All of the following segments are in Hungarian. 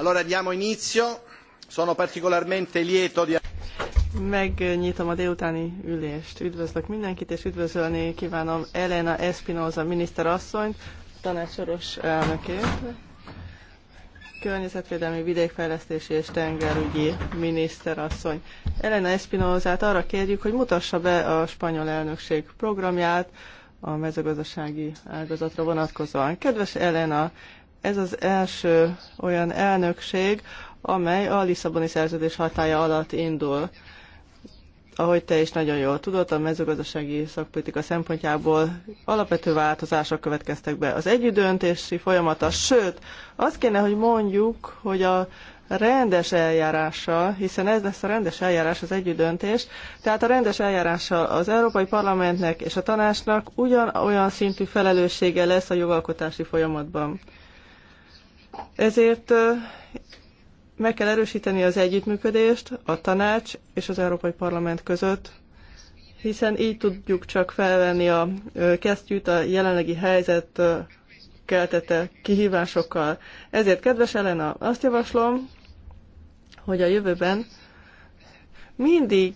Allora diamo inizio. Sono particolarmente lieto di... Megnyitom a délutáni ülést. Üdvözlök mindenkit, és üdvözölni kívánom Elena Espinoza miniszterasszonyt, tanácsoros elnökét, környezetvédelmi vidékfejlesztési és tengerügyi miniszterasszony. Elena Espinozát arra kérjük, hogy mutassa be a spanyol elnökség programját a mezőgazdasági ágazatra vonatkozóan. Kedves Elena, ez az első olyan elnökség, amely a Lisszaboni szerződés hatája alatt indul. Ahogy te is nagyon jól tudod, a mezőgazdasági szakpolitika szempontjából alapvető változások következtek be. Az együttdöntési folyamata, sőt, azt kéne, hogy mondjuk, hogy a rendes eljárással, hiszen ez lesz a rendes eljárás, az együttdöntés, tehát a rendes eljárással az Európai Parlamentnek és a tanácsnak ugyanolyan szintű felelőssége lesz a jogalkotási folyamatban. Ezért meg kell erősíteni az együttműködést a tanács és az Európai Parlament között, hiszen így tudjuk csak felvenni a kesztyűt a jelenlegi helyzet keltette kihívásokkal. Ezért, kedves Elena, azt javaslom, hogy a jövőben mindig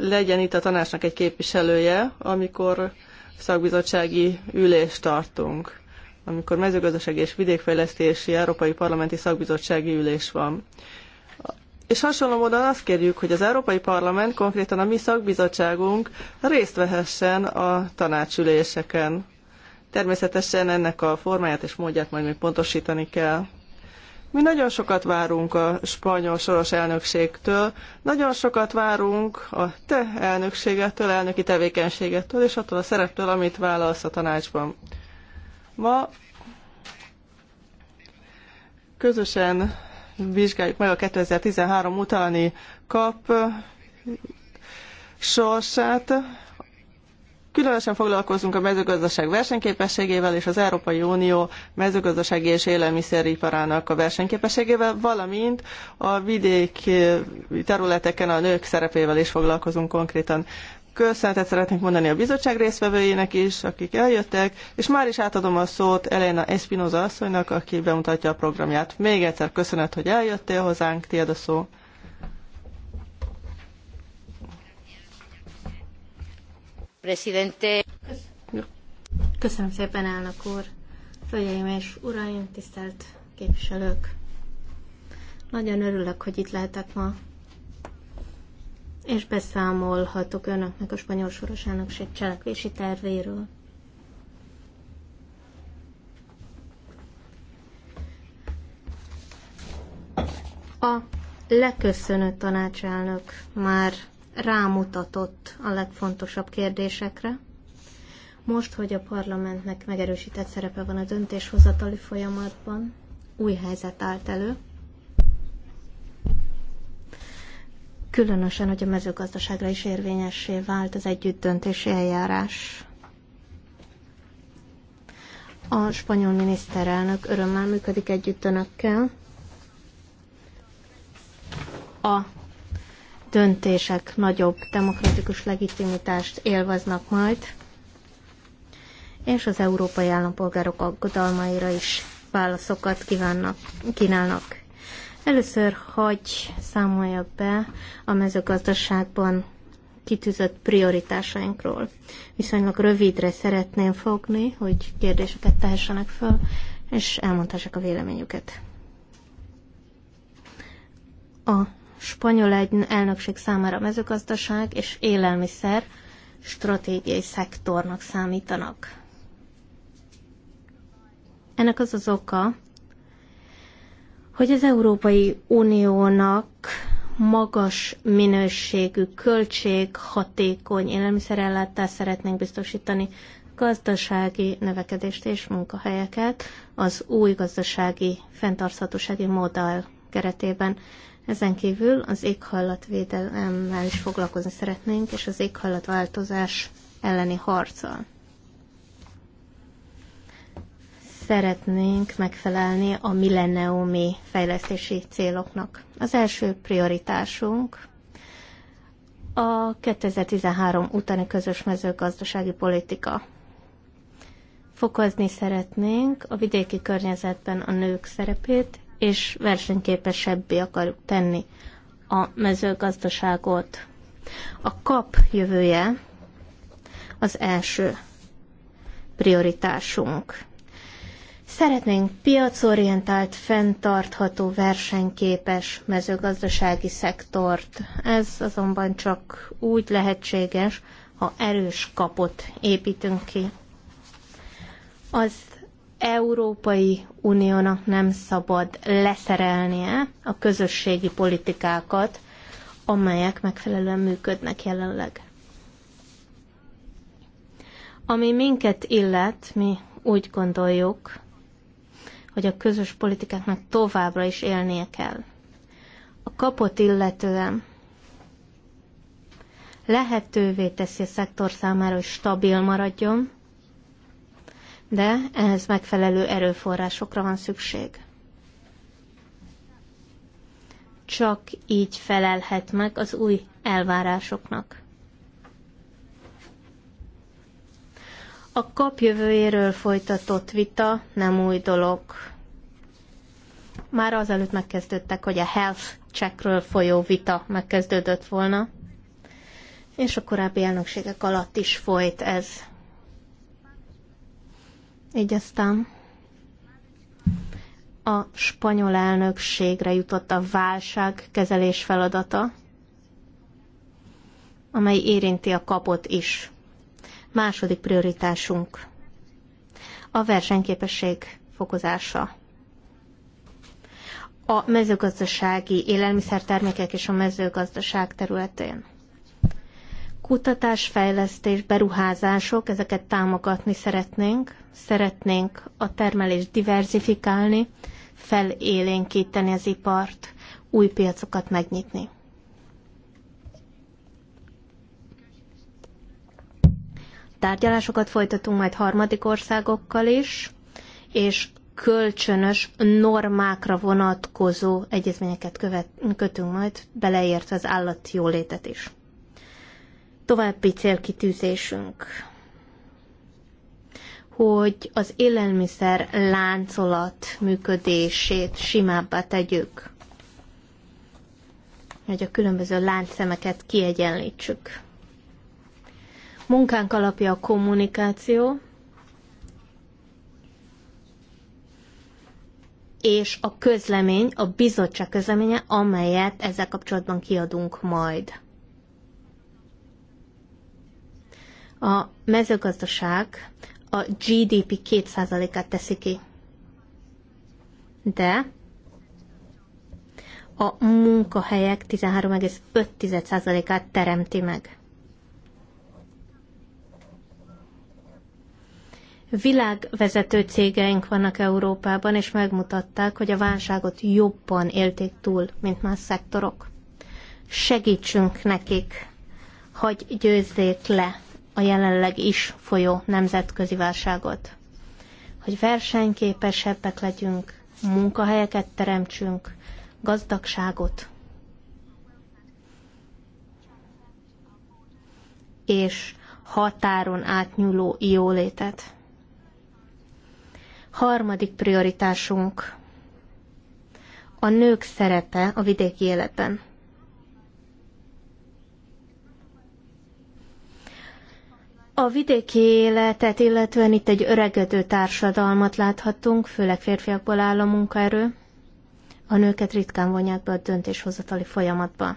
legyen itt a tanácsnak egy képviselője, amikor szakbizottsági ülést tartunk amikor mezőgazdasági és vidékfejlesztési Európai Parlamenti Szakbizottsági Ülés van. És hasonló módon azt kérjük, hogy az Európai Parlament, konkrétan a mi szakbizottságunk részt vehessen a tanácsüléseken. Természetesen ennek a formáját és módját majd még pontosítani kell. Mi nagyon sokat várunk a spanyol soros elnökségtől, nagyon sokat várunk a te elnökségettől, elnöki tevékenységettől és attól a szereptől, amit vállalsz a tanácsban. Ma közösen vizsgáljuk meg a 2013 utáni kap sorsát. Különösen foglalkozunk a mezőgazdaság versenyképességével és az Európai Unió mezőgazdasági és élelmiszeriparának a versenyképességével, valamint a vidéki területeken a nők szerepével is foglalkozunk konkrétan. Köszönetet szeretnék mondani a bizottság résztvevőjének is, akik eljöttek, és már is átadom a szót Elena Espinoza asszonynak, aki bemutatja a programját. Még egyszer köszönet, hogy eljöttél hozzánk, tiéd a szó. Presidente. Köszönöm szépen, elnök úr. Hölgyeim és uraim, tisztelt képviselők. Nagyon örülök, hogy itt lehetek ma és beszámolhatok önöknek a spanyol sorosának elnökség cselekvési tervéről. A leköszönő tanácselnök már rámutatott a legfontosabb kérdésekre. Most, hogy a parlamentnek megerősített szerepe van a döntéshozatali folyamatban, új helyzet állt elő, különösen, hogy a mezőgazdaságra is érvényessé vált az együttdöntési eljárás. A spanyol miniszterelnök örömmel működik együtt önökkel. A döntések nagyobb demokratikus legitimitást élveznek majd, és az európai állampolgárok aggodalmaira is válaszokat kívánnak, kínálnak. Először hagy számoljak be a mezőgazdaságban kitűzött prioritásainkról. Viszonylag rövidre szeretném fogni, hogy kérdéseket tehessenek föl, és elmondhassák a véleményüket. A spanyol elnökség számára mezőgazdaság és élelmiszer stratégiai szektornak számítanak. Ennek az az oka, hogy az Európai Uniónak magas minőségű, hatékony élelmiszerellátást szeretnénk biztosítani, gazdasági növekedést és munkahelyeket az új gazdasági fenntarthatósági modell keretében. Ezen kívül az éghajlatvédelemmel is foglalkozni szeretnénk, és az éghajlatváltozás elleni harccal. szeretnénk megfelelni a milleniumi fejlesztési céloknak. Az első prioritásunk a 2013 utáni közös mezőgazdasági politika. Fokozni szeretnénk a vidéki környezetben a nők szerepét, és versenyképesebbé akarjuk tenni a mezőgazdaságot. A kap jövője az első prioritásunk. Szeretnénk piacorientált, fenntartható, versenyképes mezőgazdasági szektort. Ez azonban csak úgy lehetséges, ha erős kapot építünk ki. Az Európai Uniónak nem szabad leszerelnie a közösségi politikákat, amelyek megfelelően működnek jelenleg. Ami minket illet, mi úgy gondoljuk, hogy a közös politikáknak továbbra is élnie kell. A kapot illetően lehetővé teszi a szektor számára, hogy stabil maradjon, de ehhez megfelelő erőforrásokra van szükség. Csak így felelhet meg az új elvárásoknak. A kap jövőjéről folytatott vita nem új dolog. Már azelőtt megkezdődtek, hogy a health checkről folyó vita megkezdődött volna, és a korábbi elnökségek alatt is folyt ez. Így aztán a spanyol elnökségre jutott a válságkezelés feladata, amely érinti a kapot is. Második prioritásunk a versenyképesség fokozása. A mezőgazdasági élelmiszertermékek és a mezőgazdaság területén. Kutatás, fejlesztés, beruházások, ezeket támogatni szeretnénk. Szeretnénk a termelést diversifikálni, felélénkíteni az ipart, új piacokat megnyitni. tárgyalásokat folytatunk majd harmadik országokkal is, és kölcsönös normákra vonatkozó egyezményeket követ, kötünk majd, beleért az jólétet is. További célkitűzésünk, hogy az élelmiszer láncolat működését simábbá tegyük, hogy a különböző láncszemeket kiegyenlítsük. Munkánk alapja a kommunikáció, és a közlemény, a bizottság közleménye, amelyet ezzel kapcsolatban kiadunk majd. A mezőgazdaság a GDP 2%-át teszi ki. De a munkahelyek 13,5%-át teremti meg. Világvezető cégeink vannak Európában, és megmutatták, hogy a válságot jobban élték túl, mint más szektorok. Segítsünk nekik, hogy győzzék le a jelenleg is folyó nemzetközi válságot. Hogy versenyképesebbek legyünk, munkahelyeket teremtsünk, gazdagságot, és határon átnyúló jólétet. Harmadik prioritásunk a nők szerepe a vidéki életben. A vidéki életet, illetően itt egy öregedő társadalmat láthatunk, főleg férfiakból áll a munkaerő. A nőket ritkán vonják be a döntéshozatali folyamatba.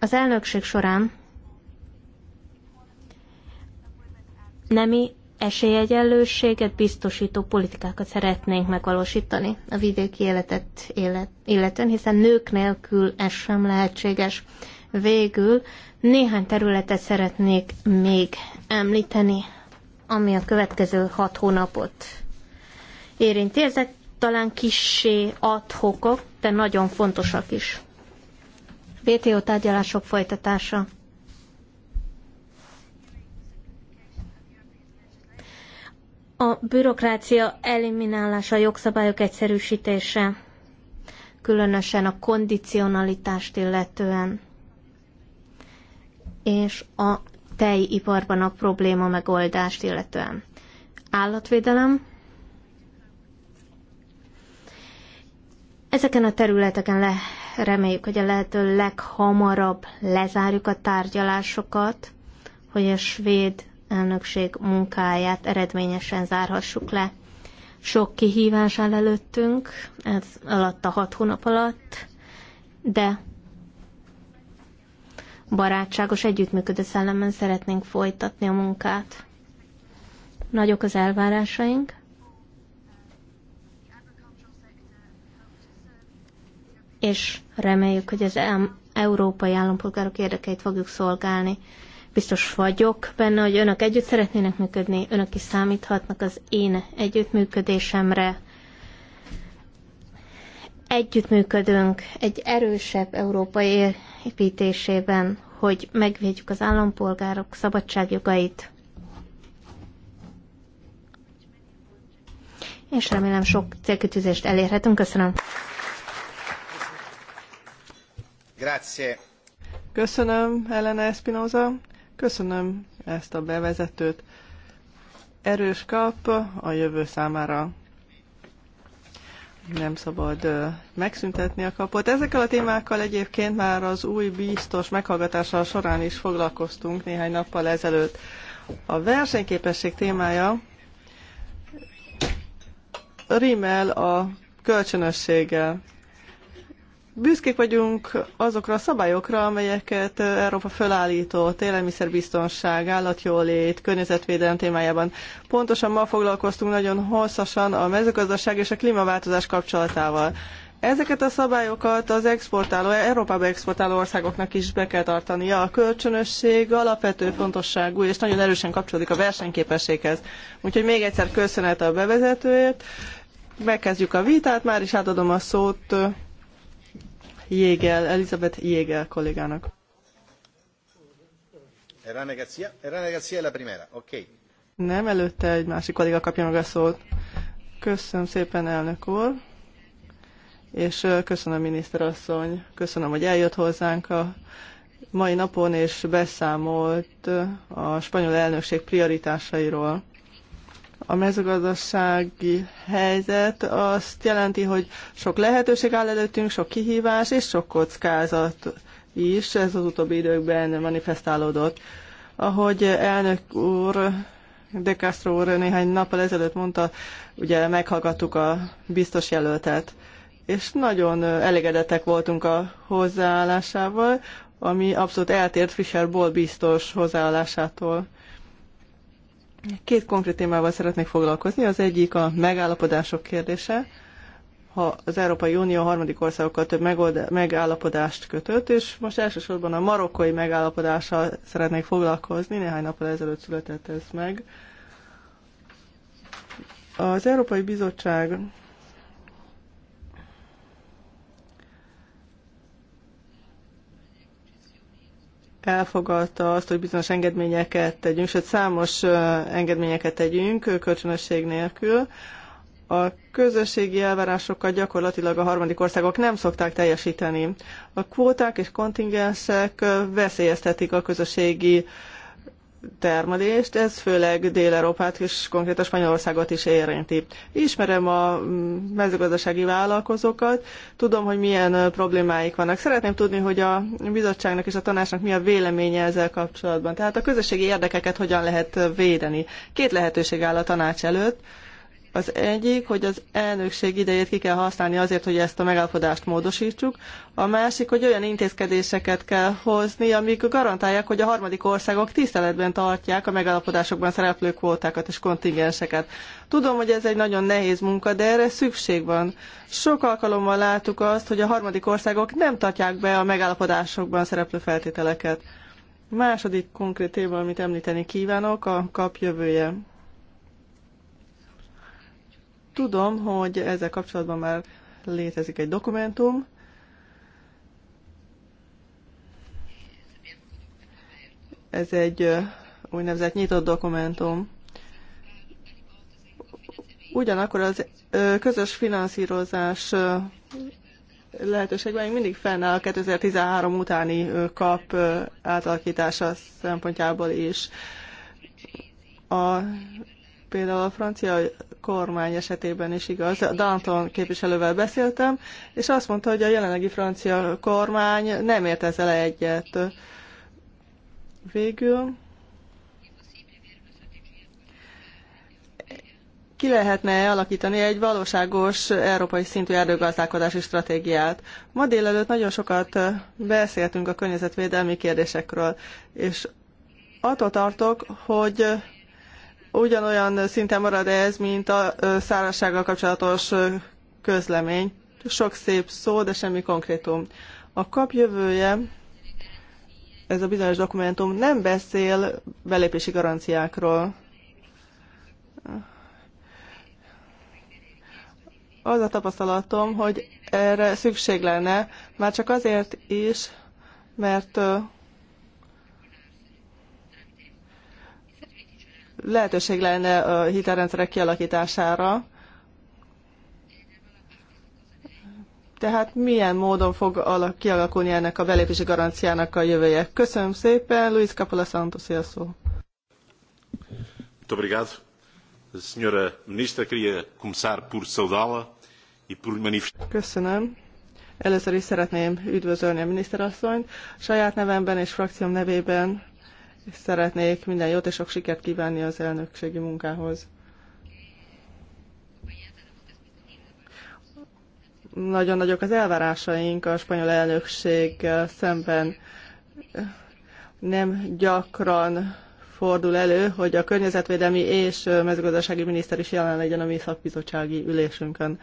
Az elnökség során nemi esélyegyenlőséget biztosító politikákat szeretnénk megvalósítani a vidéki életet élet, illetően, hiszen nők nélkül ez sem lehetséges. Végül néhány területet szeretnék még említeni, ami a következő hat hónapot érinti. Ezek talán kissé adhokok, de nagyon fontosak is. VTO tárgyalások folytatása a bürokrácia eliminálása, a jogszabályok egyszerűsítése, különösen a kondicionalitást illetően, és a tejiparban a probléma megoldást illetően. Állatvédelem. Ezeken a területeken le, reméljük, hogy a lehető leghamarabb lezárjuk a tárgyalásokat, hogy a svéd elnökség munkáját eredményesen zárhassuk le. Sok kihívás áll előttünk, ez alatt a hat hónap alatt, de barátságos együttműködő szellemben szeretnénk folytatni a munkát. Nagyok az elvárásaink. És reméljük, hogy az európai állampolgárok érdekeit fogjuk szolgálni. Biztos vagyok benne, hogy önök együtt szeretnének működni, önök is számíthatnak az én együttműködésemre. Együttműködünk egy erősebb európai építésében, hogy megvédjük az állampolgárok szabadságjogait. És remélem sok célkütőzést elérhetünk. Köszönöm. Grazie. Köszönöm, Elena Espinoza. Köszönöm ezt a bevezetőt. Erős kap a jövő számára. Nem szabad megszüntetni a kapot. Ezekkel a témákkal egyébként már az új biztos meghallgatása során is foglalkoztunk néhány nappal ezelőtt. A versenyképesség témája rímel a kölcsönösséggel büszkék vagyunk azokra a szabályokra, amelyeket Európa fölállított élelmiszerbiztonság, állatjólét, környezetvédelem témájában. Pontosan ma foglalkoztunk nagyon hosszasan a mezőgazdaság és a klímaváltozás kapcsolatával. Ezeket a szabályokat az exportáló, Európába exportáló országoknak is be kell tartania. A kölcsönösség alapvető fontosságú, és nagyon erősen kapcsolódik a versenyképességhez. Úgyhogy még egyszer köszönet a bevezetőért. Megkezdjük a vitát, már is átadom a szót Jégel, Elizabeth Jégel kollégának. oké. Nem, előtte egy másik kolléga kapja meg a szót. Köszönöm szépen, elnök úr. És köszönöm, miniszterasszony. Köszönöm, hogy eljött hozzánk a mai napon, és beszámolt a spanyol elnökség prioritásairól a mezőgazdasági helyzet azt jelenti, hogy sok lehetőség áll előttünk, sok kihívás és sok kockázat is. Ez az utóbbi időkben manifestálódott. Ahogy elnök úr de Castro úr néhány nappal ezelőtt mondta, ugye meghallgattuk a biztos jelöltet, és nagyon elégedettek voltunk a hozzáállásával, ami abszolút eltért Fischer Ból biztos hozzáállásától. Két konkrét témával szeretnék foglalkozni. Az egyik a megállapodások kérdése. Ha az Európai Unió harmadik országokkal több megállapodást kötött, és most elsősorban a marokkai megállapodással szeretnék foglalkozni, néhány nappal ezelőtt született ez meg. Az Európai Bizottság elfogadta azt, hogy bizonyos engedményeket tegyünk, sőt számos engedményeket tegyünk kölcsönösség nélkül. A közösségi elvárásokat gyakorlatilag a harmadik országok nem szokták teljesíteni. A kvóták és kontingensek veszélyeztetik a közösségi termelést, ez főleg Dél-Európát és konkrétan Spanyolországot is érinti. Ismerem a mm, mezőgazdasági vállalkozókat, tudom, hogy milyen problémáik vannak. Szeretném tudni, hogy a bizottságnak és a tanácsnak mi a véleménye ezzel kapcsolatban. Tehát a közösségi érdekeket hogyan lehet védeni. Két lehetőség áll a tanács előtt az egyik, hogy az elnökség idejét ki kell használni azért, hogy ezt a megállapodást módosítsuk. A másik, hogy olyan intézkedéseket kell hozni, amik garantálják, hogy a harmadik országok tiszteletben tartják a megállapodásokban szereplő kvótákat és kontingenseket. Tudom, hogy ez egy nagyon nehéz munka, de erre szükség van. Sok alkalommal láttuk azt, hogy a harmadik országok nem tartják be a megállapodásokban szereplő feltételeket. Második konkrét téma, amit említeni kívánok, a kap jövője. Tudom, hogy ezzel kapcsolatban már létezik egy dokumentum, ez egy úgynevezett nyitott dokumentum. Ugyanakkor az közös finanszírozás lehetőségben még mindig fennáll a 2013 utáni kap átalakítása szempontjából is. A, például a francia kormány esetében is igaz. Danton képviselővel beszéltem, és azt mondta, hogy a jelenlegi francia kormány nem ért ezzel egyet. Végül ki lehetne alakítani egy valóságos európai szintű erdőgazdálkodási stratégiát. Ma délelőtt nagyon sokat beszéltünk a környezetvédelmi kérdésekről, és attól tartok, hogy ugyanolyan szinten marad ez, mint a szárazsággal kapcsolatos közlemény. Sok szép szó, de semmi konkrétum. A kap jövője, ez a bizonyos dokumentum nem beszél belépési garanciákról. Az a tapasztalatom, hogy erre szükség lenne, már csak azért is, mert lehetőség lenne a hitelrendszerek kialakítására. Tehát milyen módon fog kialakulni ennek a belépési garanciának a jövője? Köszönöm szépen, Luis Capola Santos, a szó. Muito Obrigado. Senhora Ministra, queria começar por saudá-la e por manifestar. Köszönöm. Először is szeretném üdvözölni a miniszterasszonyt. Saját nevemben és frakcióm nevében Szeretnék minden jót és sok sikert kívánni az elnökségi munkához. Nagyon nagyok az elvárásaink a spanyol elnökség szemben. Nem gyakran fordul elő, hogy a környezetvédelmi és mezőgazdasági miniszter is jelen legyen a mi szakbizottsági ülésünkön.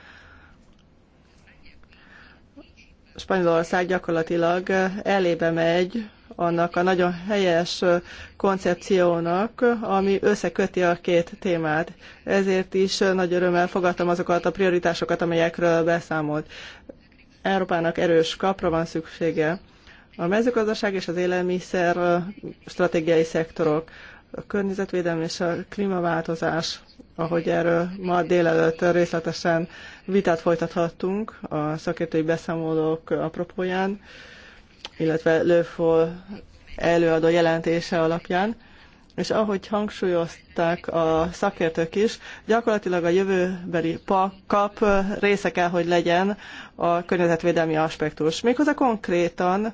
Spanyolország gyakorlatilag elébe megy annak a nagyon helyes koncepciónak, ami összeköti a két témát. Ezért is nagy örömmel fogadtam azokat a prioritásokat, amelyekről beszámolt. Európának erős kapra van szüksége. A mezőgazdaság és az élelmiszer stratégiai szektorok, a környezetvédelem és a klímaváltozás, ahogy erről ma délelőtt részletesen vitát folytathattunk a szakértői beszámolók apropóján, illetve Löfol előadó jelentése alapján, és ahogy hangsúlyozták a szakértők is, gyakorlatilag a jövőbeli kap része kell, hogy legyen a környezetvédelmi aspektus. Méghozzá konkrétan,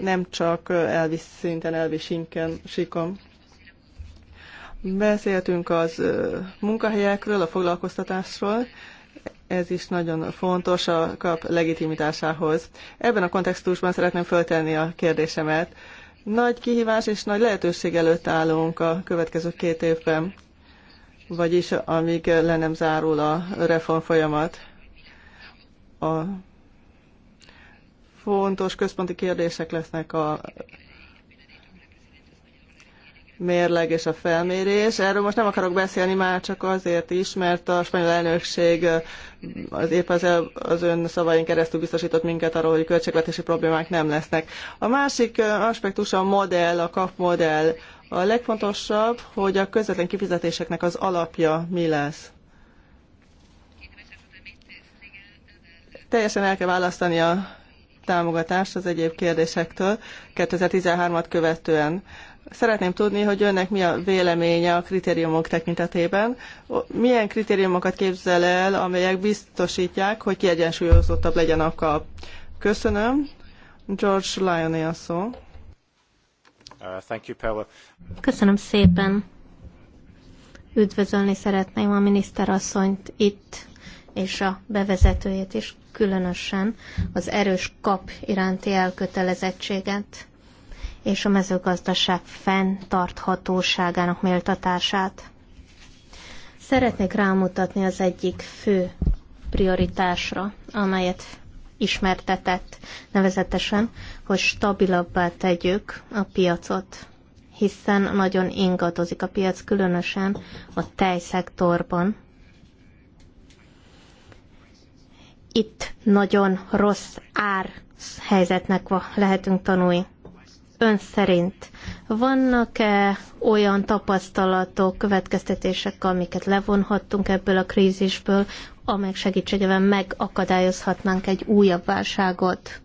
nem csak elvis szinten, elvis sinken, sikon. Beszéltünk az munkahelyekről, a foglalkoztatásról, ez is nagyon fontos a kap legitimitásához. Ebben a kontextusban szeretném föltenni a kérdésemet. Nagy kihívás és nagy lehetőség előtt állunk a következő két évben, vagyis amíg le nem zárul a reform folyamat. A fontos központi kérdések lesznek a mérleg és a felmérés. Erről most nem akarok beszélni már csak azért is, mert a spanyol elnökség az épp az, az ön szavaink keresztül biztosított minket arról, hogy költségvetési problémák nem lesznek. A másik aspektus a modell, a kap modell. A legfontosabb, hogy a közvetlen kifizetéseknek az alapja mi lesz. Teljesen el kell választani a támogatást az egyéb kérdésektől 2013-at követően. Szeretném tudni, hogy önnek mi a véleménye a kritériumok tekintetében. Milyen kritériumokat képzel el, amelyek biztosítják, hogy kiegyensúlyozottabb legyen a kap? Köszönöm. George lyon a szó. Uh, Köszönöm szépen. Üdvözölni szeretném a miniszterasszonyt itt, és a bevezetőjét is, különösen az erős kap iránti elkötelezettséget és a mezőgazdaság fenntarthatóságának méltatását. Szeretnék rámutatni az egyik fő prioritásra, amelyet ismertetett, nevezetesen, hogy stabilabbá tegyük a piacot, hiszen nagyon ingadozik a piac, különösen a tejszektorban. Itt nagyon rossz ár helyzetnek lehetünk tanulni ön szerint vannak-e olyan tapasztalatok, következtetések, amiket levonhattunk ebből a krízisből, amelyek segítségével megakadályozhatnánk egy újabb válságot?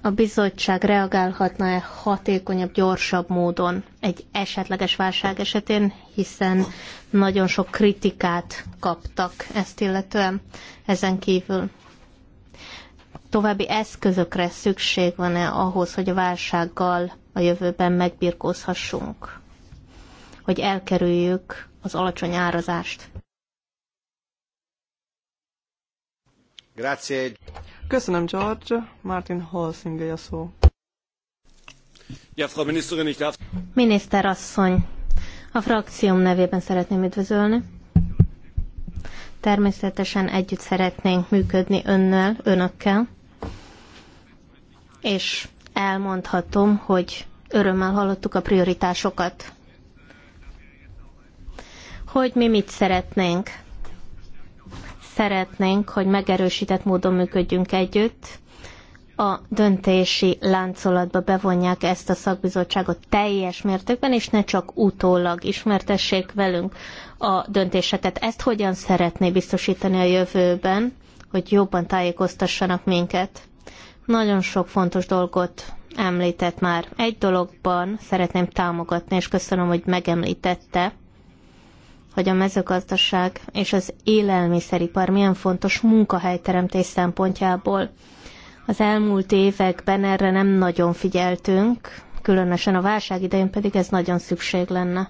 A bizottság reagálhatna-e hatékonyabb, gyorsabb módon egy esetleges válság esetén, hiszen nagyon sok kritikát kaptak ezt illetően ezen kívül további eszközökre szükség van-e ahhoz, hogy a válsággal a jövőben megbirkózhassunk, hogy elkerüljük az alacsony árazást. Grazie. Köszönöm, George. Martin Holsinger a szó. Ja, Frau Ministerin, ich darf... Miniszter asszony, a frakcióm nevében szeretném üdvözölni. Természetesen együtt szeretnénk működni önnel, önökkel és elmondhatom, hogy örömmel hallottuk a prioritásokat. Hogy mi mit szeretnénk? Szeretnénk, hogy megerősített módon működjünk együtt, a döntési láncolatba bevonják ezt a szakbizottságot teljes mértékben, és ne csak utólag ismertessék velünk a döntéseket. Ezt hogyan szeretné biztosítani a jövőben, hogy jobban tájékoztassanak minket? Nagyon sok fontos dolgot említett már. Egy dologban szeretném támogatni, és köszönöm, hogy megemlítette, hogy a mezőgazdaság és az élelmiszeripar milyen fontos munkahelyteremtés szempontjából. Az elmúlt években erre nem nagyon figyeltünk, különösen a válság idején pedig ez nagyon szükség lenne.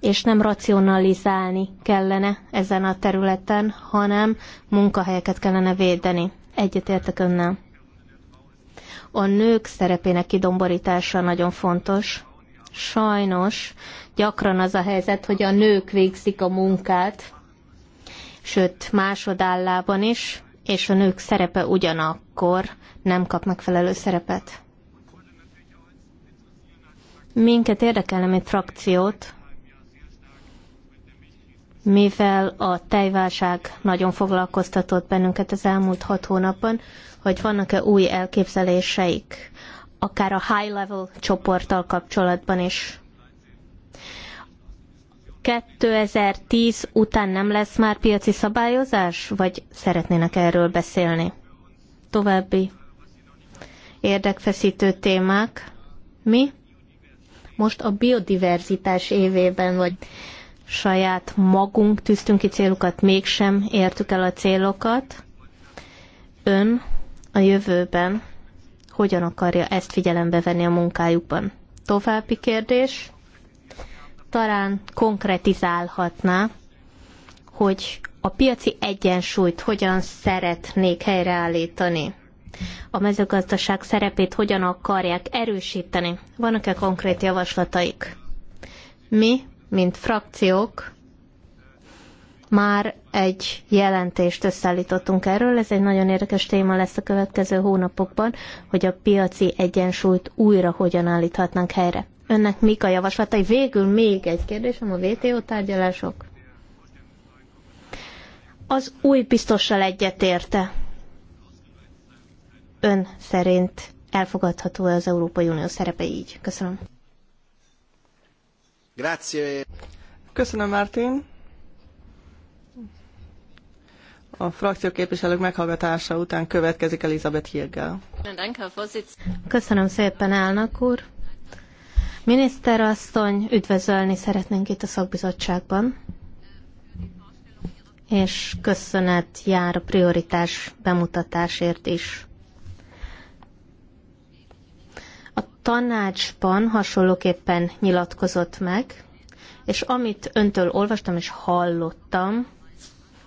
És nem racionalizálni kellene ezen a területen, hanem munkahelyeket kellene védeni. Egyetértek önnel. A nők szerepének kidomborítása nagyon fontos. Sajnos gyakran az a helyzet, hogy a nők végzik a munkát, sőt másodállában is, és a nők szerepe ugyanakkor nem kap megfelelő szerepet. Minket érdekelne, mint frakciót, mivel a tejválság nagyon foglalkoztatott bennünket az elmúlt hat hónapban, hogy vannak-e új elképzeléseik, akár a high level csoporttal kapcsolatban is. 2010 után nem lesz már piaci szabályozás, vagy szeretnének erről beszélni? További érdekfeszítő témák. Mi? Most a biodiverzitás évében vagy saját magunk tűztünk ki célokat, mégsem értük el a célokat. Ön a jövőben hogyan akarja ezt figyelembe venni a munkájukban? További kérdés. Talán konkretizálhatná, hogy a piaci egyensúlyt hogyan szeretnék helyreállítani? A mezőgazdaság szerepét hogyan akarják erősíteni? Vannak-e konkrét javaslataik? Mi mint frakciók már egy jelentést összeállítottunk erről. Ez egy nagyon érdekes téma lesz a következő hónapokban, hogy a piaci egyensúlyt újra hogyan állíthatnánk helyre. Önnek mik a javaslatai? Végül még egy kérdésem, a VTO tárgyalások. Az új biztossal egyetérte. Ön szerint elfogadható-e az Európai Unió szerepe így? Köszönöm. Köszönöm, Martin. A frakció képviselők meghallgatása után következik Elizabeth Hirgel. Köszönöm szépen, elnök úr. Miniszterasszony, üdvözölni szeretnénk itt a szakbizottságban, és köszönet jár a prioritás bemutatásért is. tanácsban hasonlóképpen nyilatkozott meg, és amit öntől olvastam és hallottam,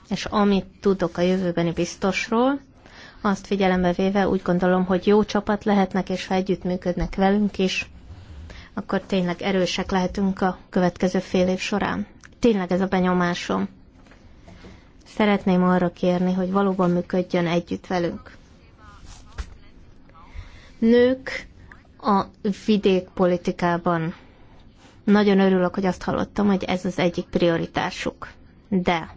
és amit tudok a jövőbeni biztosról, azt figyelembe véve úgy gondolom, hogy jó csapat lehetnek, és ha együttműködnek velünk is, akkor tényleg erősek lehetünk a következő fél év során. Tényleg ez a benyomásom. Szeretném arra kérni, hogy valóban működjön együtt velünk. Nők a vidékpolitikában. Nagyon örülök, hogy azt hallottam, hogy ez az egyik prioritásuk. De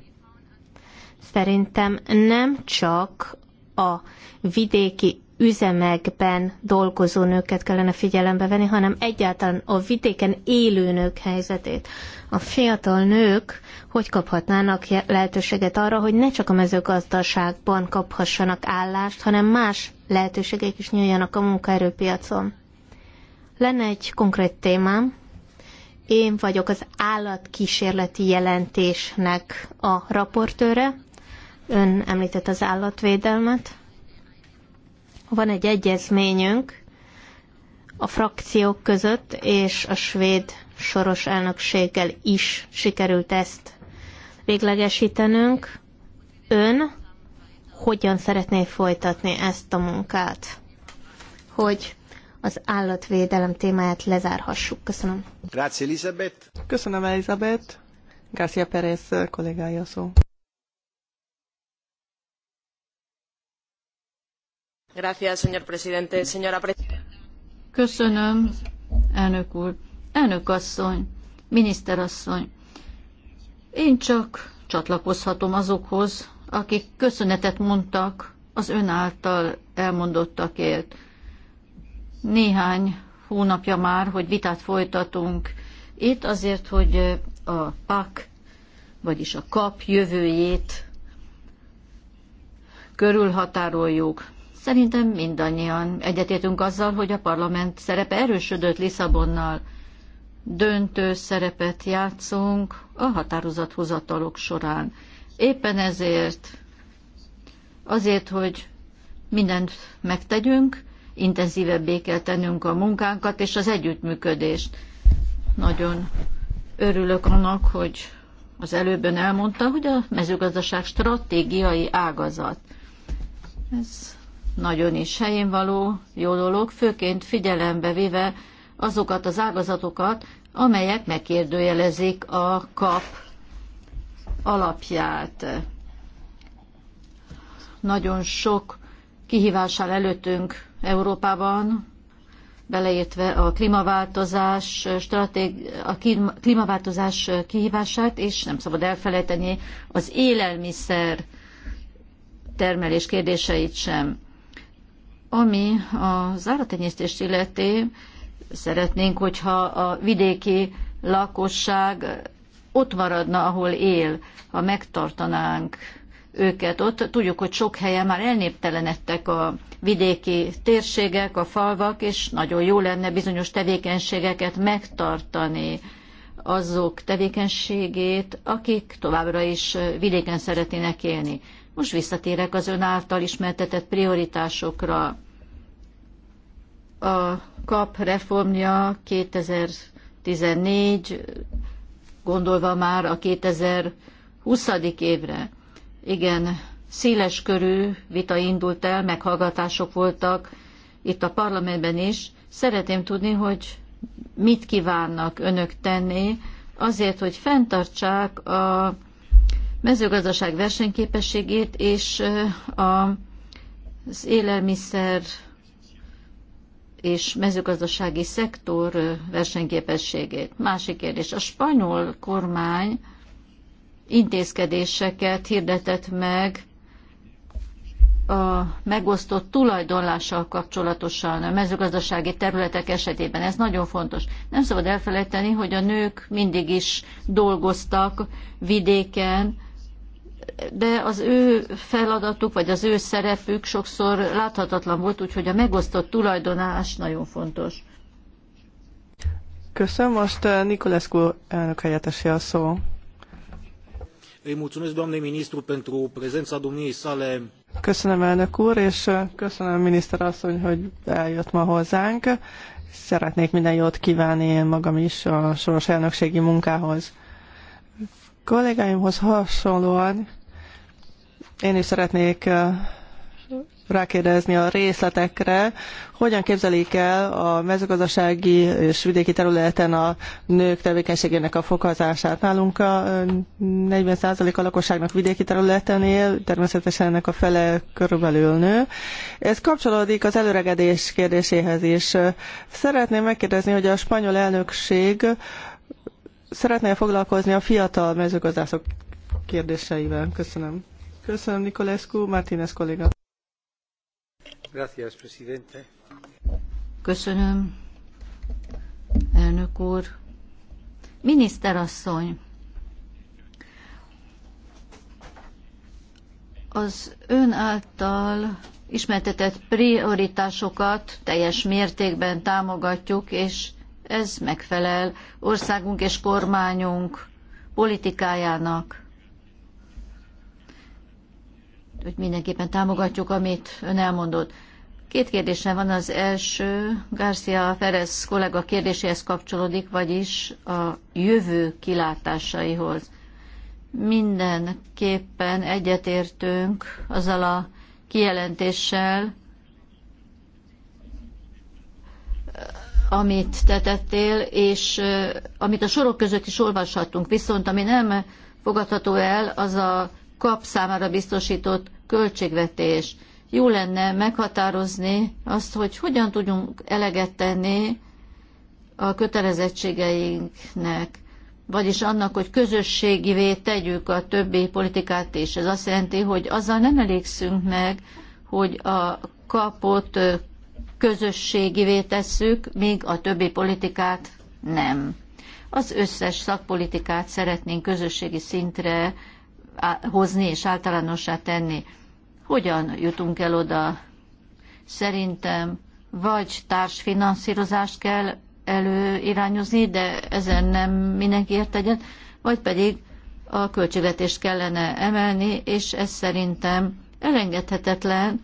szerintem nem csak a vidéki üzemekben dolgozó nőket kellene figyelembe venni, hanem egyáltalán a vidéken élő nők helyzetét. A fiatal nők hogy kaphatnának lehetőséget arra, hogy ne csak a mezőgazdaságban kaphassanak állást, hanem más lehetőségek is nyíljanak a munkaerőpiacon. Lenne egy konkrét témám. Én vagyok az állatkísérleti jelentésnek a raportőre. Ön említett az állatvédelmet. Van egy egyezményünk a frakciók között, és a svéd soros elnökséggel is sikerült ezt véglegesítenünk. Ön hogyan szeretné folytatni ezt a munkát? Hogy az állatvédelem témáját lezárhassuk. Köszönöm. Grazie, Elizabeth. Köszönöm, Elizabeth. Garcia Perez eh, kollégája szó. Gracias, señor presidente. Señora pre Köszönöm, elnök úr. Elnök asszony, miniszter asszony. én csak csatlakozhatom azokhoz, akik köszönetet mondtak az ön által elmondottakért. Néhány hónapja már, hogy vitát folytatunk itt azért, hogy a PAK, vagyis a KAP jövőjét körülhatároljuk. Szerintem mindannyian egyetértünk azzal, hogy a parlament szerepe erősödött Lisszabonnal. Döntő szerepet játszunk a határozathozatalok során. Éppen ezért, azért, hogy mindent megtegyünk, intenzívebbé kell tennünk a munkánkat és az együttműködést. Nagyon örülök annak, hogy az előbben elmondta, hogy a mezőgazdaság stratégiai ágazat. Ez nagyon is helyén való, jó dolog, főként figyelembe véve azokat az ágazatokat, amelyek megkérdőjelezik a kap alapját. Nagyon sok kihívással előttünk Európában, beleértve a klímaváltozás, stratég, a klímaváltozás kihívását, és nem szabad elfelejteni az élelmiszer termelés kérdéseit sem. Ami az állatenyésztést illeti, szeretnénk, hogyha a vidéki lakosság ott maradna, ahol él, ha megtartanánk őket ott. Tudjuk, hogy sok helyen már elnéptelenedtek a vidéki térségek, a falvak, és nagyon jó lenne bizonyos tevékenységeket megtartani azok tevékenységét, akik továbbra is vidéken szeretnének élni. Most visszatérek az ön által ismertetett prioritásokra. A KAP reformja 2014, gondolva már a 2020. évre igen széles körű vita indult el, meghallgatások voltak itt a parlamentben is. Szeretném tudni, hogy mit kívánnak önök tenni azért, hogy fenntartsák a mezőgazdaság versenyképességét és az élelmiszer és mezőgazdasági szektor versenyképességét. Másik kérdés. A spanyol kormány intézkedéseket hirdetett meg a megosztott tulajdonlással kapcsolatosan a mezőgazdasági területek esetében. Ez nagyon fontos. Nem szabad elfelejteni, hogy a nők mindig is dolgoztak vidéken, de az ő feladatuk, vagy az ő szerepük sokszor láthatatlan volt, úgyhogy a megosztott tulajdonás nagyon fontos. Köszönöm, most eh, Nikolescu elnök helyettesi a szó. Îi mulțumesc doamnei ministru pentru prezența domniei sale. Köszönöm elnök úr, és köszönöm miniszter asszony, hogy eljött ma hozzánk. Szeretnék minden jót kívánni én magam is a soros elnökségi munkához. Kollégáimhoz hasonlóan én is szeretnék rákérdezni a részletekre, hogyan képzelik el a mezőgazdasági és vidéki területen a nők tevékenységének a fokozását. Nálunk a 40% a lakosságnak vidéki területen él, természetesen ennek a fele körülbelül nő. Ez kapcsolódik az előregedés kérdéséhez is. Szeretném megkérdezni, hogy a spanyol elnökség szeretnél foglalkozni a fiatal mezőgazdászok kérdéseivel. Köszönöm. Köszönöm, Nikolescu. Martínez kolléga. Köszönöm, elnök úr. Miniszterasszony, az ön által ismertetett prioritásokat teljes mértékben támogatjuk, és ez megfelel országunk és kormányunk politikájának hogy mindenképpen támogatjuk, amit ön elmondott. Két kérdésem van. Az első Garcia Ferez kollega kérdéséhez kapcsolódik, vagyis a jövő kilátásaihoz. Mindenképpen egyetértünk azzal a kijelentéssel, amit tetettél, tettél, és amit a sorok között is olvashatunk. Viszont ami nem fogadható el, az a kap számára biztosított költségvetés. Jó lenne meghatározni azt, hogy hogyan tudjunk eleget tenni a kötelezettségeinknek, vagyis annak, hogy közösségivé tegyük a többi politikát is. Ez azt jelenti, hogy azzal nem elégszünk meg, hogy a kapott közösségivé tesszük, míg a többi politikát nem. Az összes szakpolitikát szeretnénk közösségi szintre hozni és általánossá tenni. Hogyan jutunk el oda? Szerintem vagy társfinanszírozást kell előirányozni, de ezen nem mindenki ért egyet, vagy pedig a költségvetést kellene emelni, és ez szerintem elengedhetetlen,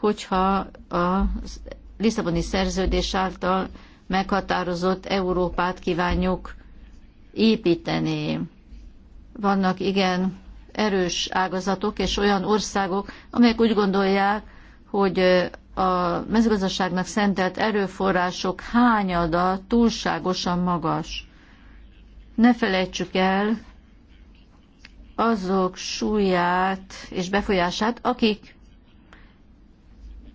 hogyha a Lisszaboni szerződés által meghatározott Európát kívánjuk építeni. Vannak igen erős ágazatok és olyan országok, amelyek úgy gondolják, hogy a mezőgazdaságnak szentelt erőforrások hányada túlságosan magas. Ne felejtsük el azok súlyát és befolyását, akik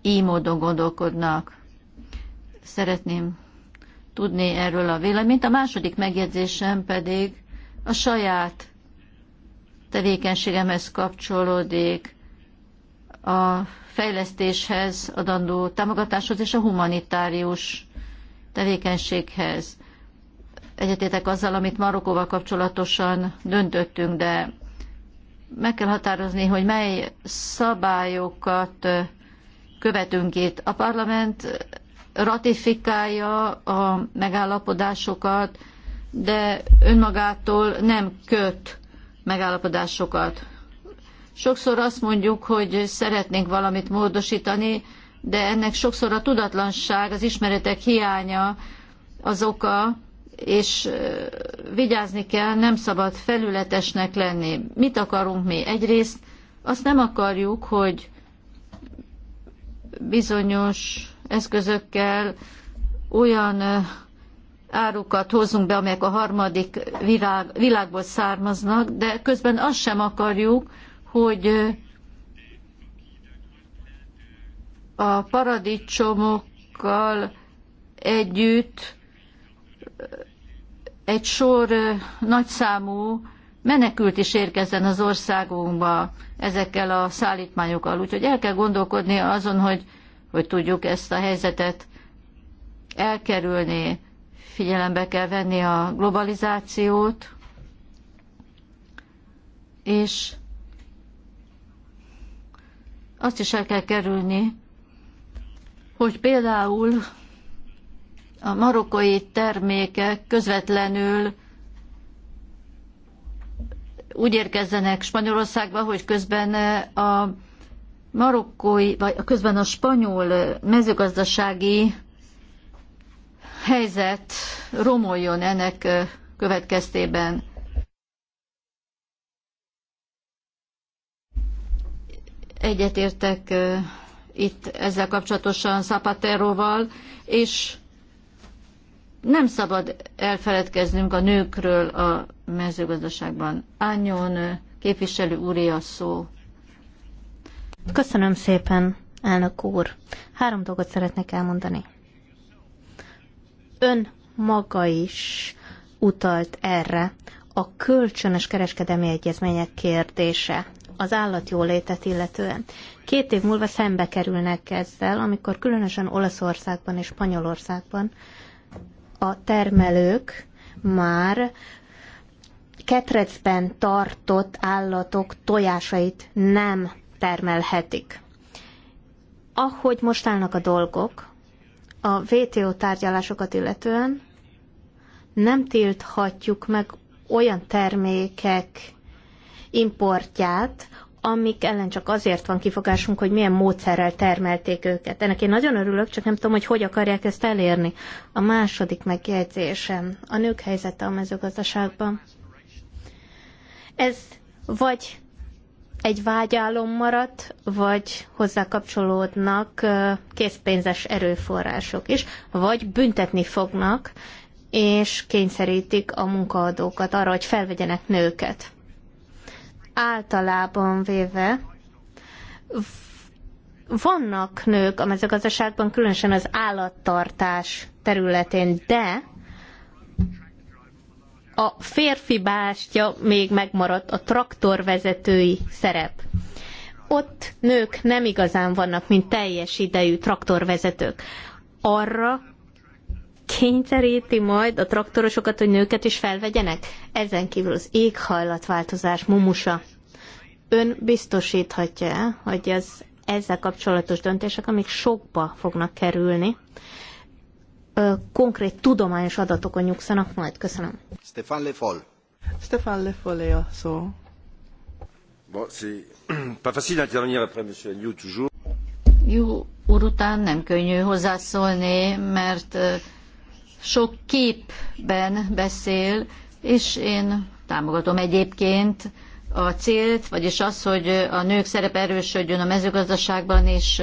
így módon gondolkodnak. Szeretném tudni erről a véleményt. A második megjegyzésem pedig a saját tevékenységemhez kapcsolódik, a fejlesztéshez adandó támogatáshoz és a humanitárius tevékenységhez. Egyetétek azzal, amit Marokkóval kapcsolatosan döntöttünk, de meg kell határozni, hogy mely szabályokat követünk itt. A parlament ratifikálja a megállapodásokat, de önmagától nem köt megállapodásokat. Sokszor azt mondjuk, hogy szeretnénk valamit módosítani, de ennek sokszor a tudatlanság, az ismeretek hiánya az oka, és vigyázni kell, nem szabad felületesnek lenni. Mit akarunk mi? Egyrészt azt nem akarjuk, hogy bizonyos eszközökkel olyan árukat hozzunk be, amelyek a harmadik világ, világból származnak, de közben azt sem akarjuk, hogy a paradicsomokkal együtt egy sor nagyszámú menekült is érkezzen az országunkba ezekkel a szállítmányokkal. Úgyhogy el kell gondolkodni azon, hogy, hogy tudjuk ezt a helyzetet elkerülni figyelembe kell venni a globalizációt, és azt is el kell kerülni, hogy például a marokkai termékek közvetlenül úgy érkezzenek Spanyolországba, hogy közben a marokkói, vagy közben a spanyol mezőgazdasági helyzet romoljon ennek következtében. Egyetértek itt ezzel kapcsolatosan Zapateroval, és nem szabad elfeledkeznünk a nőkről a mezőgazdaságban. Ányon képviselő úré a szó. Köszönöm szépen, elnök úr. Három dolgot szeretnék elmondani ön maga is utalt erre, a kölcsönös kereskedelmi egyezmények kérdése az állatjólétet illetően. Két év múlva szembe kerülnek ezzel, amikor különösen Olaszországban és Spanyolországban a termelők már ketrecben tartott állatok tojásait nem termelhetik. Ahogy most állnak a dolgok, a VTO tárgyalásokat illetően nem tilthatjuk meg olyan termékek importját, amik ellen csak azért van kifogásunk, hogy milyen módszerrel termelték őket. Ennek én nagyon örülök, csak nem tudom, hogy hogy akarják ezt elérni. A második megjegyzésem, a nők helyzete a mezőgazdaságban. Ez vagy egy vágyálom maradt, vagy hozzá kapcsolódnak készpénzes erőforrások is, vagy büntetni fognak, és kényszerítik a munkaadókat arra, hogy felvegyenek nőket. Általában véve vannak nők a mezőgazdaságban, különösen az állattartás területén, de a férfi bástya még megmaradt, a traktorvezetői szerep. Ott nők nem igazán vannak, mint teljes idejű traktorvezetők. Arra kényszeríti majd a traktorosokat, hogy nőket is felvegyenek? Ezen kívül az éghajlatváltozás mumusa. Ön biztosíthatja, hogy az ezzel kapcsolatos döntések, amik sokba fognak kerülni, ö, konkrét tudományos adatokon nyugszanak majd. Köszönöm. Stefan Le Foll. Stefan Le Foll a szó. Bon, pas facile d'intervenir après M. Agnew toujours. Jó, úr után nem könnyű hozzászólni, mert sok képben beszél, és én támogatom egyébként a célt, vagyis az, hogy a nők szerep erősödjön a mezőgazdaságban és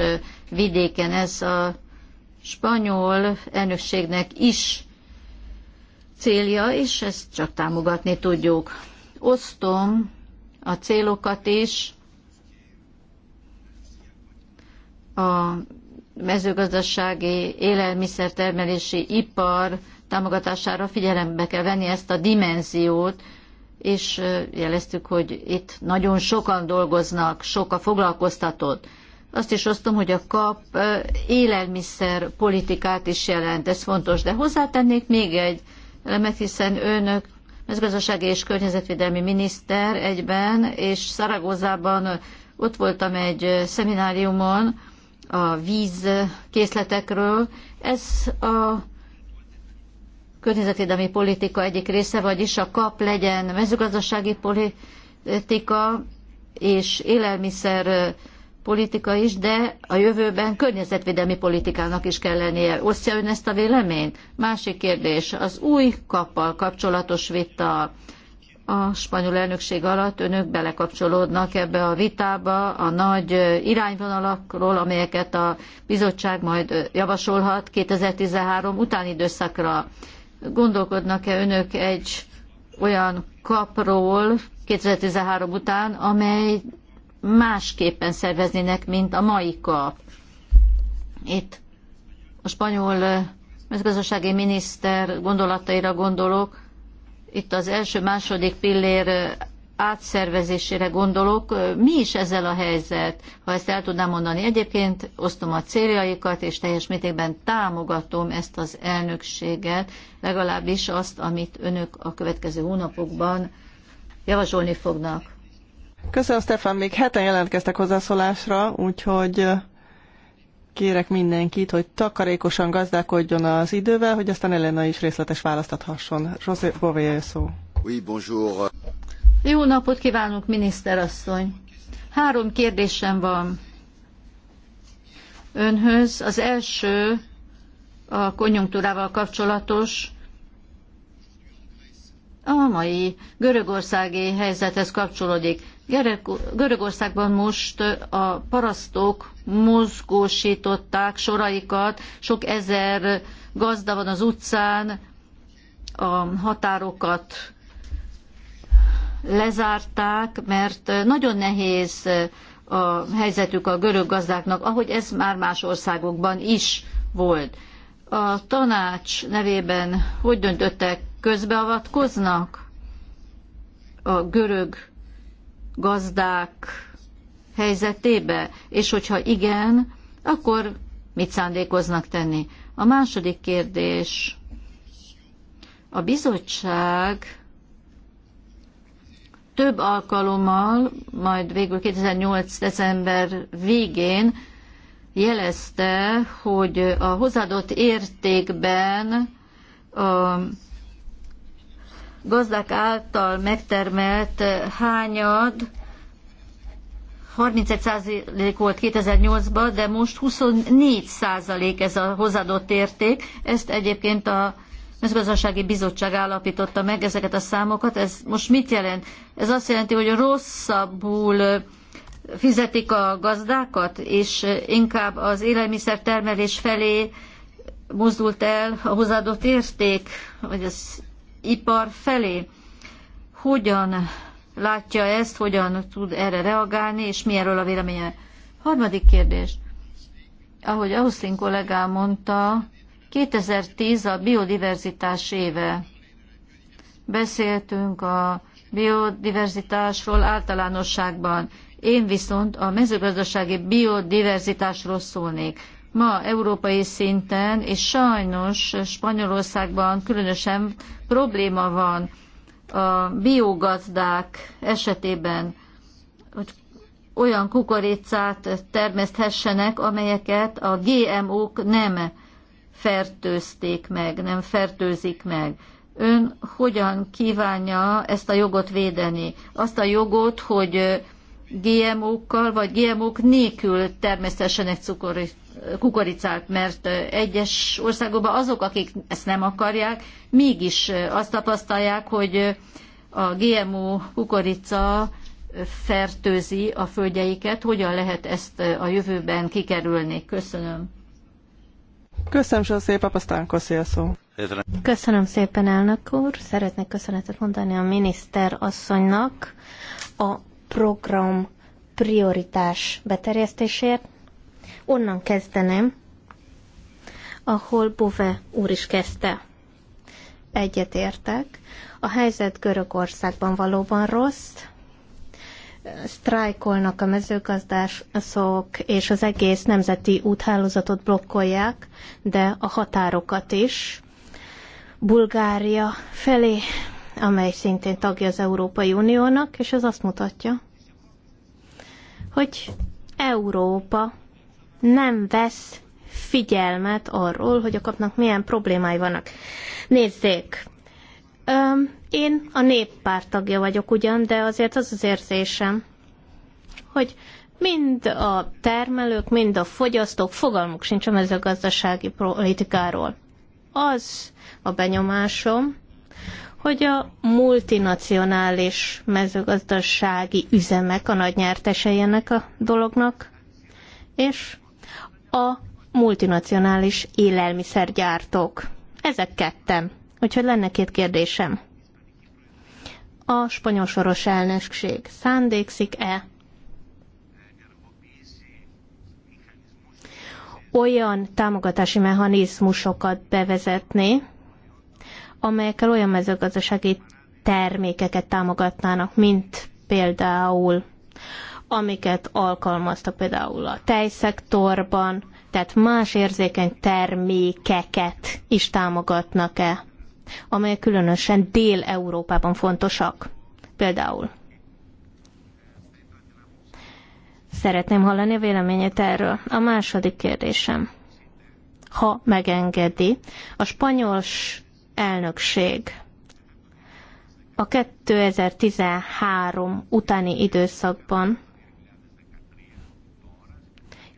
vidéken. Ez a spanyol elnökségnek is célja, és ezt csak támogatni tudjuk. Osztom a célokat is, a mezőgazdasági élelmiszertermelési ipar támogatására figyelembe kell venni ezt a dimenziót, és jeleztük, hogy itt nagyon sokan dolgoznak, sok a foglalkoztatott azt is osztom, hogy a kap élelmiszer politikát is jelent, ez fontos. De hozzátennék még egy elemet, hiszen önök mezgazdasági és környezetvédelmi miniszter egyben, és Szaragozában ott voltam egy szemináriumon a vízkészletekről. Ez a környezetvédelmi politika egyik része, vagyis a kap legyen mezőgazdasági politika és élelmiszer politika is, de a jövőben környezetvédelmi politikának is kell lennie. Osztja ön ezt a véleményt? Másik kérdés, az új kappal kapcsolatos vita a spanyol elnökség alatt önök belekapcsolódnak ebbe a vitába, a nagy irányvonalakról, amelyeket a bizottság majd javasolhat 2013 utáni időszakra. Gondolkodnak-e önök egy olyan kapról 2013 után, amely másképpen szerveznének, mint a mai kap. Itt a spanyol mezgazdasági miniszter gondolataira gondolok, itt az első-második pillér átszervezésére gondolok, mi is ezzel a helyzet, ha ezt el tudnám mondani. Egyébként osztom a céljaikat, és teljes mértékben támogatom ezt az elnökséget, legalábbis azt, amit önök a következő hónapokban javasolni fognak. Köszönöm, Stefan. Még heten jelentkeztek hozzászólásra, úgyhogy kérek mindenkit, hogy takarékosan gazdálkodjon az idővel, hogy aztán Elena is részletes választathasson. José Bové szó. Oui, bonjour. Jó napot kívánok, miniszterasszony! Három kérdésem van önhöz. Az első a konjunktúrával kapcsolatos a mai görögországi helyzethez kapcsolódik. Görögországban most a parasztok mozgósították soraikat, sok ezer gazda van az utcán, a határokat lezárták, mert nagyon nehéz a helyzetük a görög gazdáknak, ahogy ez már más országokban is volt a tanács nevében hogy döntöttek, közbeavatkoznak a görög gazdák helyzetébe? És hogyha igen, akkor mit szándékoznak tenni? A második kérdés. A bizottság több alkalommal, majd végül 2008. december végén jelezte, hogy a hozzáadott értékben a gazdák által megtermelt hányad 31% volt 2008-ban, de most 24% ez a hozzáadott érték. Ezt egyébként a mezőgazdasági bizottság állapította meg ezeket a számokat. Ez most mit jelent? Ez azt jelenti, hogy rosszabbul fizetik a gazdákat, és inkább az élelmiszertermelés felé mozdult el a hozzáadott érték, vagy az ipar felé. Hogyan látja ezt, hogyan tud erre reagálni, és mi erről a véleménye? Harmadik kérdés. Ahogy Ausztin kollégám mondta, 2010 a biodiverzitás éve. Beszéltünk a biodiverzitásról általánosságban, én viszont a mezőgazdasági biodiverzitásról szólnék. Ma európai szinten, és sajnos Spanyolországban különösen probléma van a biogazdák esetében, hogy olyan kukoricát termeszthessenek, amelyeket a GMO-k nem fertőzték meg, nem fertőzik meg. Ön hogyan kívánja ezt a jogot védeni? Azt a jogot, hogy GMO-kkal, vagy GMO-k nélkül termesztessenek kukoricát, mert egyes országokban azok, akik ezt nem akarják, mégis azt tapasztalják, hogy a GMO kukorica fertőzi a földjeiket. Hogyan lehet ezt a jövőben kikerülni? Köszönöm. Köszönöm so szépen, aztán a szó. Köszönöm szépen, elnök úr. Szeretnék köszönetet mondani a miniszter asszonynak a program prioritás beterjesztésért. Onnan kezdeném, ahol Bove úr is kezdte. Egyetértek. A helyzet Görögországban valóban rossz. Sztrájkolnak a mezőgazdások, és az egész nemzeti úthálózatot blokkolják, de a határokat is. Bulgária felé amely szintén tagja az Európai Uniónak, és ez azt mutatja, hogy Európa nem vesz figyelmet arról, hogy a kapnak milyen problémái vannak. Nézzék, öm, én a néppárt tagja vagyok ugyan, de azért az az érzésem, hogy mind a termelők, mind a fogyasztók fogalmuk sincs a mezőgazdasági politikáról. Az a benyomásom, hogy a multinacionális mezőgazdasági üzemek a nagy nyertesei ennek a dolognak, és a multinacionális élelmiszergyártók. Ezek ketten. Úgyhogy lenne két kérdésem. A spanyol soros elnökség szándékszik-e olyan támogatási mechanizmusokat bevezetni, amelyekkel olyan mezőgazdasági termékeket támogatnának, mint például amiket alkalmaztak például a tejszektorban, tehát más érzékeny termékeket is támogatnak-e, amelyek különösen Dél-Európában fontosak. Például Szeretném hallani a véleményét erről. A második kérdésem. Ha megengedi, a spanyol elnökség a 2013 utáni időszakban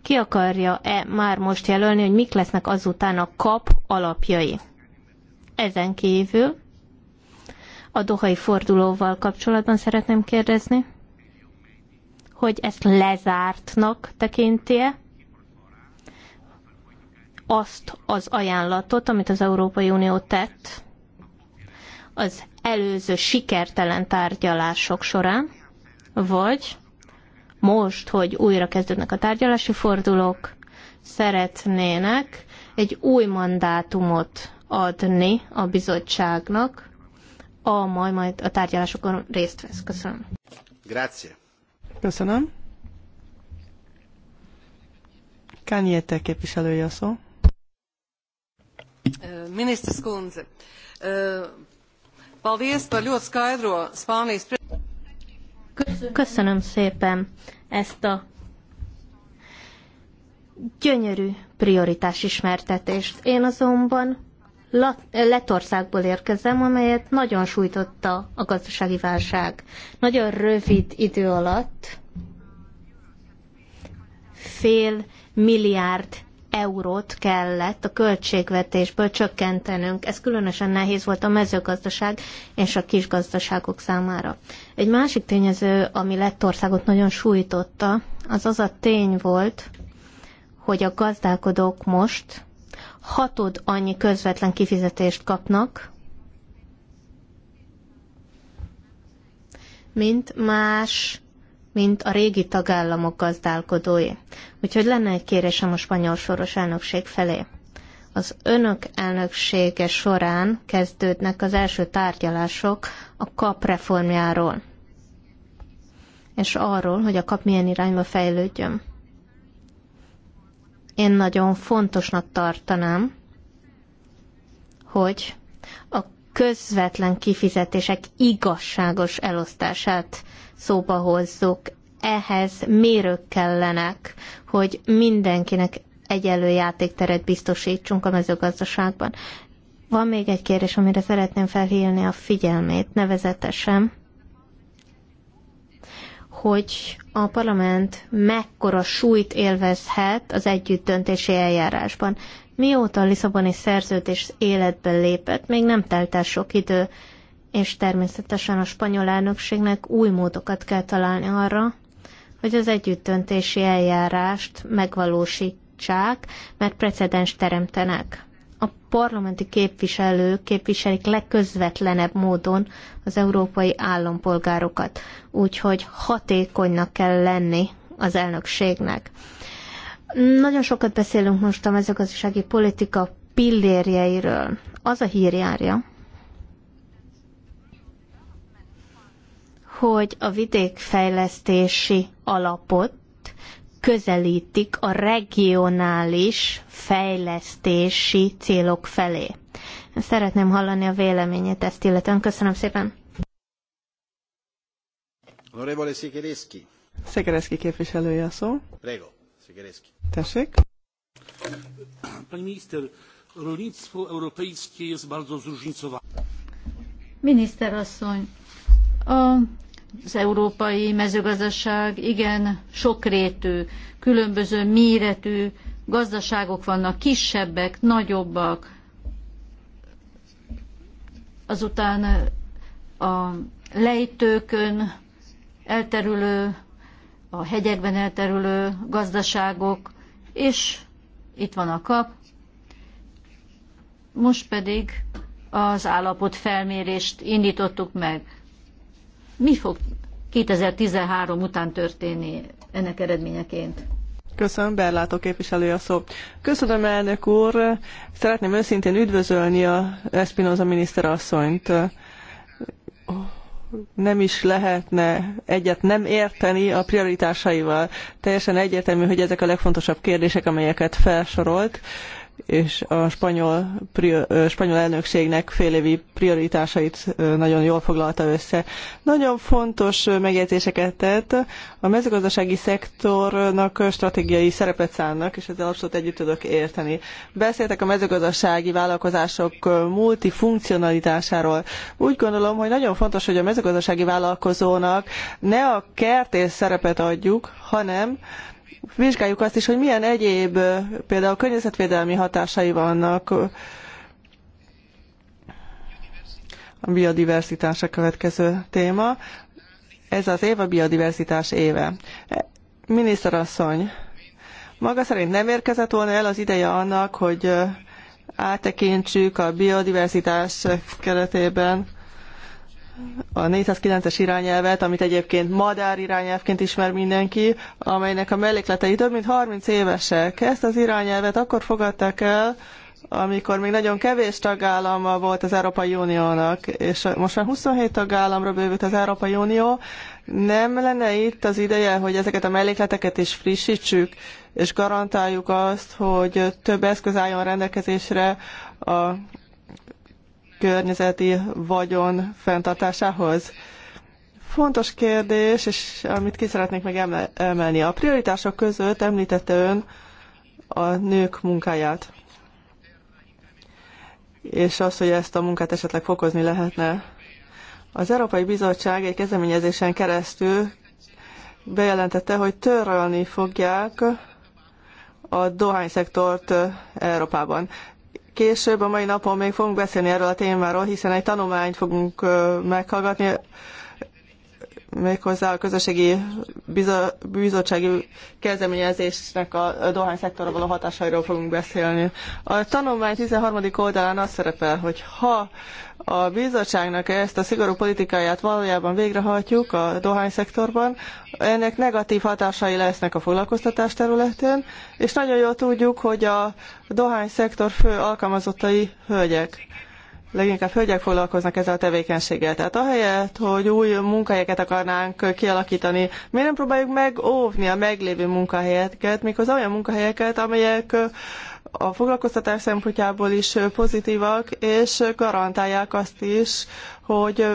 ki akarja-e már most jelölni, hogy mik lesznek azután a kap alapjai. Ezen kívül a dohai fordulóval kapcsolatban szeretném kérdezni, hogy ezt lezártnak tekinti-e, azt az ajánlatot, amit az Európai Unió tett az előző sikertelen tárgyalások során, vagy most, hogy újra kezdődnek a tárgyalási fordulók, szeretnének egy új mandátumot adni a bizottságnak, a majd, majd a tárgyalásokon részt vesz. Köszönöm. Grazie. Köszönöm. Kányérte képviselője a szó. Eh, eh, paldies par ļoti skaidro Spānijas... Köszönöm szépen ezt a gyönyörű prioritás ismertetést. Én azonban Letországból érkezem, amelyet nagyon sújtotta a gazdasági válság. Nagyon rövid idő alatt fél milliárd eurót kellett a költségvetésből csökkentenünk. Ez különösen nehéz volt a mezőgazdaság és a kisgazdaságok számára. Egy másik tényező, ami Lettországot nagyon sújtotta, az az a tény volt, hogy a gazdálkodók most hatod annyi közvetlen kifizetést kapnak, mint más mint a régi tagállamok gazdálkodói. Úgyhogy lenne egy kérésem a spanyol soros elnökség felé. Az önök elnöksége során kezdődnek az első tárgyalások a KAP reformjáról, és arról, hogy a KAP milyen irányba fejlődjön. Én nagyon fontosnak tartanám, hogy a közvetlen kifizetések igazságos elosztását szóba hozzuk. Ehhez mérők kellenek, hogy mindenkinek egyenlő játékteret biztosítsunk a mezőgazdaságban. Van még egy kérdés, amire szeretném felhívni a figyelmét, nevezetesen, hogy a parlament mekkora súlyt élvezhet az együttdöntési eljárásban. Mióta a Lisszaboni szerződés életbe lépett, még nem telt el sok idő, és természetesen a spanyol elnökségnek új módokat kell találni arra, hogy az együttöntési eljárást megvalósítsák, mert precedens teremtenek. A parlamenti képviselők képviselik legközvetlenebb módon az európai állampolgárokat, úgyhogy hatékonynak kell lenni az elnökségnek. Nagyon sokat beszélünk most a mezőgazdasági politika pillérjeiről. Az a hírjárja, hogy a vidékfejlesztési alapot közelítik a regionális fejlesztési célok felé. Szeretném hallani a véleményét ezt illetően. Köszönöm szépen. Honorevole Szekereszki. Szekereszki képviselője a szó. Prego, Szekereszki. Tessék. Pani miniszter, rolnictwo europejskie jest bardzo zróżnicowane. Miniszter asszony, a az európai mezőgazdaság igen sokrétű, különböző méretű gazdaságok vannak, kisebbek, nagyobbak. Azután a lejtőkön elterülő, a hegyekben elterülő gazdaságok, és itt van a kap. Most pedig az felmérést indítottuk meg mi fog 2013 után történni ennek eredményeként? Köszönöm, Berlátó képviselő a szó. Köszönöm, elnök úr. Szeretném őszintén üdvözölni a Espinoza miniszterasszonyt. Nem is lehetne egyet nem érteni a prioritásaival. Teljesen egyértelmű, hogy ezek a legfontosabb kérdések, amelyeket felsorolt és a spanyol, prior, spanyol elnökségnek félévi prioritásait nagyon jól foglalta össze. Nagyon fontos megjegyzéseket tett. A mezőgazdasági szektornak stratégiai szerepet szánnak, és ezzel abszolút együtt tudok érteni. Beszéltek a mezőgazdasági vállalkozások multifunkcionalitásáról. Úgy gondolom, hogy nagyon fontos, hogy a mezőgazdasági vállalkozónak ne a kertész szerepet adjuk, hanem vizsgáljuk azt is, hogy milyen egyéb például környezetvédelmi hatásai vannak a biodiverzitás a következő téma. Ez az év a biodiverzitás éve. E, miniszterasszony, maga szerint nem érkezett volna el az ideje annak, hogy áttekintsük a biodiverzitás keretében a 409-es irányelvet, amit egyébként madár irányelvként ismer mindenki, amelynek a mellékletei több mint 30 évesek. Ezt az irányelvet akkor fogadták el, amikor még nagyon kevés tagállama volt az Európai Uniónak, és most már 27 tagállamra bővült az Európai Unió, nem lenne itt az ideje, hogy ezeket a mellékleteket is frissítsük, és garantáljuk azt, hogy több eszköz álljon rendelkezésre a környezeti vagyon fenntartásához? Fontos kérdés, és amit ki szeretnék meg emelni. A prioritások között említette ön a nők munkáját, és azt, hogy ezt a munkát esetleg fokozni lehetne. Az Európai Bizottság egy kezdeményezésen keresztül bejelentette, hogy törölni fogják a dohányszektort Európában. Később a mai napon még fogunk beszélni erről a témáról, hiszen egy tanulmányt fogunk meghallgatni méghozzá a közösségi bizottsági kezdeményezésnek a dohány szektorra való hatásairól fogunk beszélni. A tanulmány 13. oldalán az szerepel, hogy ha a bizottságnak ezt a szigorú politikáját valójában végrehajtjuk a szektorban, ennek negatív hatásai lesznek a foglalkoztatás területén, és nagyon jól tudjuk, hogy a szektor fő alkalmazottai hölgyek leginkább hölgyek foglalkoznak ezzel a tevékenységgel. Tehát ahelyett, hogy új munkahelyeket akarnánk kialakítani, miért nem próbáljuk megóvni a meglévő munkahelyeket, méghozzá olyan munkahelyeket, amelyek a foglalkoztatás szempontjából is pozitívak, és garantálják azt is, hogy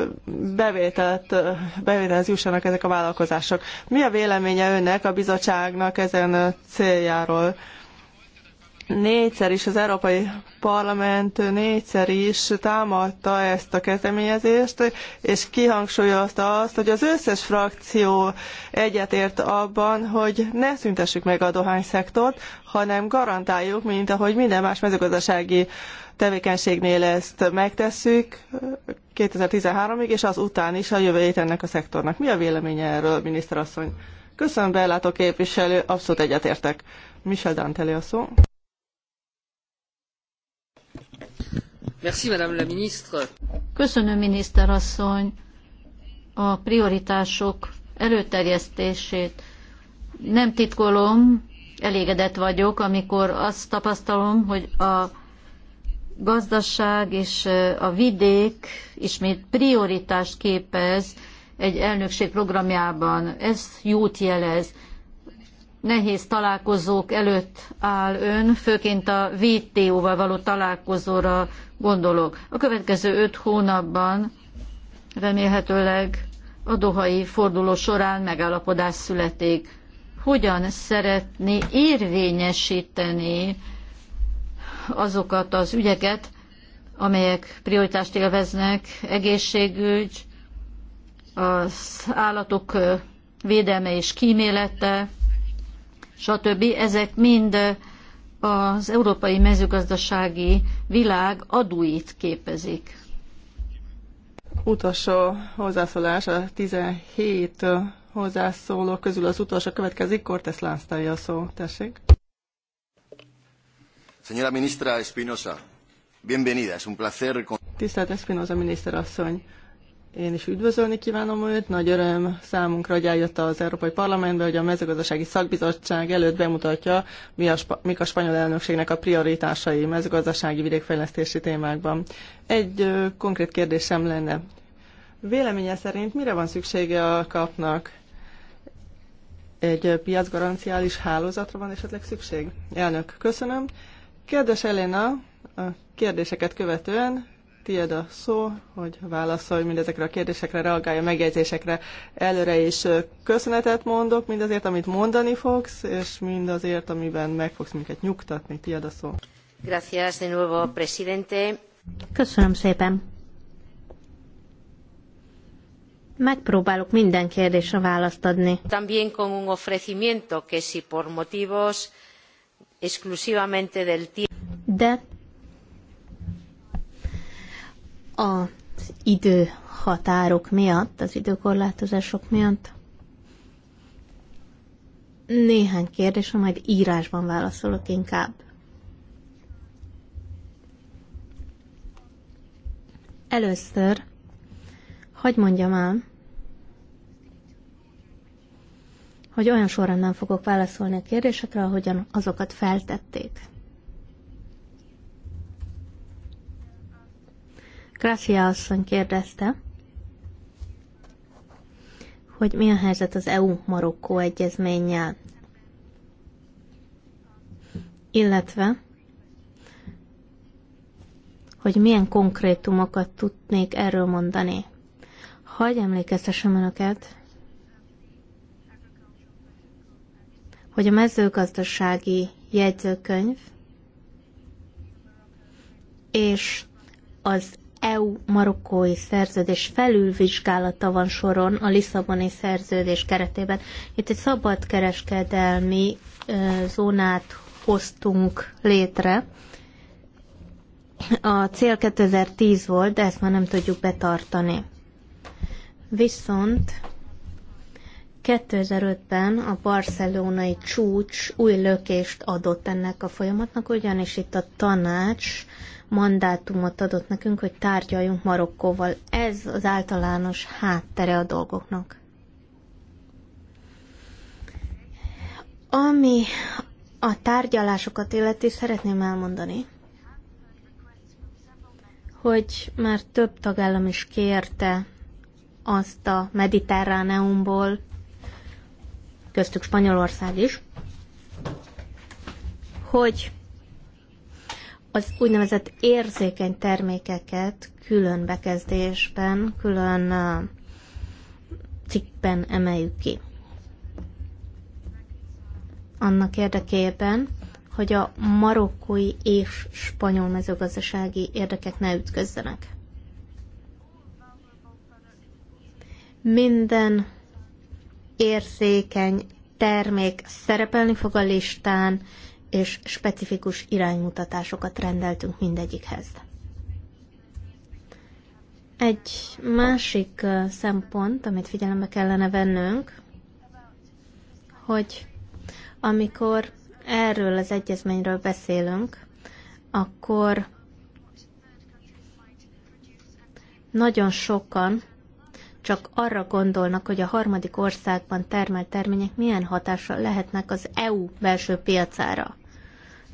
bevételt, bevételhez jussanak ezek a vállalkozások. Mi a véleménye önnek a bizottságnak ezen céljáról? négyszer is az Európai Parlament négyszer is támadta ezt a kezdeményezést, és kihangsúlyozta azt, hogy az összes frakció egyetért abban, hogy ne szüntessük meg a dohányszektort, hanem garantáljuk, mint ahogy minden más mezőgazdasági tevékenységnél ezt megtesszük 2013-ig, és az után is a jövőjét ennek a szektornak. Mi a véleménye erről, miniszterasszony? Köszönöm, belátó képviselő, abszolút egyetértek. Michel Danteli a szó. Köszönöm, miniszter asszony, a prioritások előterjesztését. Nem titkolom, elégedett vagyok, amikor azt tapasztalom, hogy a gazdaság és a vidék ismét prioritást képez egy elnökség programjában. Ez jót jelez nehéz találkozók előtt áll ön, főként a VTO-val való találkozóra gondolok. A következő öt hónapban remélhetőleg a dohai forduló során megállapodás születik. Hogyan szeretné érvényesíteni azokat az ügyeket, amelyek prioritást élveznek, egészségügy, az állatok védelme és kímélete, stb. Ezek mind az európai mezőgazdasági világ adóit képezik. Utolsó hozzászólás, a 17 hozzászóló közül az utolsó következik, Cortes a szó, tessék. Señora ministra Espinosa, bienvenida, es un placer... Tisztelt Espinosa miniszter asszony, én is üdvözölni kívánom őt. Nagy öröm számunkra, hogy eljött az Európai Parlamentbe, hogy a mezőgazdasági szakbizottság előtt bemutatja, mi a, mik a spanyol elnökségnek a prioritásai mezőgazdasági vidékfejlesztési témákban. Egy ö, konkrét kérdésem lenne. Véleménye szerint mire van szüksége a kapnak? Egy piacgaranciális hálózatra van esetleg szükség? Elnök, köszönöm. Kedves Elena, a kérdéseket követően tiéd a szó, hogy válaszolj mindezekre a kérdésekre, reagálj a megjegyzésekre. Előre is köszönetet mondok mindazért, amit mondani fogsz, és mindazért, amiben meg fogsz minket nyugtatni. Tiéd a szó. Gracias de nuevo, presidente. Köszönöm szépen. Megpróbálok minden kérdésre választ adni. También con un ofrecimiento que si por motivos exclusivamente del tiempo... De az időhatárok miatt, az időkorlátozások miatt. Néhány kérdésre majd írásban válaszolok inkább. Először, hogy mondjam el, hogy olyan sorrendben fogok válaszolni a kérdésekre, ahogyan azokat feltették. Gracia asszony kérdezte, hogy mi a helyzet az EU-Marokkó egyezménnyel, illetve hogy milyen konkrétumokat tudnék erről mondani. Hagy emlékeztessem Önöket, hogy a mezőgazdasági jegyzőkönyv és az EU-marokkói szerződés felülvizsgálata van soron a Lisszaboni szerződés keretében. Itt egy szabadkereskedelmi zónát hoztunk létre. A cél 2010 volt, de ezt már nem tudjuk betartani. Viszont 2005-ben a barcelonai csúcs új lökést adott ennek a folyamatnak, ugyanis itt a tanács mandátumot adott nekünk, hogy tárgyaljunk Marokkóval. Ez az általános háttere a dolgoknak. Ami a tárgyalásokat illeti, szeretném elmondani, hogy már több tagállam is kérte azt a Mediterráneumból, köztük Spanyolország is, hogy az úgynevezett érzékeny termékeket külön bekezdésben, külön cikkben emeljük ki. Annak érdekében, hogy a marokkói és spanyol mezőgazdasági érdekek ne ütközzenek. Minden érzékeny termék szerepelni fog a listán, és specifikus iránymutatásokat rendeltünk mindegyikhez. Egy másik szempont, amit figyelembe kellene vennünk, hogy amikor erről az egyezményről beszélünk, akkor nagyon sokan csak arra gondolnak, hogy a harmadik országban termelt termények milyen hatással lehetnek az EU belső piacára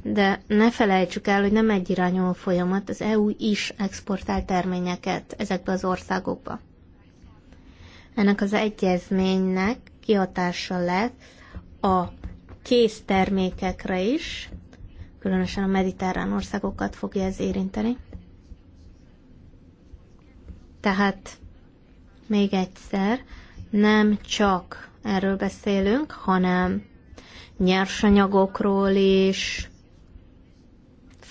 de ne felejtsük el, hogy nem egyirányú a folyamat, az EU is exportál terményeket ezekbe az országokba. Ennek az egyezménynek kihatása lett a kész termékekre is, különösen a mediterrán országokat fogja ez érinteni. Tehát még egyszer, nem csak erről beszélünk, hanem nyersanyagokról is,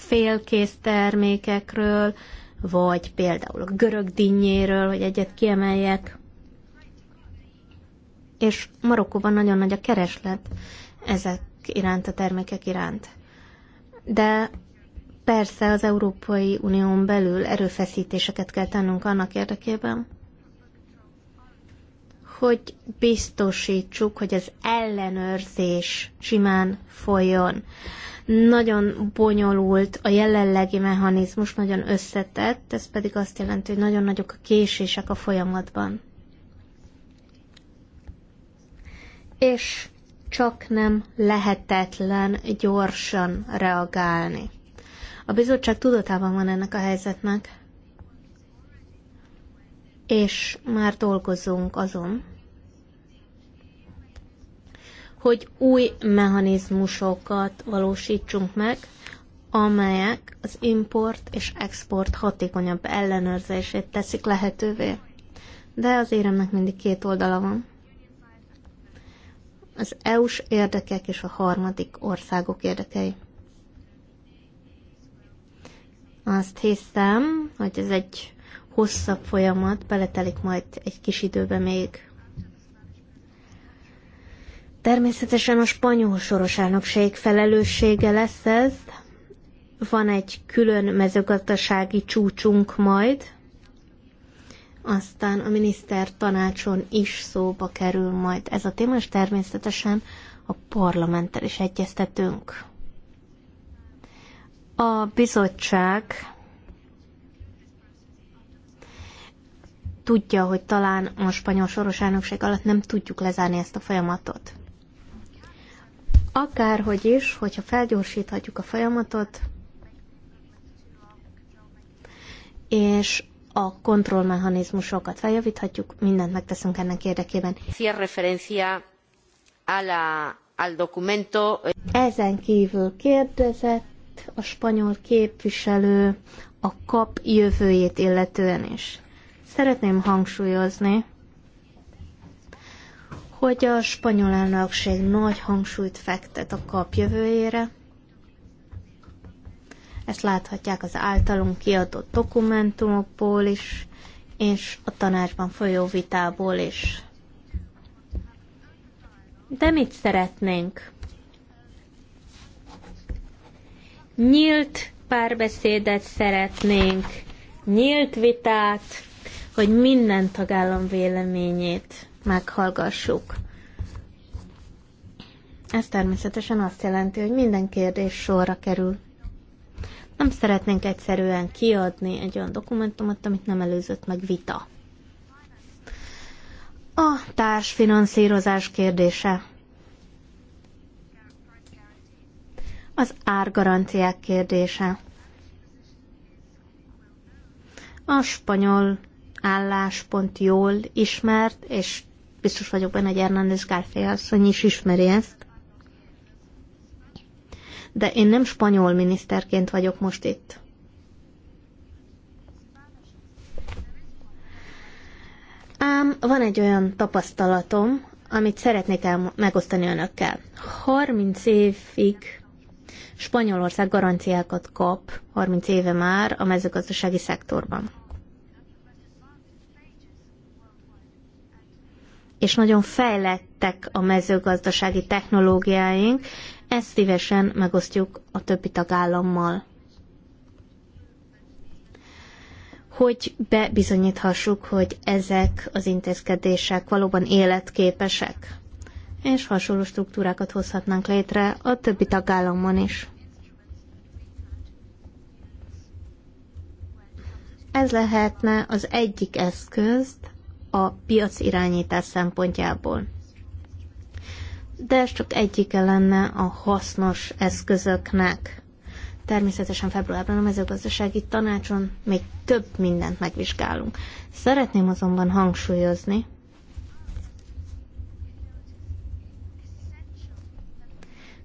félkész termékekről, vagy például a görög dinnyéről, hogy egyet kiemeljek. És Marokkóban nagyon nagy a kereslet ezek iránt, a termékek iránt. De persze az Európai Unión belül erőfeszítéseket kell tennünk annak érdekében, hogy biztosítsuk, hogy az ellenőrzés simán folyjon. Nagyon bonyolult a jelenlegi mechanizmus, nagyon összetett, ez pedig azt jelenti, hogy nagyon nagyok a késések a folyamatban. És csak nem lehetetlen gyorsan reagálni. A bizottság tudatában van ennek a helyzetnek, és már dolgozunk azon, hogy új mechanizmusokat valósítsunk meg, amelyek az import és export hatékonyabb ellenőrzését teszik lehetővé. De az éremnek mindig két oldala van. Az EU-s érdekek és a harmadik országok érdekei. Azt hiszem, hogy ez egy hosszabb folyamat, beletelik majd egy kis időbe még. Természetesen a spanyol soros elnökség felelőssége lesz ez. Van egy külön mezőgazdasági csúcsunk majd, aztán a miniszter tanácson is szóba kerül majd ez a téma, és természetesen a parlamenttel is egyeztetünk. A bizottság tudja, hogy talán a spanyol soros elnökség alatt nem tudjuk lezárni ezt a folyamatot. Akárhogy is, hogyha felgyorsíthatjuk a folyamatot, és a kontrollmechanizmusokat feljavíthatjuk, mindent megteszünk ennek érdekében. Ezen kívül kérdezett a spanyol képviselő a kap jövőjét illetően is. Szeretném hangsúlyozni, hogy a spanyol elnökség nagy hangsúlyt fektet a kap jövőjére. Ezt láthatják az általunk kiadott dokumentumokból is, és a tanácsban folyó vitából is. De mit szeretnénk? Nyílt párbeszédet szeretnénk, nyílt vitát, hogy minden tagállam véleményét meghallgassuk. Ez természetesen azt jelenti, hogy minden kérdés sorra kerül. Nem szeretnénk egyszerűen kiadni egy olyan dokumentumot, amit nem előzött meg vita. A társfinanszírozás kérdése. Az árgaranciák kérdése. A spanyol álláspont jól ismert, és biztos vagyok benne, hogy Hernández García asszony is ismeri ezt. De én nem spanyol miniszterként vagyok most itt. Ám van egy olyan tapasztalatom, amit szeretnék el- megosztani önökkel. 30 évig Spanyolország garanciákat kap, 30 éve már a mezőgazdasági szektorban. és nagyon fejlettek a mezőgazdasági technológiáink, ezt szívesen megosztjuk a többi tagállammal. Hogy bebizonyíthassuk, hogy ezek az intézkedések valóban életképesek, és hasonló struktúrákat hozhatnánk létre a többi tagállamon is. Ez lehetne az egyik eszközt, a piac irányítás szempontjából. De ez csak egyike lenne a hasznos eszközöknek. Természetesen februárban a mezőgazdasági tanácson még több mindent megvizsgálunk. Szeretném azonban hangsúlyozni,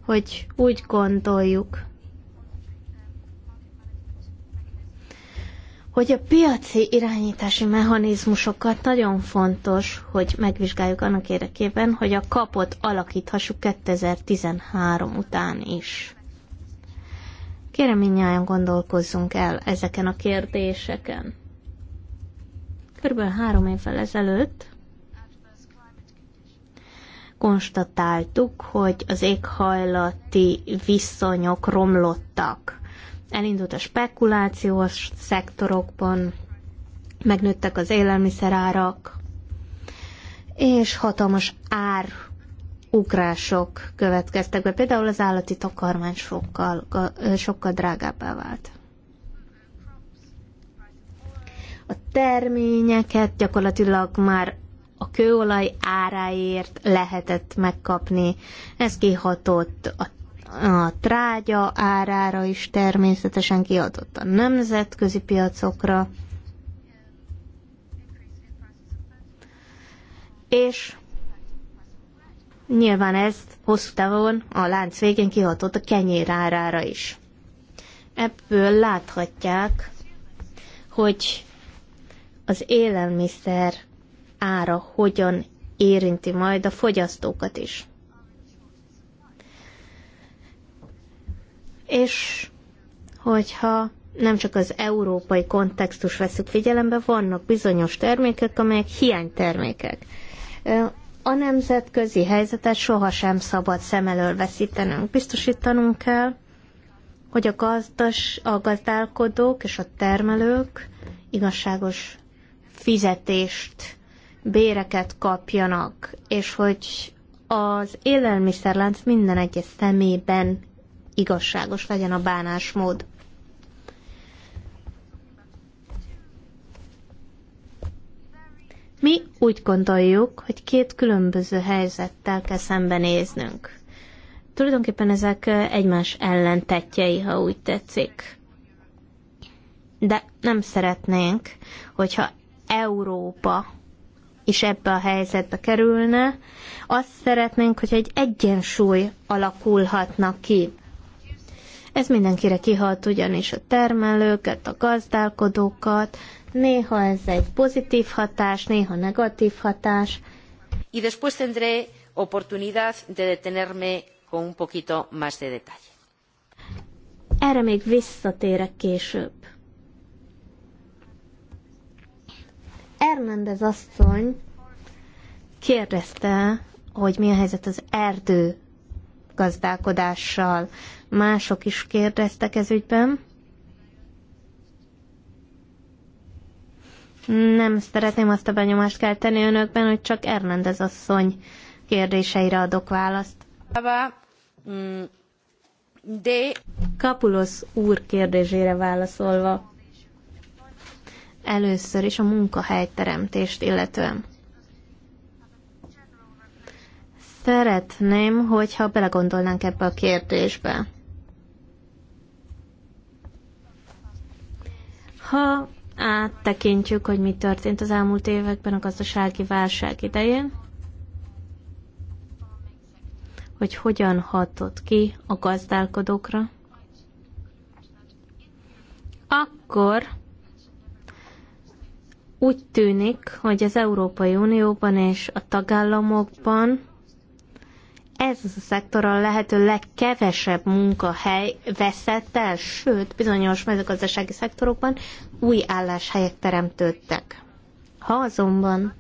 hogy úgy gondoljuk, hogy a piaci irányítási mechanizmusokat nagyon fontos, hogy megvizsgáljuk annak érdekében, hogy a kapot alakíthassuk 2013 után is. Kérem, mindnyáján gondolkozzunk el ezeken a kérdéseken. Körülbelül három évvel ezelőtt konstatáltuk, hogy az éghajlati viszonyok romlottak elindult a spekuláció a szektorokban, megnőttek az élelmiszerárak, és hatalmas ár ugrások következtek be. Például az állati takarmány sokkal, sokkal drágábbá vált. A terményeket gyakorlatilag már a kőolaj áráért lehetett megkapni. Ez kihatott a a trágya árára is természetesen kiadott a nemzetközi piacokra, és nyilván ezt hosszú távon a lánc végén kihatott a kenyér árára is. Ebből láthatják, hogy az élelmiszer ára hogyan érinti majd a fogyasztókat is. és hogyha nem csak az európai kontextus veszük figyelembe, vannak bizonyos termékek, amelyek hiánytermékek. A nemzetközi helyzetet sohasem szabad szem elől veszítenünk. Biztosítanunk kell, hogy a, gazdas, a gazdálkodók és a termelők igazságos fizetést, béreket kapjanak, és hogy az élelmiszerlánc minden egyes szemében igazságos legyen a bánásmód. Mi úgy gondoljuk, hogy két különböző helyzettel kell szembenéznünk. Tulajdonképpen ezek egymás ellentetjei, ha úgy tetszik. De nem szeretnénk, hogyha Európa is ebbe a helyzetbe kerülne, azt szeretnénk, hogy egy egyensúly alakulhatna ki. Ez mindenkire kihalt ugyanis a termelőket, a gazdálkodókat, néha ez egy pozitív hatás, néha negatív hatás. Y después tendré oportunidad de detenerme con un poquito más de detalle. Erre még visszatérek később. Hernández asszony kérdezte, hogy mi a helyzet az erdő gazdálkodással. Mások is kérdeztek ez ügyben. Nem szeretném azt a benyomást kelteni önökben, hogy csak az asszony kérdéseire adok választ. De... Kapulosz úr kérdésére válaszolva. Először is a munkahelyteremtést illetően szeretném, hogyha belegondolnánk ebbe a kérdésbe. Ha áttekintjük, hogy mi történt az elmúlt években a gazdasági válság idején, hogy hogyan hatott ki a gazdálkodókra, akkor úgy tűnik, hogy az Európai Unióban és a tagállamokban ez az a szektor a lehető legkevesebb munkahely veszett el, sőt, bizonyos mezőgazdasági szektorokban új álláshelyek teremtődtek. Ha azonban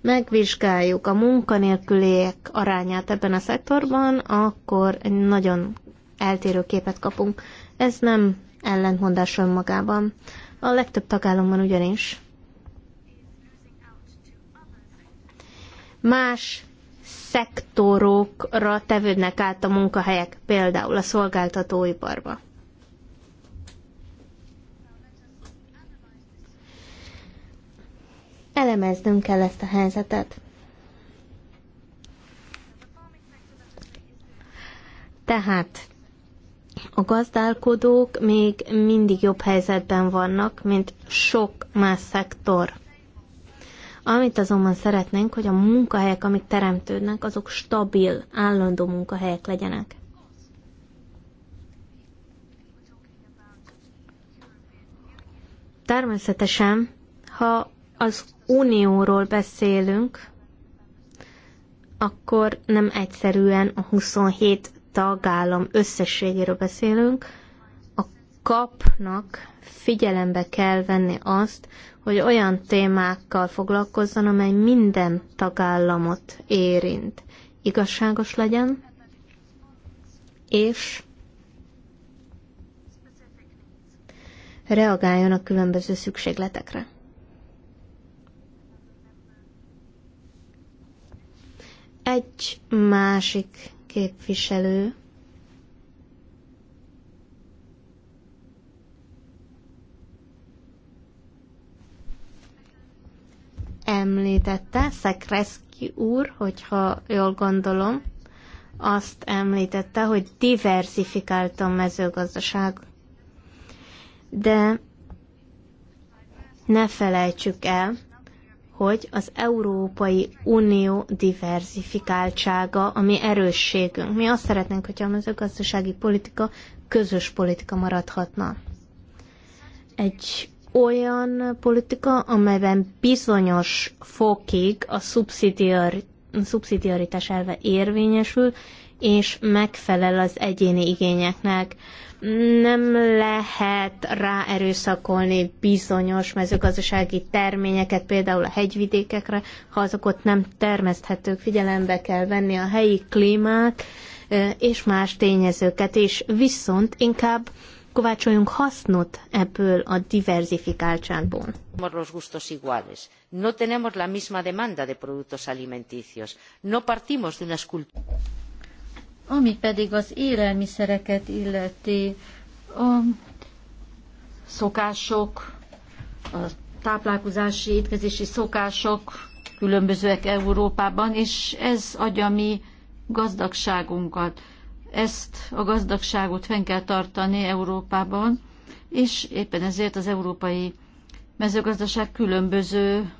megvizsgáljuk a munkanélküliek arányát ebben a szektorban, akkor egy nagyon eltérő képet kapunk. Ez nem ellentmondás önmagában. A legtöbb tagállamban ugyanis más szektorokra tevődnek át a munkahelyek, például a szolgáltatóiparba. Elemeznünk kell ezt a helyzetet. Tehát a gazdálkodók még mindig jobb helyzetben vannak, mint sok más szektor. Amit azonban szeretnénk, hogy a munkahelyek, amik teremtődnek, azok stabil, állandó munkahelyek legyenek. Természetesen, ha az unióról beszélünk, akkor nem egyszerűen a 27 tagállam összességéről beszélünk, a kapnak figyelembe kell venni azt, hogy olyan témákkal foglalkozzon, amely minden tagállamot érint. Igazságos legyen, és reagáljon a különböző szükségletekre. Egy másik képviselő említette, Szekreszki úr, hogyha jól gondolom, azt említette, hogy diversifikált a mezőgazdaság. De ne felejtsük el, hogy az Európai Unió diversifikáltsága a mi erősségünk. Mi azt szeretnénk, hogyha a mezőgazdasági politika közös politika maradhatna. Egy olyan politika, amelyben bizonyos fokig a szubszidiaritás elve érvényesül, és megfelel az egyéni igényeknek. Nem lehet ráerőszakolni bizonyos mezőgazdasági terményeket, például a hegyvidékekre, ha azok ott nem termeszthetők, figyelembe kell venni a helyi klímát és más tényezőket, és viszont inkább kovácsoljunk hasznot ebből a diverzifikáltságból. Los gustos iguales. No tenemos la misma demanda de productos alimenticios. No partimos de unas Ami pedig az élelmiszereket illeti, a szokások, a táplálkozási, étkezési szokások különbözőek Európában, és ez adja mi gazdagságunkat. Ezt a gazdagságot fenn kell tartani Európában, és éppen ezért az európai mezőgazdaság különböző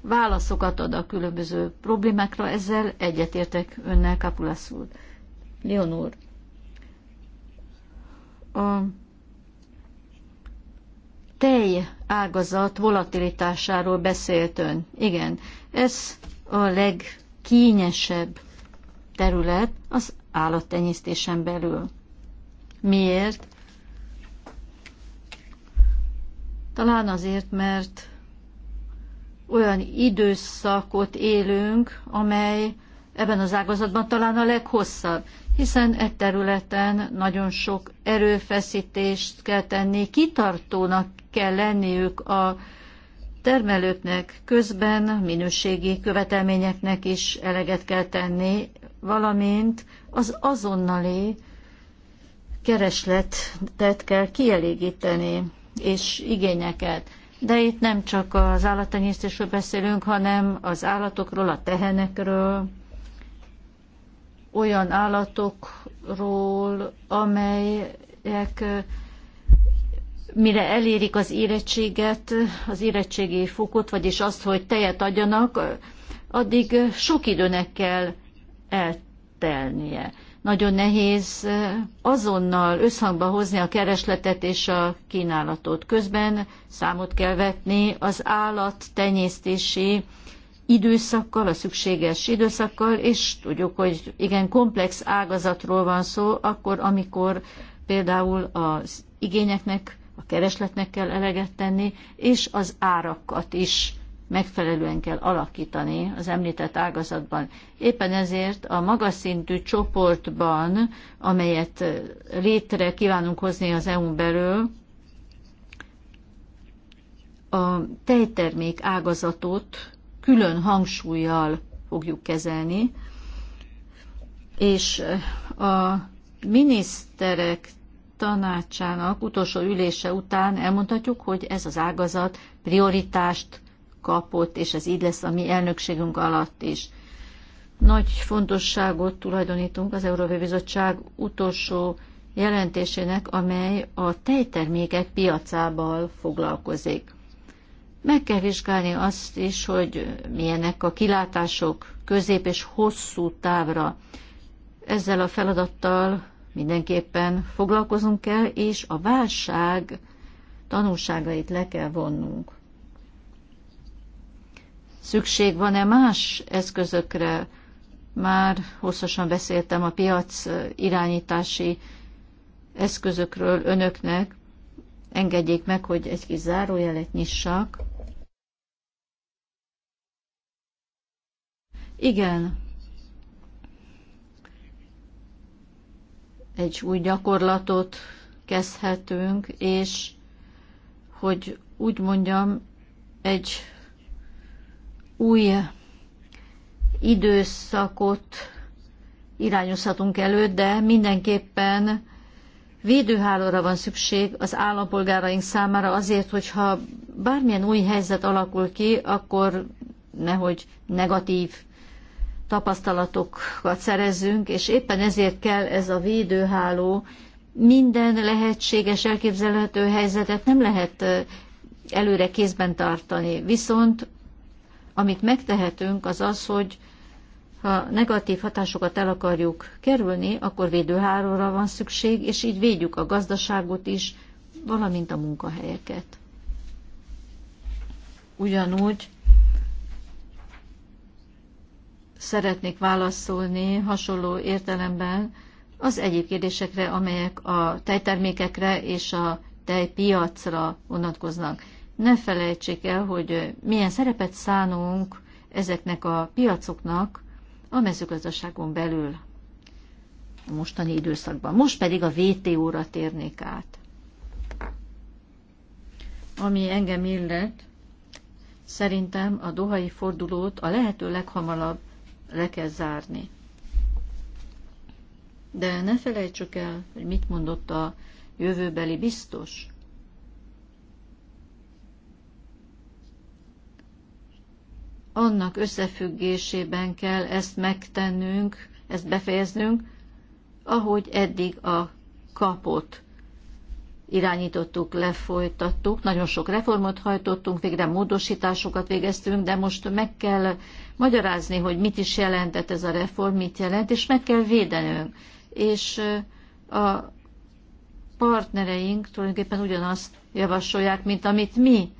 válaszokat ad a különböző problémákra, ezzel egyetértek önnel, Kapulasz úr. Leon úr, a tej ágazat volatilitásáról beszélt ön. Igen, ez a legkényesebb terület, az állattenyésztésen belül. Miért? Talán azért, mert olyan időszakot élünk, amely ebben az ágazatban talán a leghosszabb, hiszen e területen nagyon sok erőfeszítést kell tenni, kitartónak kell lenniük a termelőknek közben minőségi követelményeknek is eleget kell tenni, valamint az azonnali keresletet kell kielégíteni, és igényeket. De itt nem csak az állattenyésztésről beszélünk, hanem az állatokról, a tehenekről, olyan állatokról, amelyek mire elérik az érettséget, az érettségi fokot, vagyis azt, hogy tejet adjanak, addig sok időnek kell eltenni telnie. Nagyon nehéz azonnal összhangba hozni a keresletet és a kínálatot. Közben számot kell vetni az állat tenyésztési időszakkal, a szükséges időszakkal, és tudjuk, hogy igen, komplex ágazatról van szó, akkor, amikor például az igényeknek, a keresletnek kell eleget tenni, és az árakat is megfelelően kell alakítani az említett ágazatban. Éppen ezért a magas szintű csoportban, amelyet létre kívánunk hozni az EU-n belül, a tejtermék ágazatot külön hangsúlyjal fogjuk kezelni, és a miniszterek tanácsának utolsó ülése után elmondhatjuk, hogy ez az ágazat prioritást kapott, és ez így lesz a mi elnökségünk alatt is. Nagy fontosságot tulajdonítunk az Európai Bizottság utolsó jelentésének, amely a tejtermékek piacával foglalkozik. Meg kell vizsgálni azt is, hogy milyenek a kilátások közép és hosszú távra. Ezzel a feladattal mindenképpen foglalkozunk kell, és a válság tanulságait le kell vonnunk. Szükség van-e más eszközökre? Már hosszasan beszéltem a piac irányítási eszközökről önöknek. Engedjék meg, hogy egy kis zárójelet nyissak. Igen. Egy új gyakorlatot kezdhetünk, és hogy úgy mondjam, egy új időszakot irányozhatunk elő, de mindenképpen védőhálóra van szükség az állampolgáraink számára azért, hogyha bármilyen új helyzet alakul ki, akkor nehogy negatív tapasztalatokat szerezzünk, és éppen ezért kell ez a védőháló. Minden lehetséges, elképzelhető helyzetet nem lehet előre kézben tartani, viszont amit megtehetünk, az az, hogy ha negatív hatásokat el akarjuk kerülni, akkor védőhálóra van szükség, és így védjük a gazdaságot is, valamint a munkahelyeket. Ugyanúgy szeretnék válaszolni hasonló értelemben az egyéb kérdésekre, amelyek a tejtermékekre és a tejpiacra vonatkoznak ne felejtsék el, hogy milyen szerepet szánunk ezeknek a piacoknak a mezőgazdaságon belül a mostani időszakban. Most pedig a VTO-ra térnék át. Ami engem illet, szerintem a dohai fordulót a lehető leghamarabb le kell zárni. De ne felejtsük el, hogy mit mondott a jövőbeli biztos. annak összefüggésében kell ezt megtennünk, ezt befejeznünk, ahogy eddig a kapot irányítottuk, lefolytattuk, nagyon sok reformot hajtottunk, végre módosításokat végeztünk, de most meg kell magyarázni, hogy mit is jelentett ez a reform, mit jelent, és meg kell védenünk. És a partnereink tulajdonképpen ugyanazt javasolják, mint amit mi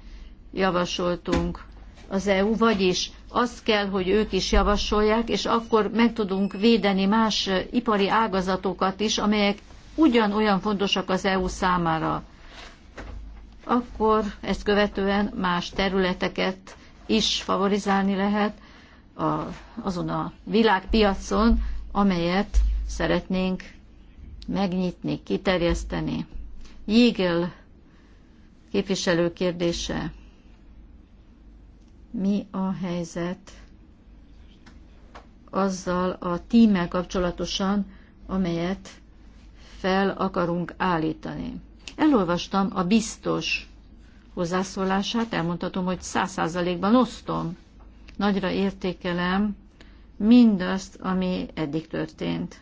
javasoltunk az EU, vagyis azt kell, hogy ők is javasolják, és akkor meg tudunk védeni más ipari ágazatokat is, amelyek ugyanolyan fontosak az EU számára. Akkor ezt követően más területeket is favorizálni lehet a, azon a világpiacon, amelyet szeretnénk megnyitni, kiterjeszteni. Jégel képviselő kérdése mi a helyzet azzal a tímmel kapcsolatosan, amelyet fel akarunk állítani. Elolvastam a biztos hozzászólását, elmondhatom, hogy száz százalékban osztom. Nagyra értékelem mindazt, ami eddig történt.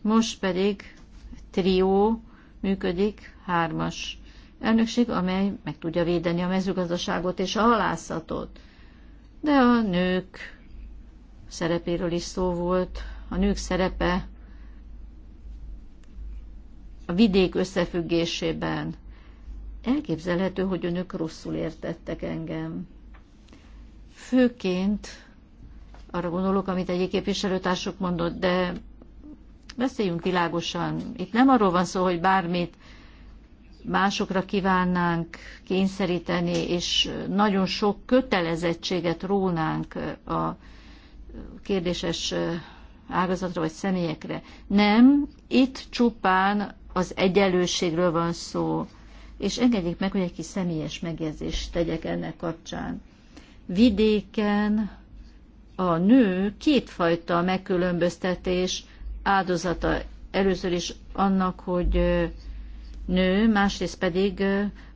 Most pedig trió működik, hármas elnökség, amely meg tudja védeni a mezőgazdaságot és a halászatot. De a nők szerepéről is szó volt, a nők szerepe a vidék összefüggésében. Elképzelhető, hogy önök rosszul értettek engem. Főként arra gondolok, amit egyik képviselőtársuk mondott, de beszéljünk világosan. Itt nem arról van szó, hogy bármit másokra kívánnánk kényszeríteni, és nagyon sok kötelezettséget rónánk a kérdéses ágazatra vagy személyekre. Nem, itt csupán az egyenlőségről van szó, és engedjék meg, hogy egy kis személyes megjegyzést tegyek ennek kapcsán. Vidéken a nő kétfajta megkülönböztetés áldozata először is annak, hogy nő, másrészt pedig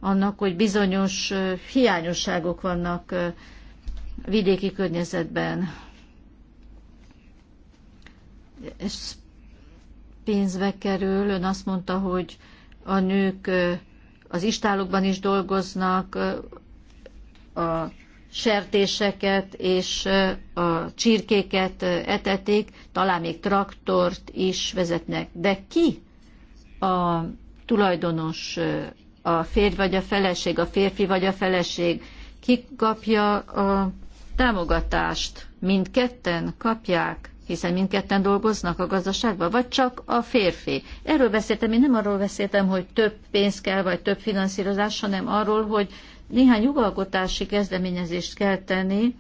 annak, hogy bizonyos hiányosságok vannak vidéki környezetben. Ez pénzbe kerül. Ön azt mondta, hogy a nők az istálokban is dolgoznak, a sertéseket és a csirkéket etetik, talán még traktort is vezetnek. De ki a tulajdonos a férj vagy a feleség, a férfi vagy a feleség, ki kapja a támogatást? Mindketten kapják, hiszen mindketten dolgoznak a gazdaságban, vagy csak a férfi. Erről beszéltem, én nem arról beszéltem, hogy több pénz kell, vagy több finanszírozás, hanem arról, hogy néhány jogalkotási kezdeményezést kell tenni,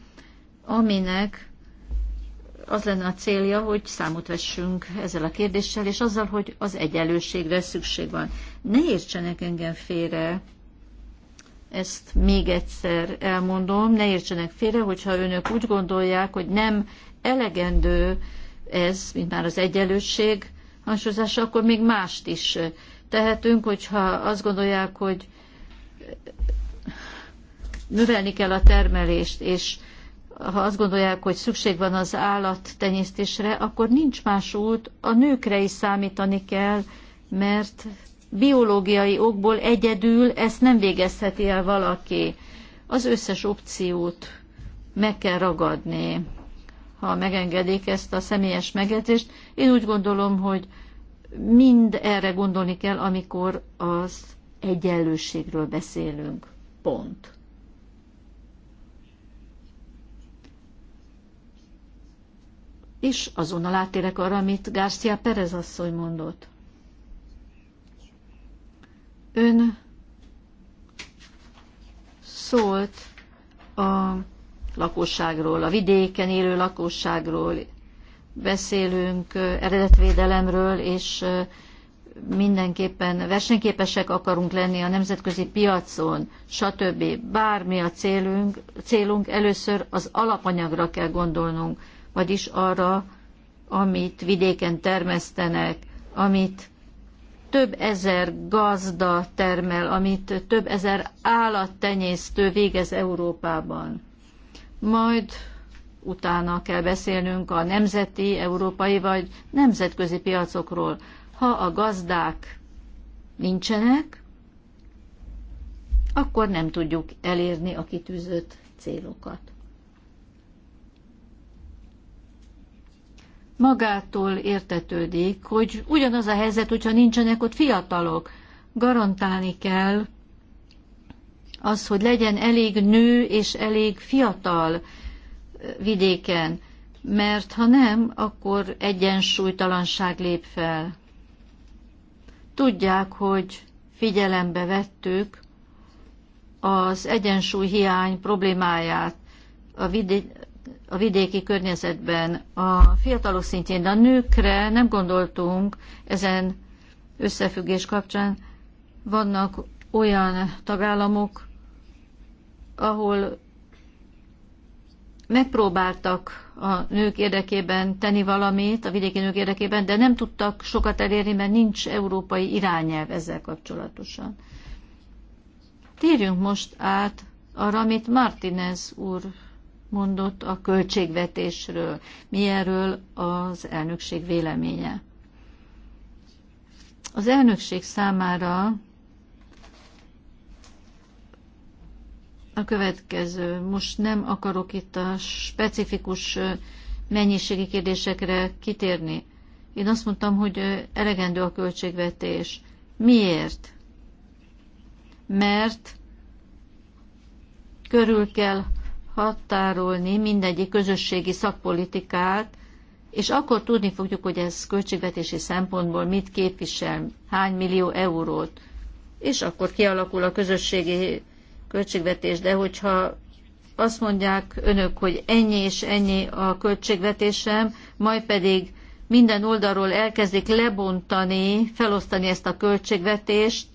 aminek az lenne a célja, hogy számot vessünk ezzel a kérdéssel, és azzal, hogy az egyenlőségre szükség van. Ne értsenek engem félre, ezt még egyszer elmondom, ne értsenek félre, hogyha önök úgy gondolják, hogy nem elegendő ez, mint már az egyenlőség hangsúlyozása, akkor még mást is tehetünk, hogyha azt gondolják, hogy növelni kell a termelést, és ha azt gondolják, hogy szükség van az állattenyésztésre, akkor nincs más út, a nőkre is számítani kell, mert biológiai okból egyedül ezt nem végezheti el valaki. Az összes opciót meg kell ragadni, ha megengedik ezt a személyes megjegyzést. Én úgy gondolom, hogy mind erre gondolni kell, amikor az egyenlőségről beszélünk. Pont. És azonnal átérek arra, amit Garcia Perez asszony mondott. Ön szólt a lakosságról, a vidéken élő lakosságról, beszélünk eredetvédelemről, és mindenképpen versenyképesek akarunk lenni a nemzetközi piacon, stb. Bármi a célunk, célunk először az alapanyagra kell gondolnunk vagyis arra, amit vidéken termesztenek, amit több ezer gazda termel, amit több ezer állattenyésztő végez Európában. Majd utána kell beszélnünk a nemzeti, európai vagy nemzetközi piacokról. Ha a gazdák nincsenek, akkor nem tudjuk elérni a kitűzött célokat. magától értetődik, hogy ugyanaz a helyzet, hogyha nincsenek ott fiatalok. Garantálni kell az, hogy legyen elég nő és elég fiatal eh, vidéken, mert ha nem, akkor egyensúlytalanság lép fel. Tudják, hogy figyelembe vettük az egyensúly hiány problémáját a, vidé- a vidéki környezetben a fiatalok szintjén, de a nőkre nem gondoltunk ezen összefüggés kapcsán. Vannak olyan tagállamok, ahol megpróbáltak a nők érdekében tenni valamit, a vidéki nők érdekében, de nem tudtak sokat elérni, mert nincs európai irányelv ezzel kapcsolatosan. Térjünk most át arra, amit Martinez úr mondott a költségvetésről, milyenről az elnökség véleménye. Az elnökség számára a következő. Most nem akarok itt a specifikus mennyiségi kérdésekre kitérni. Én azt mondtam, hogy elegendő a költségvetés. Miért? Mert körül kell határolni mindegyik közösségi szakpolitikát, és akkor tudni fogjuk, hogy ez költségvetési szempontból mit képvisel, hány millió eurót, és akkor kialakul a közösségi költségvetés. De hogyha azt mondják önök, hogy ennyi és ennyi a költségvetésem, majd pedig minden oldalról elkezdik lebontani, felosztani ezt a költségvetést,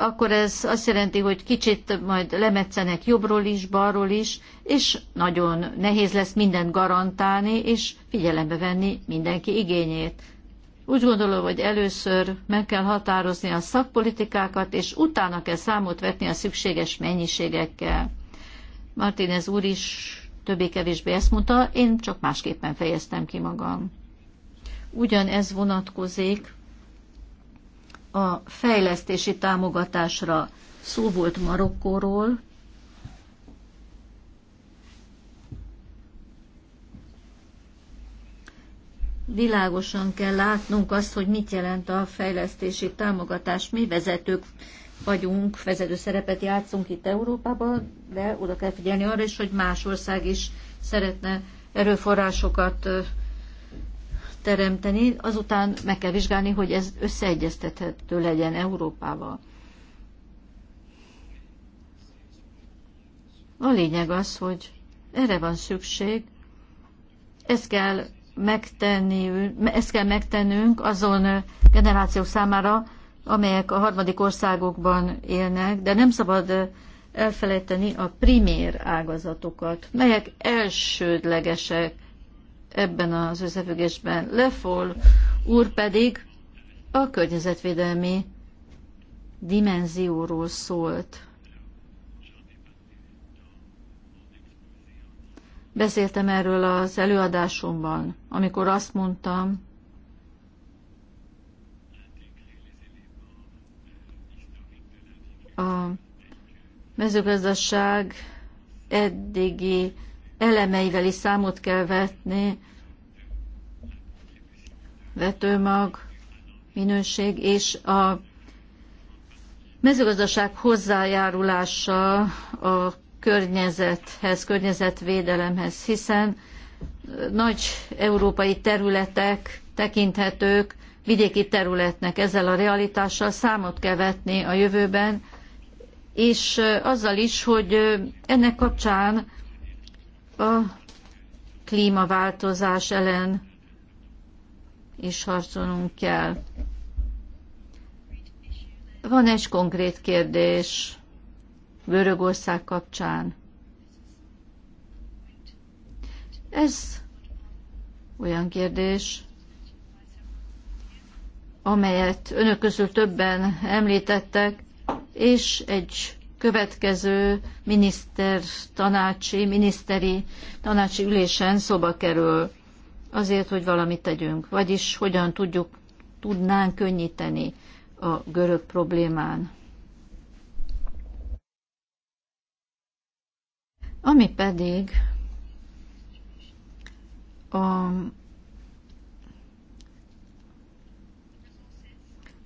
akkor ez azt jelenti, hogy kicsit majd lemetszenek jobbról is, balról is, és nagyon nehéz lesz mindent garantálni, és figyelembe venni mindenki igényét. Úgy gondolom, hogy először meg kell határozni a szakpolitikákat, és utána kell számot vetni a szükséges mennyiségekkel. Martínez úr is többé-kevésbé ezt mondta, én csak másképpen fejeztem ki magam. Ugyanez vonatkozik a fejlesztési támogatásra. Szó volt Marokkóról, világosan kell látnunk azt, hogy mit jelent a fejlesztési támogatás. Mi vezetők vagyunk, vezető szerepet játszunk itt Európában, de oda kell figyelni arra is, hogy más ország is szeretne erőforrásokat teremteni, azután meg kell vizsgálni, hogy ez összeegyeztethető legyen Európával. A lényeg az, hogy erre van szükség, ezt kell, megtenni, ezt kell megtennünk azon generációk számára, amelyek a harmadik országokban élnek, de nem szabad elfelejteni a primér ágazatokat, melyek elsődlegesek ebben az összefüggésben. Lefol úr pedig a környezetvédelmi dimenzióról szólt. Beszéltem erről az előadásomban, amikor azt mondtam, a mezőgazdaság eddigi elemeivel is számot kell vetni, vetőmag, minőség és a mezőgazdaság hozzájárulása a környezethez, környezetvédelemhez, hiszen nagy európai területek tekinthetők vidéki területnek. Ezzel a realitással számot kell vetni a jövőben, és azzal is, hogy ennek kapcsán a klímaváltozás ellen is harcolnunk kell. Van egy konkrét kérdés Görögország kapcsán. Ez olyan kérdés, amelyet önök közül többen említettek, és egy következő miniszter tanácsi, miniszteri tanácsi ülésen szoba kerül azért, hogy valamit tegyünk. Vagyis hogyan tudjuk, tudnánk könnyíteni a görög problémán. Ami pedig a,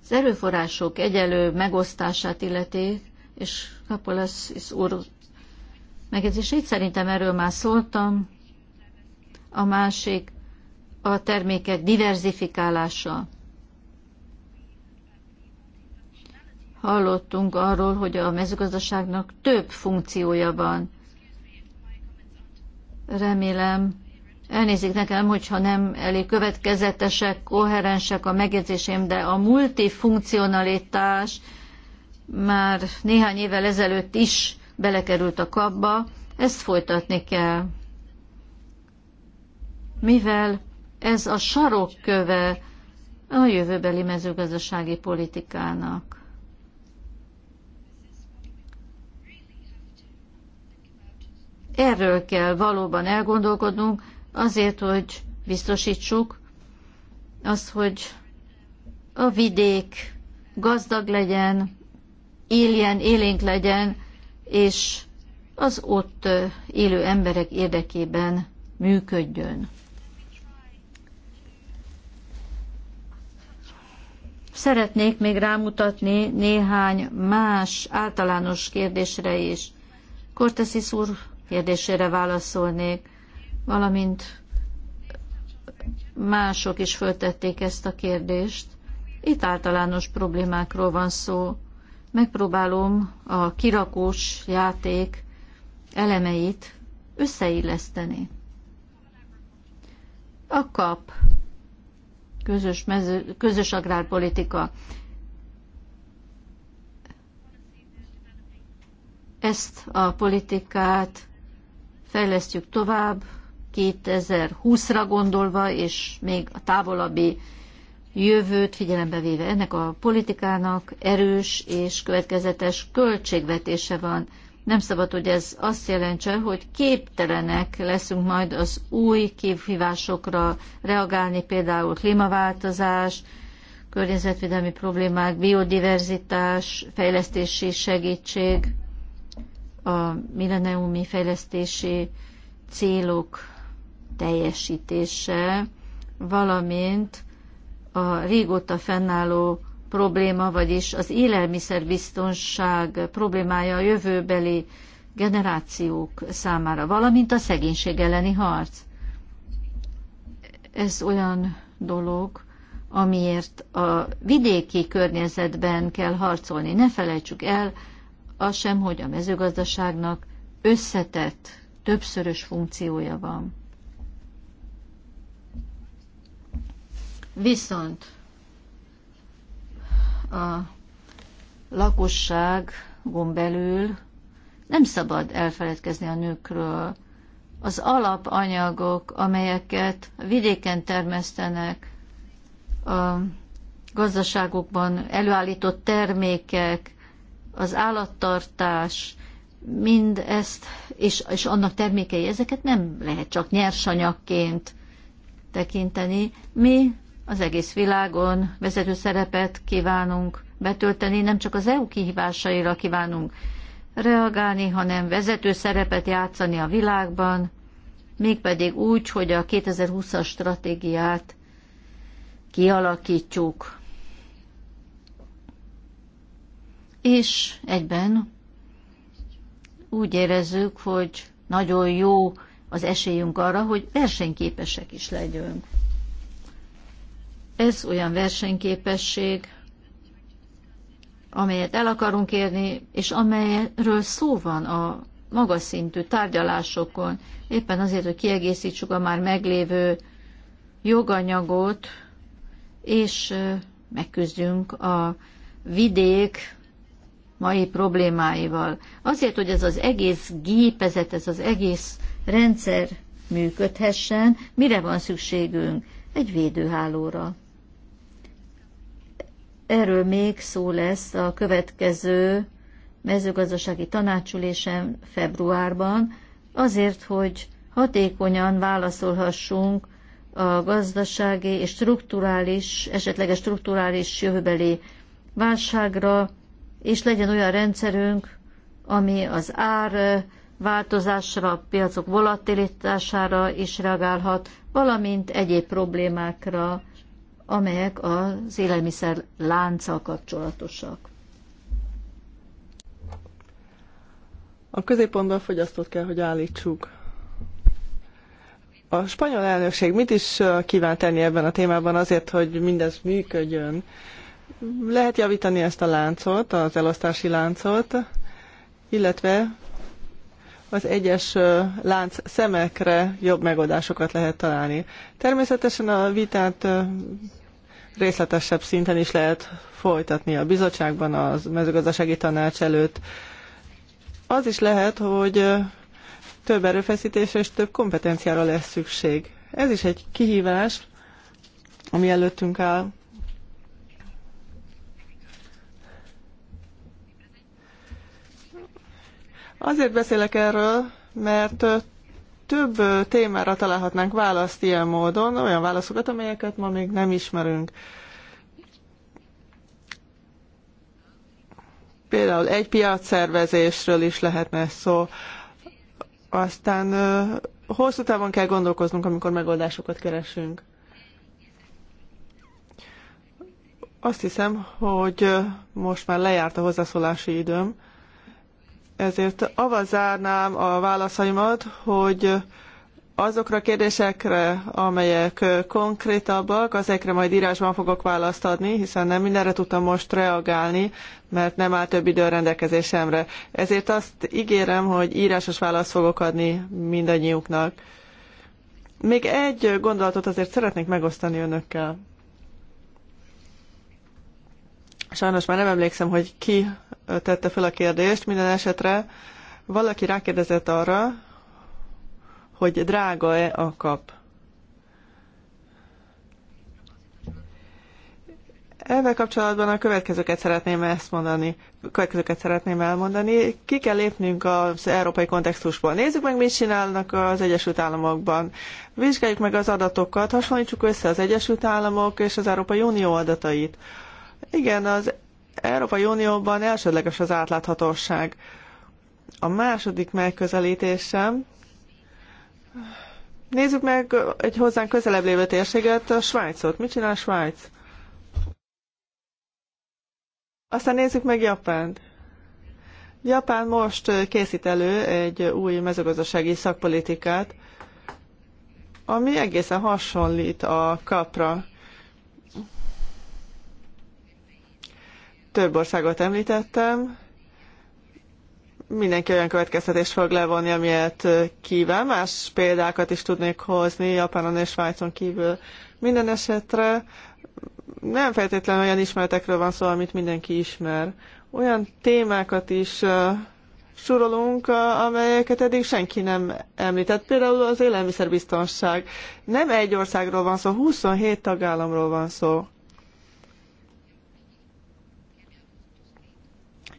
az erőforrások egyelő megosztását illeti, és Kapolasz úr megjegyzését. Szerintem erről már szóltam. A másik a termékek diverzifikálása. Hallottunk arról, hogy a mezőgazdaságnak több funkciója van. Remélem, elnézik nekem, hogyha nem elég következetesek, koherensek a megjegyzéseim, de a multifunkcionalitás, már néhány évvel ezelőtt is belekerült a kapba, ezt folytatni kell. Mivel ez a sarokköve a jövőbeli mezőgazdasági politikának. Erről kell valóban elgondolkodnunk, azért, hogy biztosítsuk azt, hogy a vidék gazdag legyen, éljen, élénk legyen, és az ott élő emberek érdekében működjön. Szeretnék még rámutatni néhány más általános kérdésre is. Cortesis úr kérdésére válaszolnék, valamint mások is föltették ezt a kérdést. Itt általános problémákról van szó megpróbálom a kirakós játék elemeit összeilleszteni. A kap, közös, mező, közös agrárpolitika. Ezt a politikát fejlesztjük tovább, 2020-ra gondolva, és még a távolabbi jövőt figyelembe véve. Ennek a politikának erős és következetes költségvetése van. Nem szabad, hogy ez azt jelentse, hogy képtelenek leszünk majd az új kívhívásokra reagálni, például klímaváltozás, környezetvédelmi problémák, biodiverzitás, fejlesztési segítség, a milleniumi fejlesztési célok teljesítése, valamint a régóta fennálló probléma, vagyis az élelmiszerbiztonság problémája a jövőbeli generációk számára, valamint a szegénység elleni harc. Ez olyan dolog, amiért a vidéki környezetben kell harcolni. Ne felejtsük el azt sem, hogy a mezőgazdaságnak összetett, többszörös funkciója van. Viszont a lakosságon belül nem szabad elfeledkezni a nőkről. Az alapanyagok, amelyeket vidéken termesztenek, a gazdaságokban előállított termékek, az állattartás, mind ezt, és, és annak termékei, ezeket nem lehet csak nyersanyagként tekinteni. Mi az egész világon vezető szerepet kívánunk betölteni, nem csak az EU kihívásaira kívánunk reagálni, hanem vezető szerepet játszani a világban, mégpedig úgy, hogy a 2020-as stratégiát kialakítjuk. És egyben úgy érezzük, hogy nagyon jó az esélyünk arra, hogy versenyképesek is legyünk. Ez olyan versenyképesség, amelyet el akarunk érni, és amelyről szó van a magas szintű tárgyalásokon, éppen azért, hogy kiegészítsük a már meglévő joganyagot, és megküzdjünk a vidék mai problémáival. Azért, hogy ez az egész gépezet, ez az egész rendszer működhessen, mire van szükségünk? Egy védőhálóra. Erről még szó lesz a következő mezőgazdasági tanácsülésen februárban, azért, hogy hatékonyan válaszolhassunk a gazdasági és strukturális, esetleges strukturális jövőbeli válságra, és legyen olyan rendszerünk, ami az ár változásra, a piacok volatilitására is reagálhat, valamint egyéb problémákra, amelyek az élelmiszer lánccal kapcsolatosak. A középpontban a fogyasztót kell, hogy állítsuk. A spanyol elnökség mit is kíván tenni ebben a témában azért, hogy mindez működjön? Lehet javítani ezt a láncot, az elosztási láncot, illetve az egyes lánc szemekre jobb megoldásokat lehet találni. Természetesen a vitát részletesebb szinten is lehet folytatni a bizottságban, a mezőgazdasági tanács előtt. Az is lehet, hogy több erőfeszítésre és több kompetenciára lesz szükség. Ez is egy kihívás, ami előttünk áll. Azért beszélek erről, mert több témára találhatnánk választ ilyen módon, olyan válaszokat, amelyeket ma még nem ismerünk. Például egy piacszervezésről is lehetne szó. Aztán hosszú távon kell gondolkoznunk, amikor megoldásokat keresünk. Azt hiszem, hogy most már lejárt a hozzászólási időm. Ezért avval zárnám a válaszaimat, hogy azokra a kérdésekre, amelyek konkrétabbak, azekre majd írásban fogok választ adni, hiszen nem mindenre tudtam most reagálni, mert nem áll több idő a rendelkezésemre. Ezért azt ígérem, hogy írásos választ fogok adni mindannyiuknak. Még egy gondolatot azért szeretnék megosztani önökkel. Sajnos már nem emlékszem, hogy ki tette fel a kérdést, minden esetre valaki rákérdezett arra, hogy drága-e a kap. Ezzel kapcsolatban a következőket szeretném ezt mondani, következőket szeretném elmondani. Ki kell lépnünk az európai kontextusból. Nézzük meg, mit csinálnak az Egyesült Államokban. Vizsgáljuk meg az adatokat, hasonlítsuk össze az Egyesült Államok és az Európai Unió adatait. Igen, az Európai Unióban elsődleges az átláthatóság. A második megközelítésem, nézzük meg egy hozzánk közelebb lévő térséget, a Svájcot. Mit csinál Svájc? Aztán nézzük meg Japánt. Japán most készít elő egy új mezőgazdasági szakpolitikát, ami egészen hasonlít a kapra. Több országot említettem. Mindenki olyan következtetést fog levonni, amilyet kíván. Más példákat is tudnék hozni Japánon és Svájcon kívül. Minden esetre nem feltétlenül olyan ismeretekről van szó, amit mindenki ismer. Olyan témákat is sorolunk, amelyeket eddig senki nem említett. Például az élelmiszerbiztonság. Nem egy országról van szó, 27 tagállamról van szó.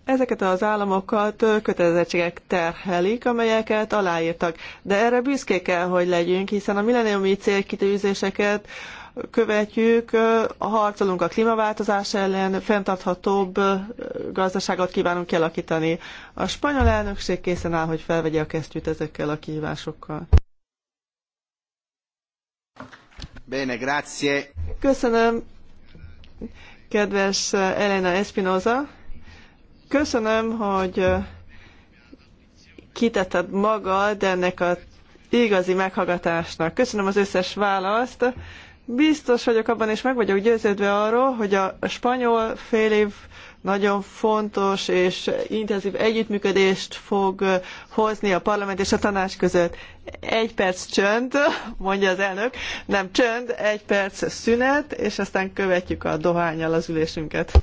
Ezeket az államokat kötelezettségek terhelik, amelyeket aláírtak. De erre büszkék kell, hogy legyünk, hiszen a milleniumi célkitűzéseket követjük, harcolunk a klímaváltozás ellen, fenntarthatóbb gazdaságot kívánunk kialakítani. A spanyol elnökség készen áll, hogy felvegye a kesztyűt ezekkel a kihívásokkal. Bene, grazie. Köszönöm, kedves Elena Espinoza. Köszönöm, hogy kitetted magad ennek a igazi meghallgatásnak. Köszönöm az összes választ. Biztos vagyok abban, és meg vagyok győződve arról, hogy a spanyol fél év nagyon fontos és intenzív együttműködést fog hozni a parlament és a tanács között. Egy perc csönd, mondja az elnök, nem csönd, egy perc szünet, és aztán követjük a dohányjal az ülésünket.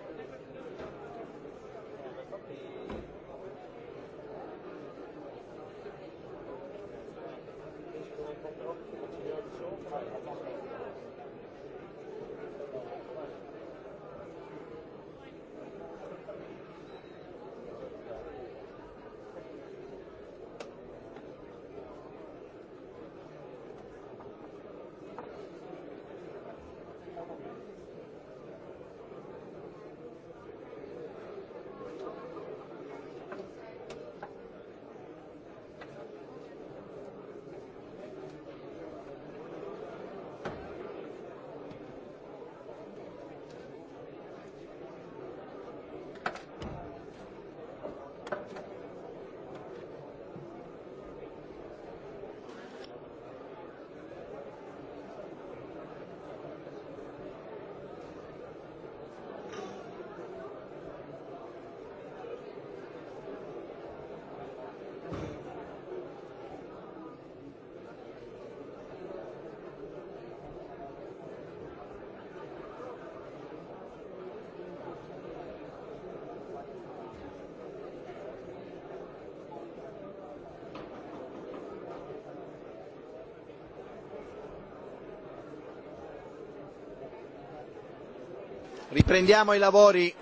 Riprendiamo i lavori.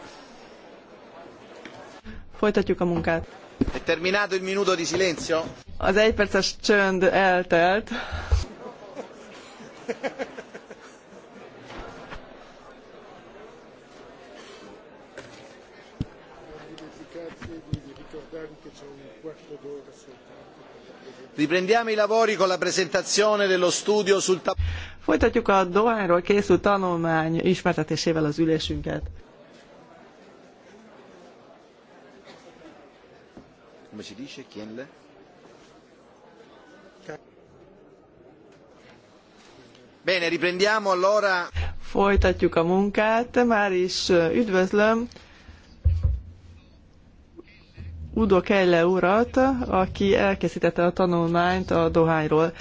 Folytatjuk a munkát. È terminato il minuto di silenzio? Az egyperces csönd eltelt. Riprendiamo i lavori con la presentazione dello studio sul Folytatjuk a Dohányról készült tanulmány ismertetésével az ülésünket. Bene, riprendiamo allora. Folytatjuk a munkát, már is üdvözlöm Udo Kelle urat, aki elkészítette a tanulmányt a dohányról.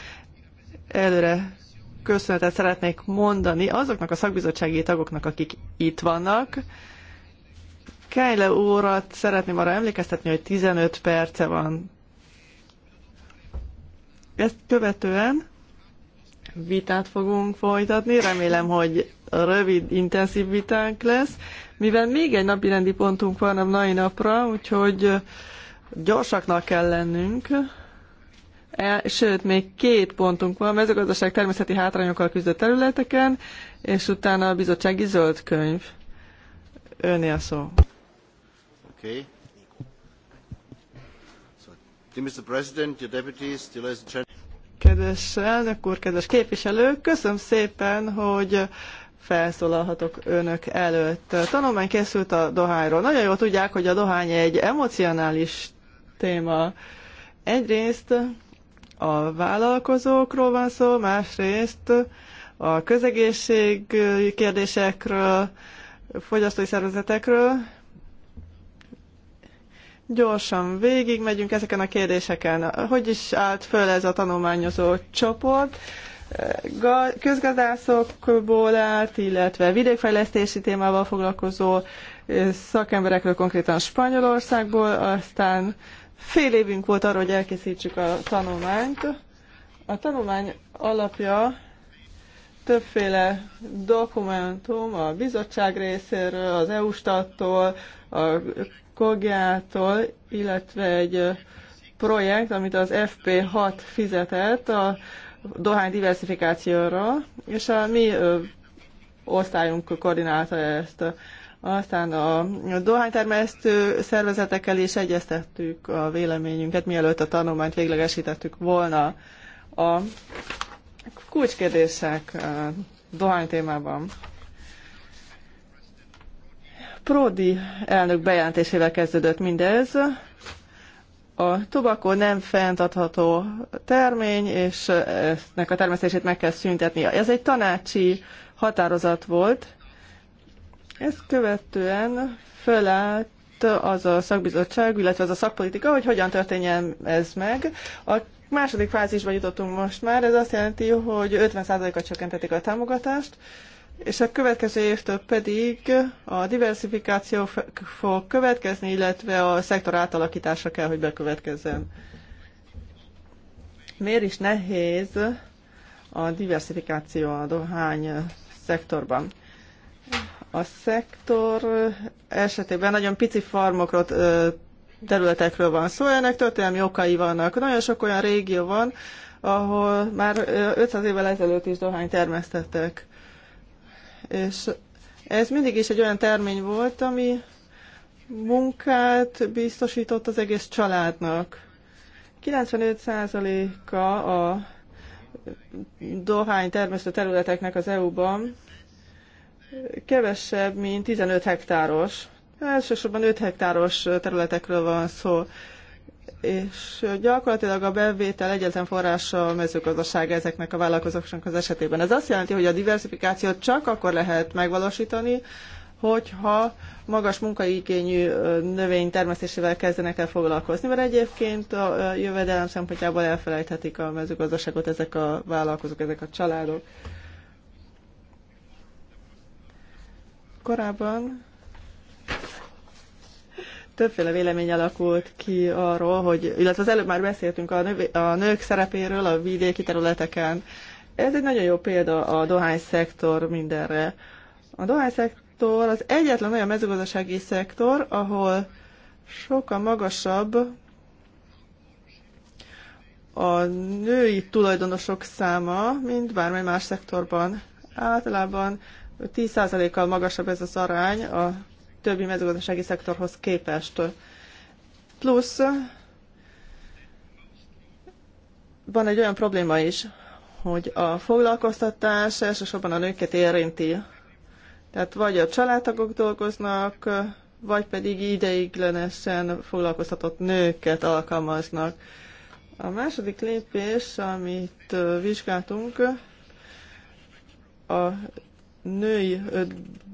Előre köszönetet szeretnék mondani azoknak a szakbizottsági tagoknak, akik itt vannak. Kejle úrat szeretném arra emlékeztetni, hogy 15 perce van. Ezt követően vitát fogunk folytatni, remélem, hogy rövid, intenzív vitánk lesz, mivel még egy napi rendi pontunk van a mai napra, úgyhogy gyorsaknak kell lennünk. E, sőt, még két pontunk van, a mezőgazdaság természeti hátrányokkal küzdő területeken, és utána a bizottsági zöld könyv. Önnél a szó. Okay. Mr. President, your deputies, Kedves elnök úr, kedves képviselők, köszönöm szépen, hogy felszólalhatok önök előtt. Tanulmány készült a dohányról. Nagyon jól tudják, hogy a dohány egy emocionális téma. Egyrészt a vállalkozókról van szó, másrészt a közegészség kérdésekről, fogyasztói szervezetekről. Gyorsan végig megyünk ezeken a kérdéseken. Hogy is állt föl ez a tanulmányozó csoport? közgazdászokból állt, illetve vidékfejlesztési témával foglalkozó szakemberekről konkrétan Spanyolországból, aztán Fél évünk volt arra, hogy elkészítsük a tanulmányt. A tanulmány alapja többféle dokumentum a bizottság részéről, az EU-stattól, a Kogiától, illetve egy projekt, amit az FP6 fizetett a dohány diversifikációra, és a mi osztályunk koordinálta ezt. Aztán a dohánytermesztő szervezetekkel is egyeztettük a véleményünket, mielőtt a tanulmányt véglegesítettük volna. A kulcskérdések dohány témában. Prodi elnök bejelentésével kezdődött mindez. A tobakó nem fenntartható termény, és ennek a termesztését meg kell szüntetni. Ez egy tanácsi határozat volt, ezt követően fölállt az a szakbizottság, illetve az a szakpolitika, hogy hogyan történjen ez meg. A második fázisba jutottunk most már, ez azt jelenti, hogy 50 at csökkentették a támogatást, és a következő évtől pedig a diversifikáció fog következni, illetve a szektor átalakítása kell, hogy bekövetkezzen. Miért is nehéz a diversifikáció a dohány szektorban? A szektor esetében nagyon pici farmokról, területekről van szó, ennek történelmi okai vannak. Nagyon sok olyan régió van, ahol már 500 évvel ezelőtt is dohány termesztettek. És ez mindig is egy olyan termény volt, ami munkát biztosított az egész családnak. 95%-a a dohány termesztő területeknek az EU-ban kevesebb, mint 15 hektáros. Elsősorban 5 hektáros területekről van szó és gyakorlatilag a bevétel egyetlen forrása a mezőgazdaság ezeknek a vállalkozóknak az esetében. Ez azt jelenti, hogy a diversifikációt csak akkor lehet megvalósítani, hogyha magas munkaigényű növény termesztésével kezdenek el foglalkozni, mert egyébként a jövedelem szempontjából elfelejthetik a mezőgazdaságot ezek a vállalkozók, ezek a családok. Korábban többféle vélemény alakult ki arról, hogy, illetve az előbb már beszéltünk a, növi, a nők szerepéről a vidéki területeken. Ez egy nagyon jó példa a dohány szektor mindenre. A dohány szektor az egyetlen olyan mezőgazdasági szektor, ahol sokkal magasabb a női tulajdonosok száma, mint bármely más szektorban. Általában 10%-kal magasabb ez az arány a többi mezőgazdasági szektorhoz képest. Plusz van egy olyan probléma is, hogy a foglalkoztatás elsősorban a nőket érinti. Tehát vagy a családtagok dolgoznak, vagy pedig ideiglenesen foglalkoztatott nőket alkalmaznak. A második lépés, amit vizsgáltunk, a női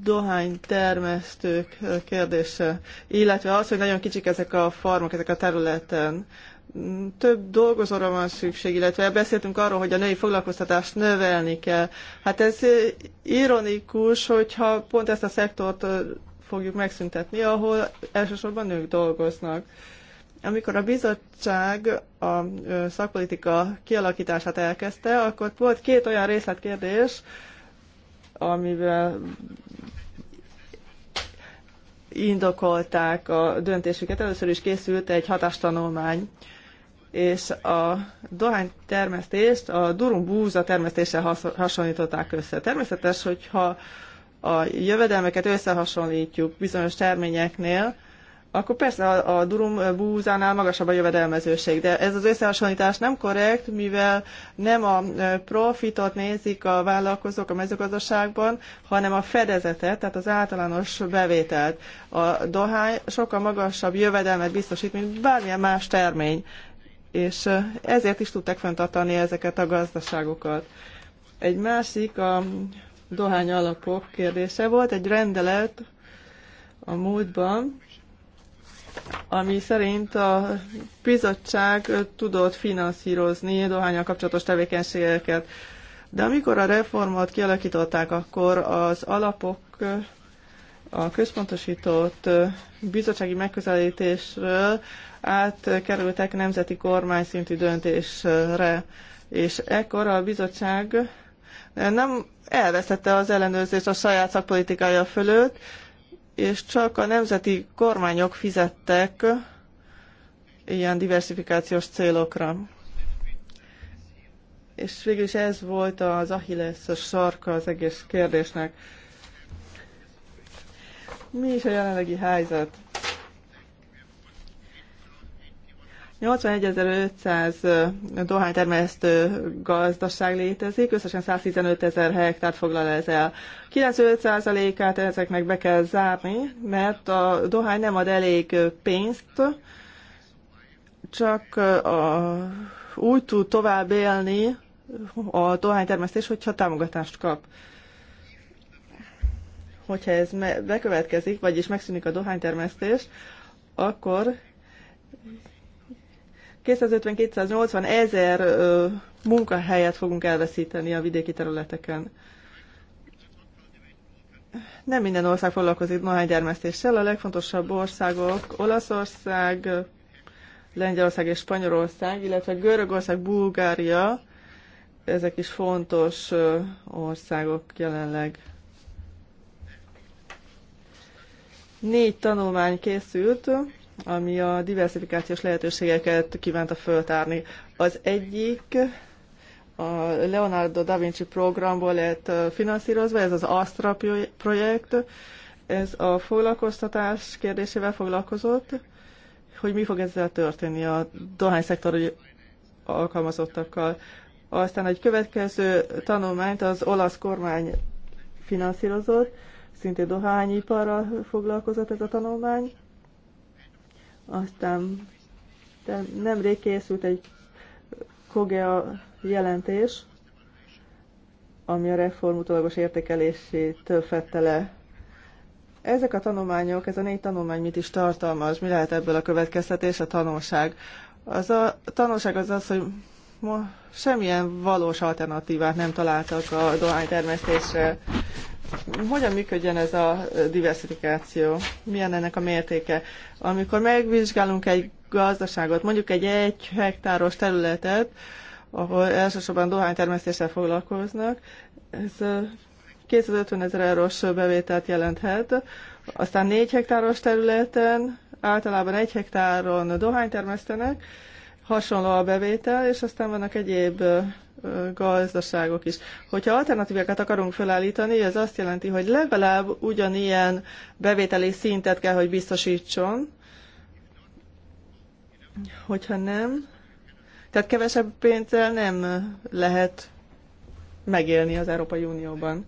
dohány termesztők kérdése, illetve az, hogy nagyon kicsik ezek a farmok, ezek a területen. Több dolgozóra van szükség, illetve beszéltünk arról, hogy a női foglalkoztatást növelni kell. Hát ez ironikus, hogyha pont ezt a szektort fogjuk megszüntetni, ahol elsősorban nők dolgoznak. Amikor a bizottság a szakpolitika kialakítását elkezdte, akkor volt két olyan részletkérdés, amivel indokolták a döntésüket. Először is készült egy hatástanulmány, és a dohány termesztést a durum búza termesztéssel hasonlították össze. Természetes, hogyha a jövedelmeket összehasonlítjuk bizonyos terményeknél, akkor persze a, a durum búzánál magasabb a jövedelmezőség, de ez az összehasonlítás nem korrekt, mivel nem a profitot nézik a vállalkozók a mezőgazdaságban, hanem a fedezetet, tehát az általános bevételt. A dohány sokkal magasabb jövedelmet biztosít, mint bármilyen más termény, és ezért is tudták fenntartani ezeket a gazdaságokat. Egy másik a dohány alapok kérdése volt, egy rendelet a múltban, ami szerint a bizottság tudott finanszírozni dohányal kapcsolatos tevékenységeket. De amikor a reformot kialakították, akkor az alapok a központosított bizottsági megközelítésről átkerültek nemzeti kormány szintű döntésre, és ekkor a bizottság nem elvesztette az ellenőrzést a saját szakpolitikája fölött, és csak a nemzeti kormányok fizettek ilyen diversifikációs célokra. És végül is ez volt az Achilles sarka az egész kérdésnek. Mi is a jelenlegi helyzet? 81.500 dohánytermesztő gazdaság létezik, összesen 115.000 hektárt hektár foglal ez el. 95%-át ezeknek be kell zárni, mert a dohány nem ad elég pénzt, csak a, úgy tud tovább élni a dohánytermesztés, hogyha támogatást kap. Hogyha ez bekövetkezik, vagyis megszűnik a dohánytermesztés, akkor 250-280 ezer munkahelyet fogunk elveszíteni a vidéki területeken. Nem minden ország foglalkozik gyermesztéssel, A legfontosabb országok Olaszország, Lengyelország és Spanyolország, illetve Görögország, Bulgária, ezek is fontos országok jelenleg. Négy tanulmány készült ami a diversifikációs lehetőségeket kívánta föltárni. Az egyik a Leonardo da Vinci programból lett finanszírozva, ez az Astra projekt, ez a foglalkoztatás kérdésével foglalkozott, hogy mi fog ezzel történni a szektor alkalmazottakkal. Aztán egy következő tanulmányt az olasz kormány finanszírozott, szintén dohányiparral foglalkozott ez a tanulmány, aztán nemrég készült egy Kogea jelentés, ami a reform utolagos értékelését fette le. Ezek a tanulmányok, ez a négy tanulmány mit is tartalmaz, mi lehet ebből a következtetés, a tanulság? Az a tanulság az az, hogy ma semmilyen valós alternatívát nem találtak a dohánytermesztésre hogyan működjön ez a diversifikáció? Milyen ennek a mértéke? Amikor megvizsgálunk egy gazdaságot, mondjuk egy egy hektáros területet, ahol elsősorban dohánytermesztéssel foglalkoznak, ez 250 ezer eurós bevételt jelenthet. Aztán 4 hektáros területen, általában 1 hektáron dohány termesztenek, hasonló a bevétel, és aztán vannak egyéb gazdaságok is. Hogyha alternatívákat akarunk felállítani, ez azt jelenti, hogy legalább ugyanilyen bevételi szintet kell, hogy biztosítson, hogyha nem, tehát kevesebb pénzzel nem lehet megélni az Európai Unióban.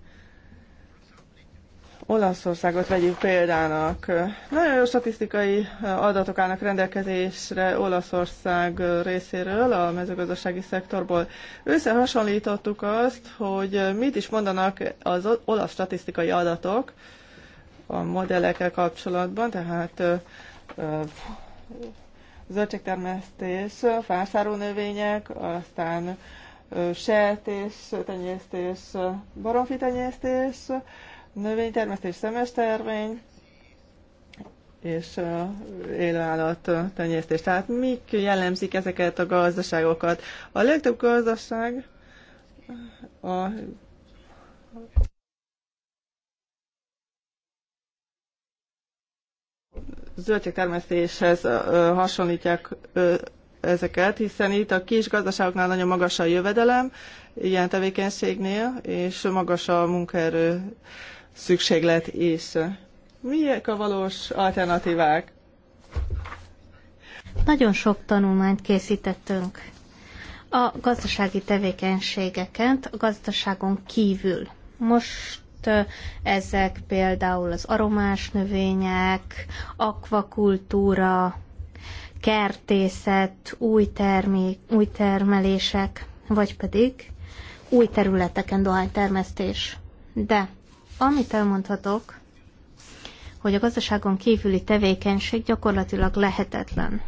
Olaszországot vegyük példának. Nagyon jó statisztikai adatok állnak rendelkezésre Olaszország részéről, a mezőgazdasági szektorból. Összehasonlítottuk azt, hogy mit is mondanak az olasz statisztikai adatok a modellekkel kapcsolatban, tehát zöldségtermesztés, fászáró növények, aztán sertés, tenyésztés, baromfi tenyésztés, növénytermesztés, szemes termény, és élőállat tenyésztés. Tehát mik jellemzik ezeket a gazdaságokat? A legtöbb gazdaság a zöldségtermesztéshez hasonlítják ezeket, hiszen itt a kis gazdaságoknál nagyon magas a jövedelem ilyen tevékenységnél, és magas a munkaerő szükséglet és Milyek a valós alternatívák? Nagyon sok tanulmányt készítettünk a gazdasági tevékenységeket a gazdaságon kívül. Most ezek például az aromás növények, akvakultúra, kertészet, új, termék, új termelések, vagy pedig új területeken dohánytermesztés. De amit elmondhatok, hogy a gazdaságon kívüli tevékenység gyakorlatilag lehetetlen.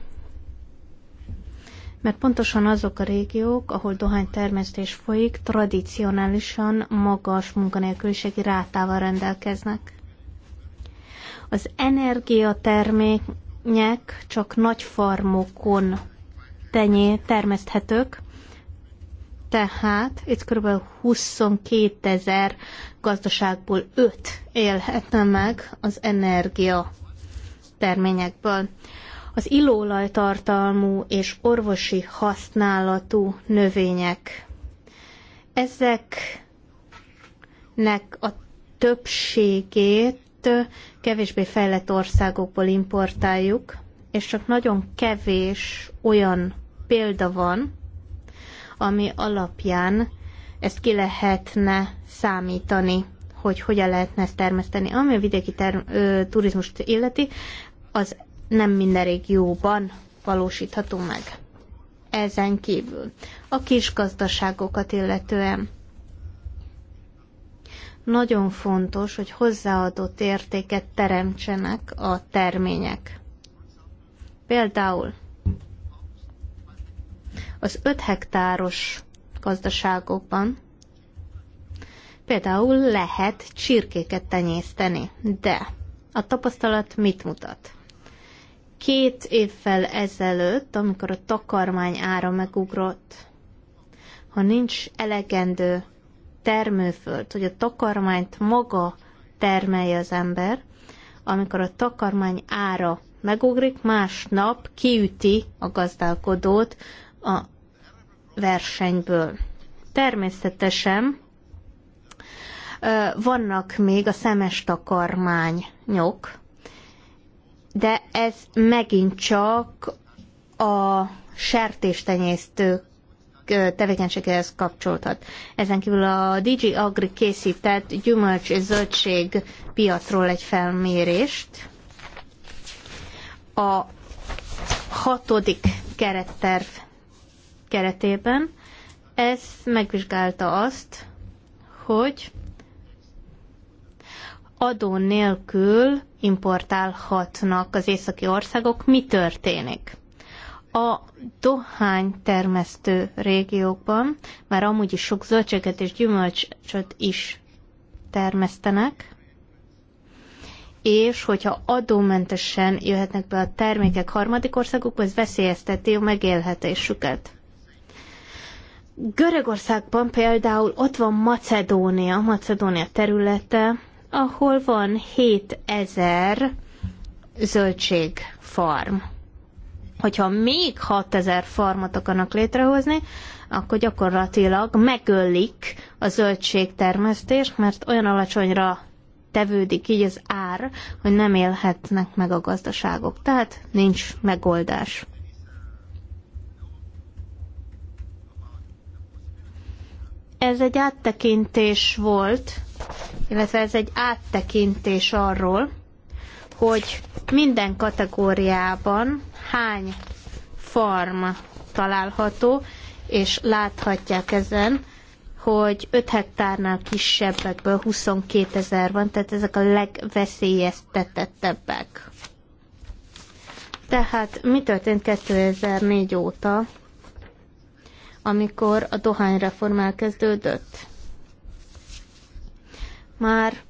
Mert pontosan azok a régiók, ahol dohánytermesztés folyik, tradicionálisan magas munkanélküliségi rátával rendelkeznek. Az energiatermények csak nagy farmokon tenyé termeszthetők, tehát itt kb. 22 ezer gazdaságból 5 élhetne meg az energia terményekből. Az illóolajtartalmú és orvosi használatú növények. Ezeknek a többségét kevésbé fejlett országokból importáljuk, és csak nagyon kevés olyan példa van, ami alapján ezt ki lehetne számítani, hogy hogyan lehetne ezt termeszteni. Ami a vidéki ter- ö, turizmust illeti, az nem minden régióban valósítható meg. Ezen kívül a kis gazdaságokat illetően nagyon fontos, hogy hozzáadott értéket teremtsenek a termények. Például az 5 hektáros gazdaságokban például lehet csirkéket tenyészteni, de a tapasztalat mit mutat? Két évvel ezelőtt, amikor a takarmány ára megugrott, ha nincs elegendő termőföld, hogy a takarmányt maga termelje az ember, amikor a takarmány ára megugrik, másnap kiüti a gazdálkodót a versenyből. Természetesen vannak még a szemes takarmányok, de ez megint csak a sertéstenyésztők tevékenységéhez kapcsolódhat. Ezen kívül a DG Agri készített gyümölcs és zöldség piacról egy felmérést. A hatodik keretterv keretében. Ez megvizsgálta azt, hogy adó nélkül importálhatnak az északi országok, mi történik. A dohány termesztő régiókban már amúgy is sok zöldséget és gyümölcsöt is termesztenek, és hogyha adómentesen jöhetnek be a termékek harmadik országokba, ez veszélyezteti a megélhetésüket. Görögországban például ott van Macedónia, Macedónia területe, ahol van 7000 zöldségfarm. Hogyha még 6000 farmot akarnak létrehozni, akkor gyakorlatilag megöllik a zöldségtermesztést, mert olyan alacsonyra tevődik így az ár, hogy nem élhetnek meg a gazdaságok. Tehát nincs megoldás. Ez egy áttekintés volt, illetve ez egy áttekintés arról, hogy minden kategóriában hány farm található, és láthatják ezen, hogy 5 hektárnál kisebbekből 22 ezer van, tehát ezek a legveszélyeztetettebbek. Tehát mi történt 2004 óta? amikor a dohányreform elkezdődött. Már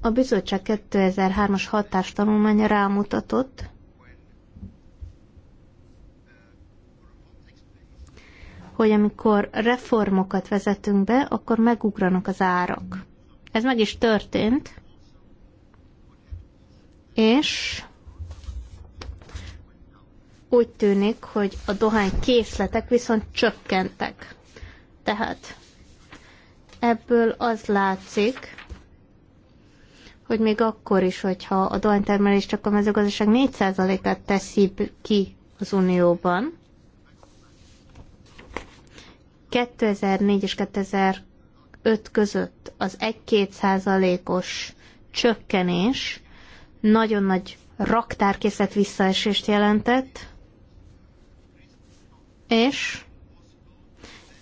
a bizottság 2003-as hatástanulmánya rámutatott, hogy amikor reformokat vezetünk be, akkor megugranak az árak. Ez meg is történt, és úgy tűnik, hogy a dohány készletek viszont csökkentek. Tehát ebből az látszik, hogy még akkor is, hogyha a dohánytermelés csak a mezőgazdaság 4%-át teszi ki az Unióban, 2004 és 2005 között az 1-2 százalékos csökkenés nagyon nagy raktárkészlet visszaesést jelentett, és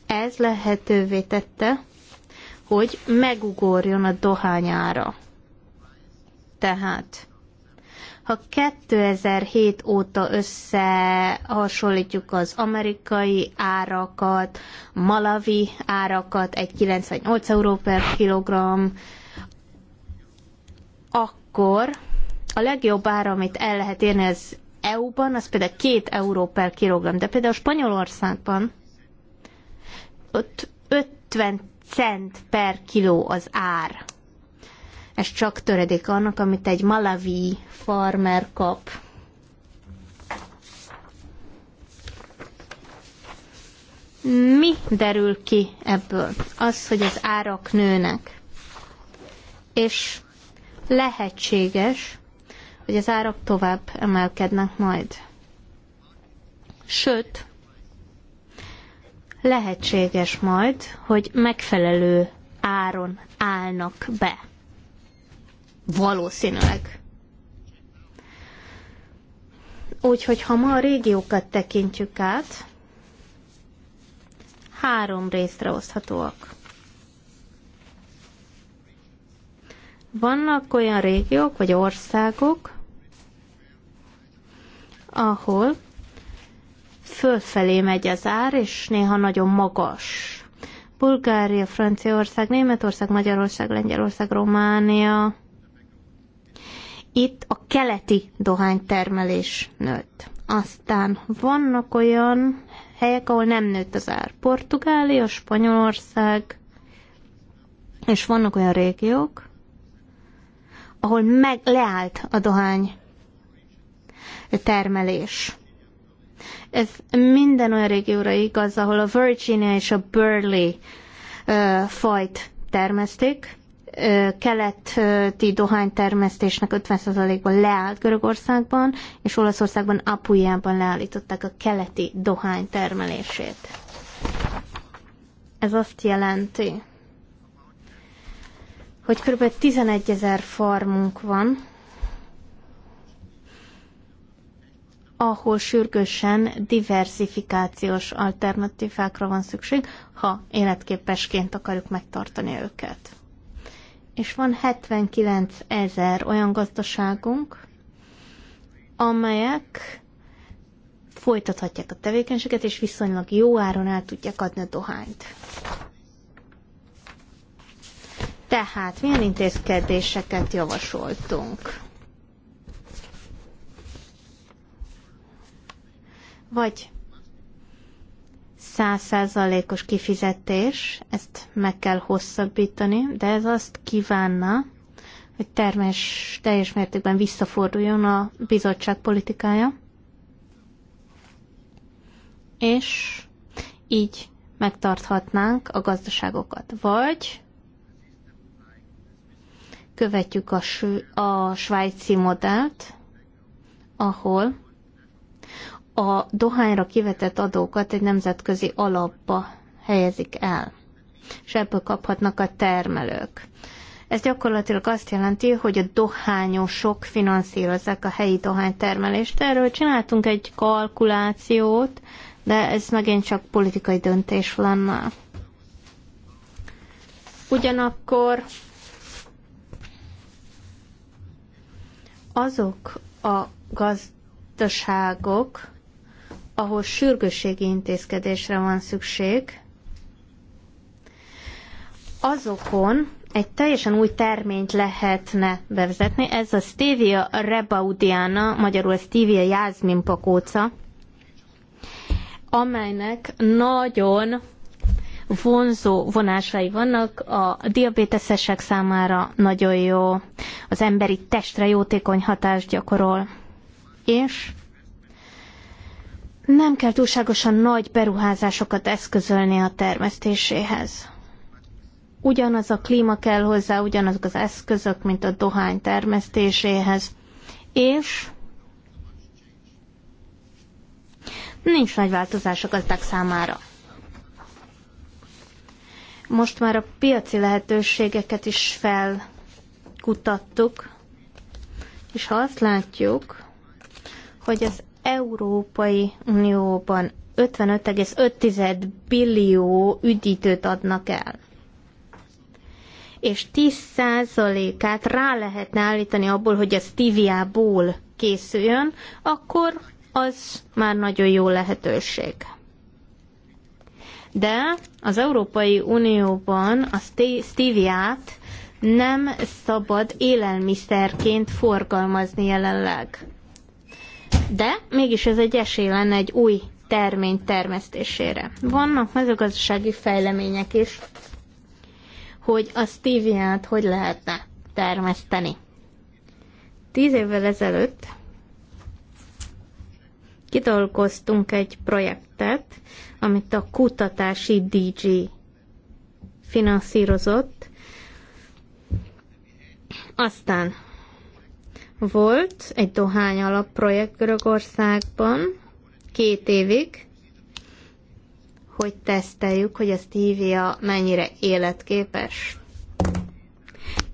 ez lehetővé tette, hogy megugorjon a dohányára. Tehát, ha 2007 óta összehasonlítjuk az amerikai árakat, malavi árakat, egy 98 euró per kilogramm, akkor a legjobb ára, amit el lehet érni az EU-ban az például két euró per kilogramm, de például Spanyolországban ott 50 cent per kiló az ár. Ez csak töredék annak, amit egy malavi farmer kap. Mi derül ki ebből? Az, hogy az árak nőnek. És lehetséges, hogy az árak tovább emelkednek majd. Sőt, lehetséges majd, hogy megfelelő áron állnak be. Valószínűleg. Úgyhogy ha ma a régiókat tekintjük át, három részre oszthatóak. Vannak olyan régiók vagy országok, ahol fölfelé megy az ár, és néha nagyon magas. Bulgária, Franciaország, Németország, Magyarország, Lengyelország, Románia. Itt a keleti dohánytermelés nőtt. Aztán vannak olyan helyek, ahol nem nőtt az ár. Portugália, Spanyolország, és vannak olyan régiók, ahol meg leállt a dohány termelés. Ez minden olyan régióra igaz, ahol a Virginia és a Burley fajt termeszték, keleti dohánytermesztésnek 50%-ban leállt Görögországban, és Olaszországban Apujában leállították a keleti dohány termelését. Ez azt jelenti, hogy kb. 11 ezer farmunk van, ahol sürgősen diversifikációs alternatívákra van szükség, ha életképesként akarjuk megtartani őket. És van 79 ezer olyan gazdaságunk, amelyek folytathatják a tevékenységet, és viszonylag jó áron el tudják adni a dohányt. Tehát milyen intézkedéseket javasoltunk? Vagy százszázalékos kifizetés, ezt meg kell hosszabbítani, de ez azt kívánna, hogy termés teljes mértékben visszaforduljon a bizottság politikája, és így megtarthatnánk a gazdaságokat. Vagy követjük a, a svájci modellt, ahol a dohányra kivetett adókat egy nemzetközi alapba helyezik el, és ebből kaphatnak a termelők. Ez gyakorlatilag azt jelenti, hogy a dohányosok finanszírozzák a helyi dohánytermelést. Erről csináltunk egy kalkulációt, de ez megint csak politikai döntés lenne. Ugyanakkor azok a gazdaságok, ahol sürgősségi intézkedésre van szükség, azokon egy teljesen új terményt lehetne bevezetni. Ez a Stevia rebaudiana, magyarul Stevia jázmin pakóca, amelynek nagyon vonzó vonásai vannak, a diabéteszesek számára nagyon jó, az emberi testre jótékony hatást gyakorol. És nem kell túlságosan nagy beruházásokat eszközölni a termesztéséhez. Ugyanaz a klíma kell hozzá, ugyanazok az eszközök, mint a dohány termesztéséhez, és nincs nagy változás a gazdák számára. Most már a piaci lehetőségeket is felkutattuk, és ha azt látjuk, hogy az Európai Unióban 55,5 billió üdítőt adnak el és 10%-át rá lehetne állítani abból, hogy a stíviából készüljön, akkor az már nagyon jó lehetőség. De az Európai Unióban a stíviát nem szabad élelmiszerként forgalmazni jelenleg de mégis ez egy esély lenne egy új termény termesztésére. Vannak mezőgazdasági fejlemények is, hogy a stíviát hogy lehetne termeszteni. Tíz évvel ezelőtt kidolgoztunk egy projektet, amit a kutatási DG finanszírozott. Aztán volt egy dohány alapprojekt Görögországban két évig, hogy teszteljük, hogy a stevia mennyire életképes.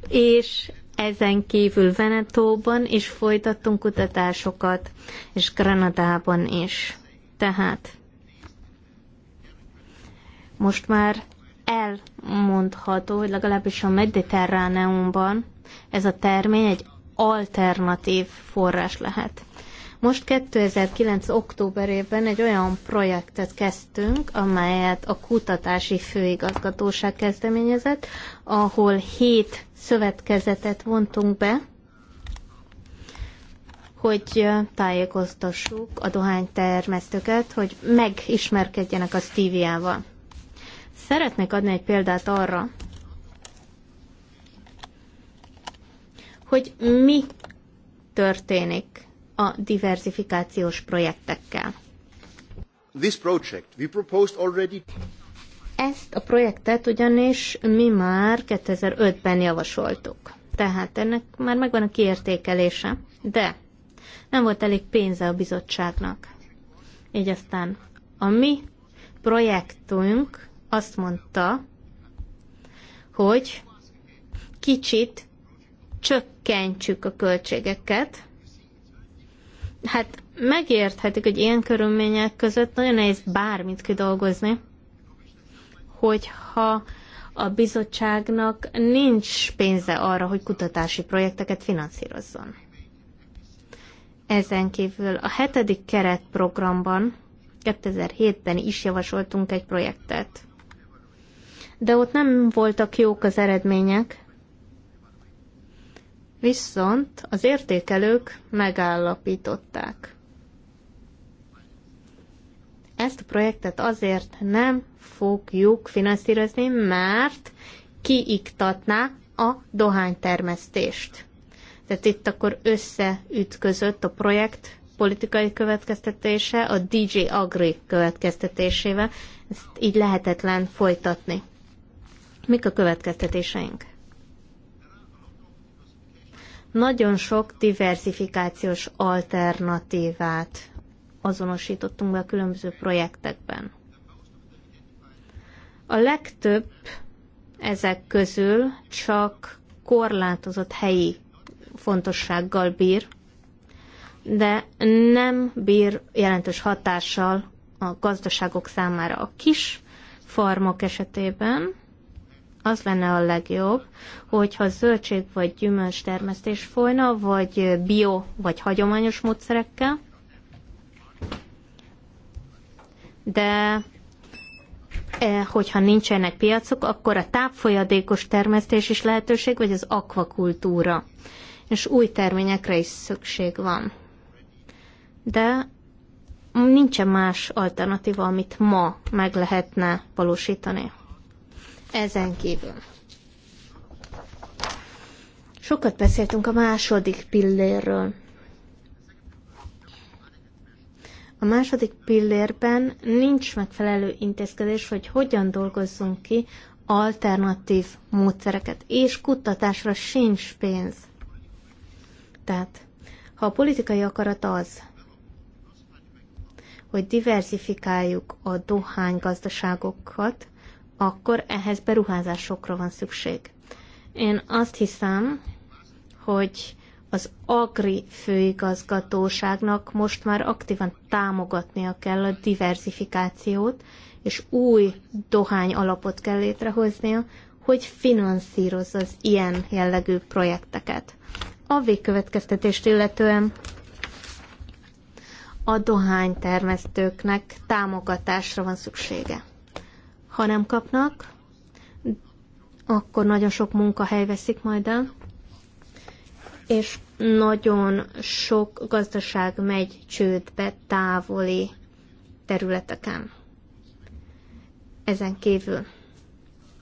És ezen kívül Venetóban is folytattunk kutatásokat, és Granadában is. Tehát most már elmondható, hogy legalábbis a Mediterráneumban ez a termény egy alternatív forrás lehet. Most 2009. októberében egy olyan projektet kezdtünk, amelyet a Kutatási Főigazgatóság kezdeményezett, ahol hét szövetkezetet vontunk be, hogy tájékoztassuk a dohánytermesztőket, hogy megismerkedjenek a stíviával. Szeretnék adni egy példát arra, hogy mi történik a diversifikációs projektekkel. This project we proposed already... Ezt a projektet ugyanis mi már 2005-ben javasoltuk. Tehát ennek már megvan a kiértékelése, de nem volt elég pénze a bizottságnak. Így aztán a mi projektünk azt mondta, hogy kicsit csökkentsük a költségeket. Hát megérthetik, hogy ilyen körülmények között nagyon nehéz bármit kidolgozni, hogyha a bizottságnak nincs pénze arra, hogy kutatási projekteket finanszírozzon. Ezen kívül a hetedik keretprogramban 2007-ben is javasoltunk egy projektet. De ott nem voltak jók az eredmények, viszont az értékelők megállapították. Ezt a projektet azért nem fogjuk finanszírozni, mert kiiktatná a dohánytermesztést. Tehát itt akkor összeütközött a projekt politikai következtetése a DJ Agri következtetésével. Ezt így lehetetlen folytatni. Mik a következtetéseink? Nagyon sok diversifikációs alternatívát azonosítottunk be a különböző projektekben. A legtöbb ezek közül csak korlátozott helyi fontossággal bír, de nem bír jelentős hatással a gazdaságok számára. A kis farmok esetében az lenne a legjobb, hogyha zöldség vagy gyümölcs termesztés folyna, vagy bio, vagy hagyományos módszerekkel. De e, hogyha nincsenek piacok, akkor a tápfolyadékos termesztés is lehetőség, vagy az akvakultúra. És új terményekre is szükség van. De nincsen más alternatíva, amit ma meg lehetne valósítani ezen kívül. Sokat beszéltünk a második pillérről. A második pillérben nincs megfelelő intézkedés, hogy hogyan dolgozzunk ki alternatív módszereket, és kutatásra sincs pénz. Tehát, ha a politikai akarat az, hogy diversifikáljuk a dohánygazdaságokat, akkor ehhez beruházásokra van szükség. Én azt hiszem, hogy az Agri főigazgatóságnak most már aktívan támogatnia kell a diversifikációt, és új dohány alapot kell létrehoznia, hogy finanszírozza az ilyen jellegű projekteket. A végkövetkeztetést illetően a dohánytermesztőknek támogatásra van szüksége. Ha nem kapnak, akkor nagyon sok munkahely veszik majd el, és nagyon sok gazdaság megy csődbe távoli területeken. Ezen kívül.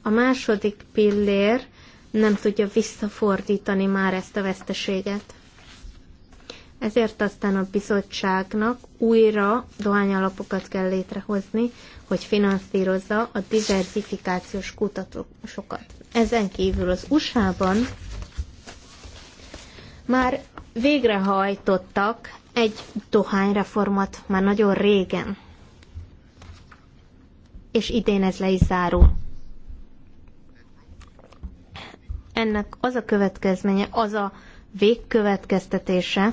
A második pillér nem tudja visszafordítani már ezt a veszteséget. Ezért aztán a bizottságnak újra dohányalapokat kell létrehozni, hogy finanszírozza a diversifikációs kutatósokat. Ezen kívül az USA-ban már végrehajtottak egy dohányreformat már nagyon régen. És idén ez le is zárul. Ennek az a következménye, az a végkövetkeztetése,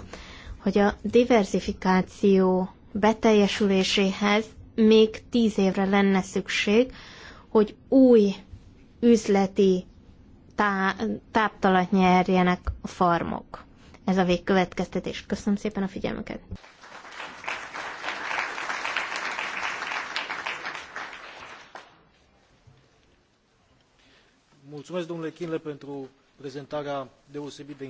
hogy a diversifikáció beteljesüléséhez még tíz évre lenne szükség, hogy új üzleti tá- táptalat nyerjenek a farmok. Ez a végkövetkeztetés. Köszönöm szépen a figyelmüket! Mulțumesc, domnule Kinle, pentru prezentarea deosebit de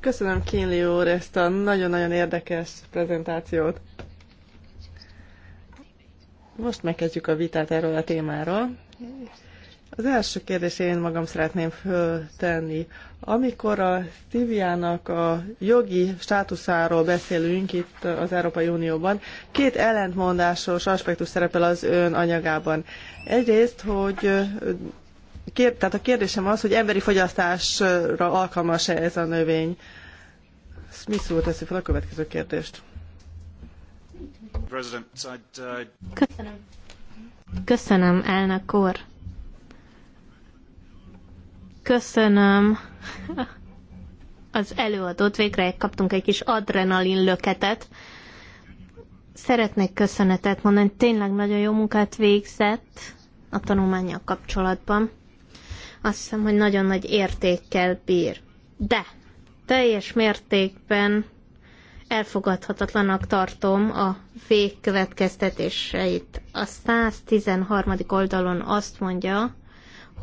Köszönöm Kínli úr ezt a nagyon-nagyon érdekes prezentációt. Most megkezdjük a vitát erről a témáról. Az első kérdés én magam szeretném föltenni. Amikor a Sziviának a jogi státuszáról beszélünk itt az Európai Unióban, két ellentmondásos aspektus szerepel az ön anyagában. Egyrészt, hogy Kér, tehát a kérdésem az, hogy emberi fogyasztásra alkalmas-e ez a növény? Smith úr teszi fel a következő kérdést. Uh, Köszönöm. Köszönöm, elnök úr. Köszönöm az előadót. Végre kaptunk egy kis adrenalin löketet. Szeretnék köszönetet mondani. Tényleg nagyon jó munkát végzett a tanulmányjal kapcsolatban. Azt hiszem, hogy nagyon nagy értékkel bír. De teljes mértékben elfogadhatatlanak tartom a végkövetkeztetéseit. A 113. oldalon azt mondja,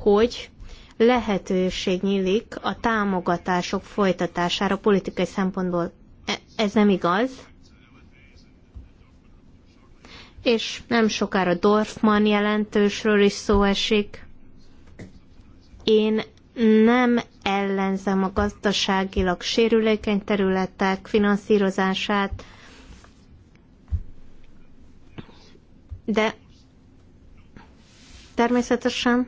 hogy lehetőség nyílik a támogatások folytatására politikai szempontból. E, ez nem igaz. És nem sokára Dorfman jelentősről is szó esik. Én nem ellenzem a gazdaságilag sérülékeny területek finanszírozását, de természetesen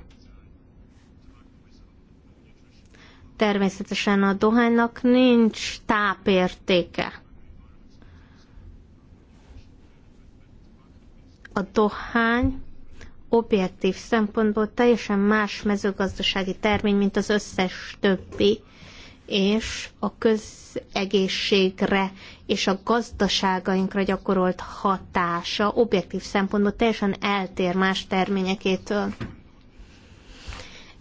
természetesen a dohánynak nincs tápértéke. A dohány objektív szempontból teljesen más mezőgazdasági termény, mint az összes többi, és a közegészségre és a gazdaságainkra gyakorolt hatása objektív szempontból teljesen eltér más terményekétől.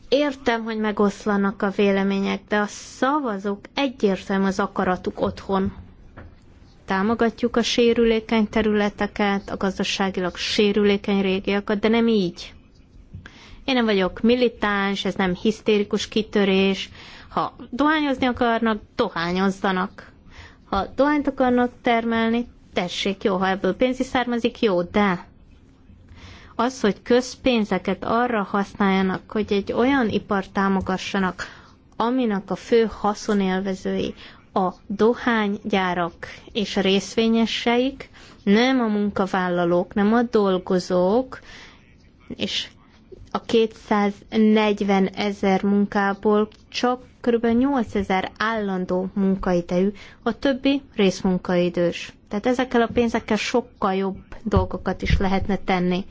Értem, hogy megoszlanak a vélemények, de a szavazók egyértelmű az akaratuk otthon. Támogatjuk a sérülékeny területeket, a gazdaságilag sérülékeny régiakat, de nem így. Én nem vagyok militáns, ez nem hisztérikus kitörés. Ha dohányozni akarnak, dohányozzanak. Ha dohányt akarnak termelni, tessék, jó, ha ebből pénz is származik, jó, de az, hogy közpénzeket arra használjanak, hogy egy olyan ipart támogassanak, aminek a fő haszonélvezői a dohánygyárak és a részvényeseik, nem a munkavállalók, nem a dolgozók, és a 240 ezer munkából csak kb. 8 ezer állandó munkaidejű, a többi részmunkaidős. Tehát ezekkel a pénzekkel sokkal jobb dolgokat is lehetne tenni.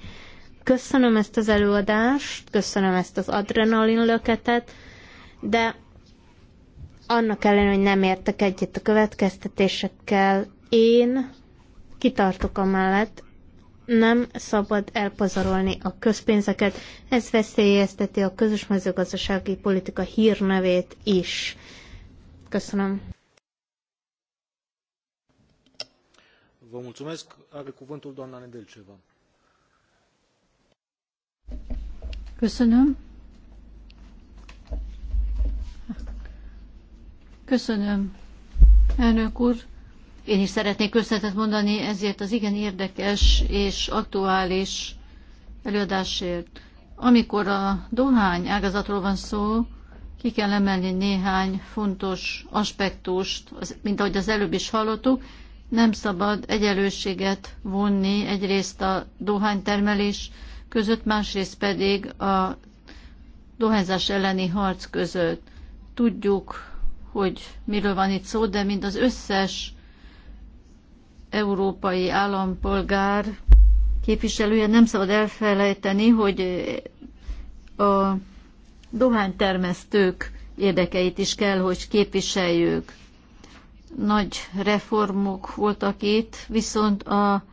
Köszönöm ezt az előadást, köszönöm ezt az adrenalin löketet, de annak ellenére, hogy nem értek egyet a következtetésekkel, én kitartok a mellett, nem szabad elpazarolni a közpénzeket, ez veszélyezteti a közös mezőgazdasági politika hírnevét is. Köszönöm. Vă mulțumesc. Are cuvântul doamna Nedelceva. Köszönöm. Köszönöm, elnök úr. Én is szeretnék köszönetet mondani ezért az igen érdekes és aktuális előadásért. Amikor a dohány ágazatról van szó, ki kell emelni néhány fontos aspektust, mint ahogy az előbb is hallottuk, nem szabad egyenlőséget vonni egyrészt a dohánytermelés között, másrészt pedig a dohányzás elleni harc között. Tudjuk, hogy miről van itt szó, de mint az összes európai állampolgár képviselője nem szabad elfelejteni, hogy a dohánytermesztők érdekeit is kell, hogy képviseljük. Nagy reformok voltak itt, viszont a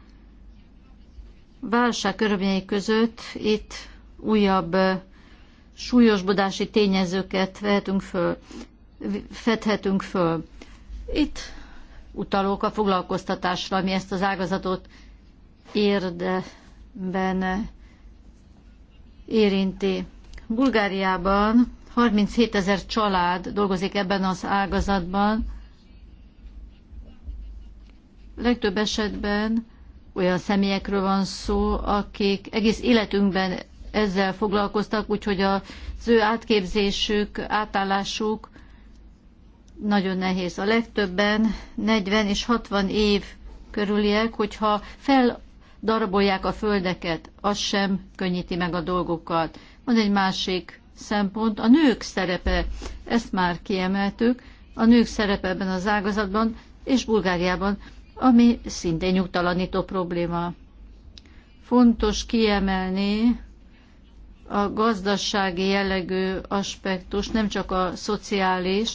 válság körülményei között itt újabb súlyosbodási tényezőket vehetünk föl fedhetünk föl. Itt utalók a foglalkoztatásra, ami ezt az ágazatot érdeben érinti. Bulgáriában 37 ezer család dolgozik ebben az ágazatban. Legtöbb esetben olyan személyekről van szó, akik egész életünkben ezzel foglalkoztak, úgyhogy az ő átképzésük, átállásuk nagyon nehéz. A legtöbben 40 és 60 év körüliek, hogyha feldarabolják a földeket, az sem könnyíti meg a dolgokat. Van egy másik szempont, a nők szerepe, ezt már kiemeltük, a nők szerepe ebben az ágazatban és Bulgáriában, ami szintén nyugtalanító probléma. Fontos kiemelni a gazdasági jellegű aspektus, nem csak a szociális,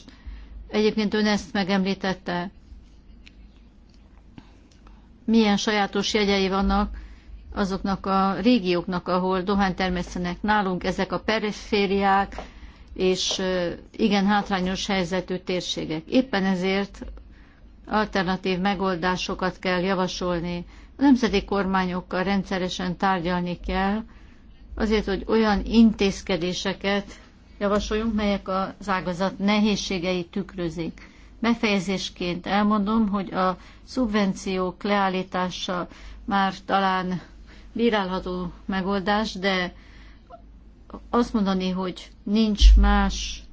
Egyébként ön ezt megemlítette. Milyen sajátos jegyei vannak azoknak a régióknak, ahol dohány nálunk, ezek a perifériák és igen hátrányos helyzetű térségek. Éppen ezért alternatív megoldásokat kell javasolni. A nemzeti kormányokkal rendszeresen tárgyalni kell, azért, hogy olyan intézkedéseket javasoljunk, melyek az ágazat nehézségei tükrözik. Befejezésként elmondom, hogy a szubvenciók leállítása már talán bírálható megoldás, de azt mondani, hogy nincs más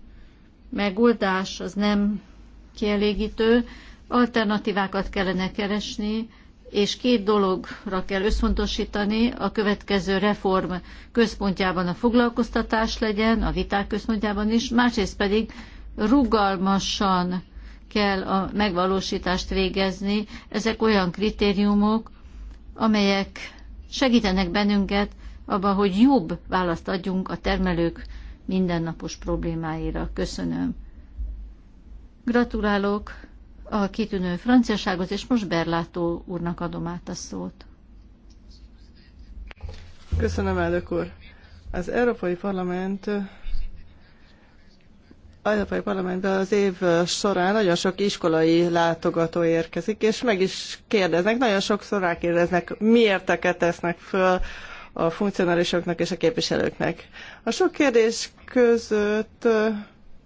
megoldás, az nem kielégítő. Alternatívákat kellene keresni, és két dologra kell összpontosítani, a következő reform központjában a foglalkoztatás legyen, a viták központjában is, másrészt pedig rugalmasan kell a megvalósítást végezni. Ezek olyan kritériumok, amelyek segítenek bennünket abban, hogy jobb választ adjunk a termelők mindennapos problémáira. Köszönöm. Gratulálok a kitűnő franciaságot, és most Berlátó úrnak adom át a szót. Köszönöm, elnök úr. Az Európai Parlament az Európai Parlamentben az év során nagyon sok iskolai látogató érkezik, és meg is kérdeznek, nagyon sokszor rákérdeznek, miérteket tesznek föl a funkcionálisoknak és a képviselőknek. A sok kérdés között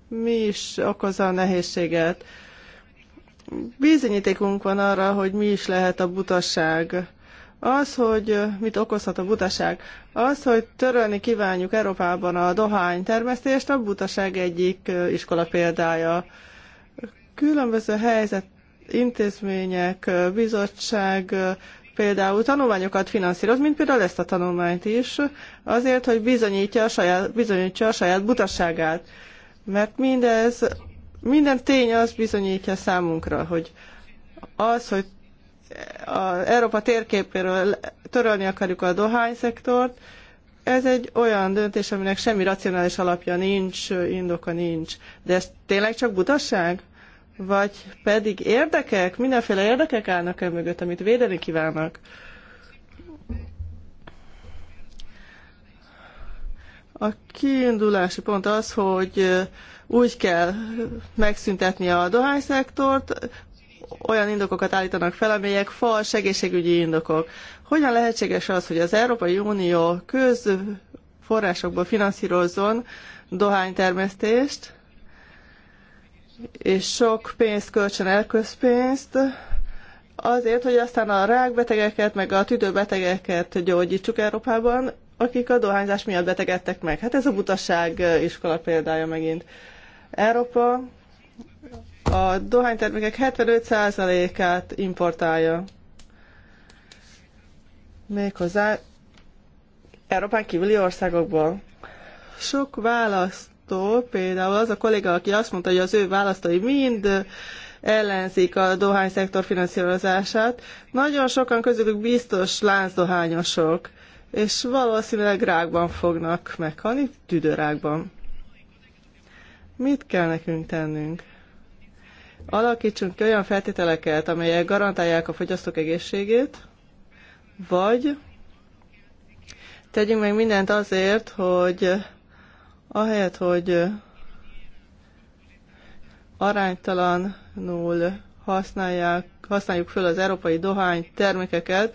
mi is okozza a nehézséget? bizonyítékunk van arra, hogy mi is lehet a butaság. Az, hogy mit okozhat a butaság? Az, hogy törölni kívánjuk Európában a dohány termesztést, a butaság egyik iskola példája. Különböző helyzet, intézmények, bizottság, például tanulmányokat finanszíroz, mint például ezt a tanulmányt is, azért, hogy bizonyítja a saját, bizonyítsa a saját butaságát, Mert mindez minden tény az bizonyítja számunkra, hogy az, hogy a Európa térképéről törölni akarjuk a dohányszektort, ez egy olyan döntés, aminek semmi racionális alapja nincs, indoka nincs. De ez tényleg csak butaság? Vagy pedig érdekek, mindenféle érdekek állnak el mögött, amit védeni kívánnak? A kiindulási pont az, hogy úgy kell megszüntetni a dohányszektort, olyan indokokat állítanak fel, amelyek fals egészségügyi indokok. Hogyan lehetséges az, hogy az Európai Unió közforrásokból finanszírozzon dohánytermesztést, és sok pénzt költsön el közpénzt, azért, hogy aztán a rákbetegeket, meg a tüdőbetegeket gyógyítsuk Európában, akik a dohányzás miatt betegedtek meg. Hát ez a butaság eh, iskola példája megint. Európa a dohánytermékek 75%-át importálja. Méghozzá Európán kívüli országokból. Sok választó, például az a kolléga, aki azt mondta, hogy az ő választói mind ellenzik a dohányszektor finanszírozását. Nagyon sokan közülük biztos láncdohányosok, és valószínűleg rákban fognak meghalni, tüdőrákban. Mit kell nekünk tennünk? Alakítsunk olyan feltételeket, amelyek garantálják a fogyasztók egészségét, vagy tegyünk meg mindent azért, hogy ahelyett, hogy aránytalanul használják, használjuk föl az európai dohány termékeket,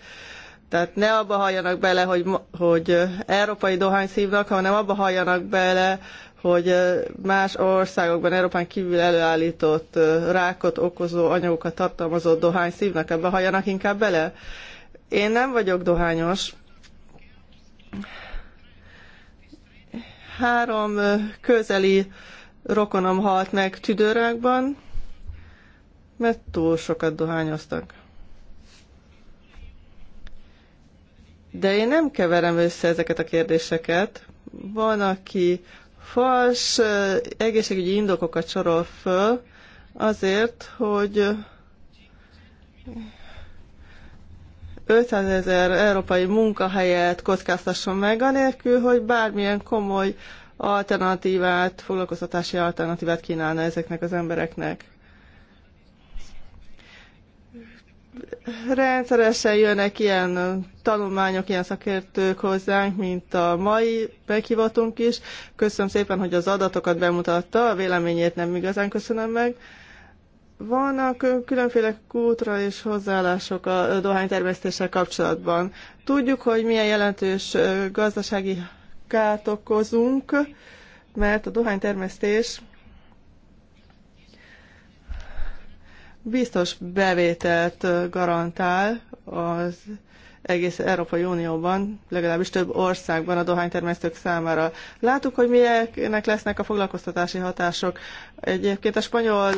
tehát ne abba halljanak bele, hogy, hogy európai dohány szívnak, hanem abba halljanak bele, hogy más országokban, Európán kívül előállított rákot okozó anyagokat tartalmazó dohány szívnak ebbe, hajanak inkább bele. Én nem vagyok dohányos. Három közeli rokonom halt meg tüdőrákban, mert túl sokat dohányoztak. De én nem keverem össze ezeket a kérdéseket. Van, aki fals egészségügyi indokokat sorol föl azért, hogy 500 ezer európai munkahelyet kockáztasson meg, anélkül, hogy bármilyen komoly alternatívát, foglalkoztatási alternatívát kínálna ezeknek az embereknek. rendszeresen jönnek ilyen tanulmányok, ilyen szakértők hozzánk, mint a mai meghívatunk is. Köszönöm szépen, hogy az adatokat bemutatta, a véleményét nem igazán köszönöm meg. Vannak különféle kultra és hozzáállások a dohánytermesztéssel kapcsolatban. Tudjuk, hogy milyen jelentős gazdasági kárt okozunk, mert a dohánytermesztés biztos bevételt garantál az egész Európai Unióban, legalábbis több országban a dohánytermesztők számára. Látuk, hogy milyenek lesznek a foglalkoztatási hatások. Egyébként a spanyol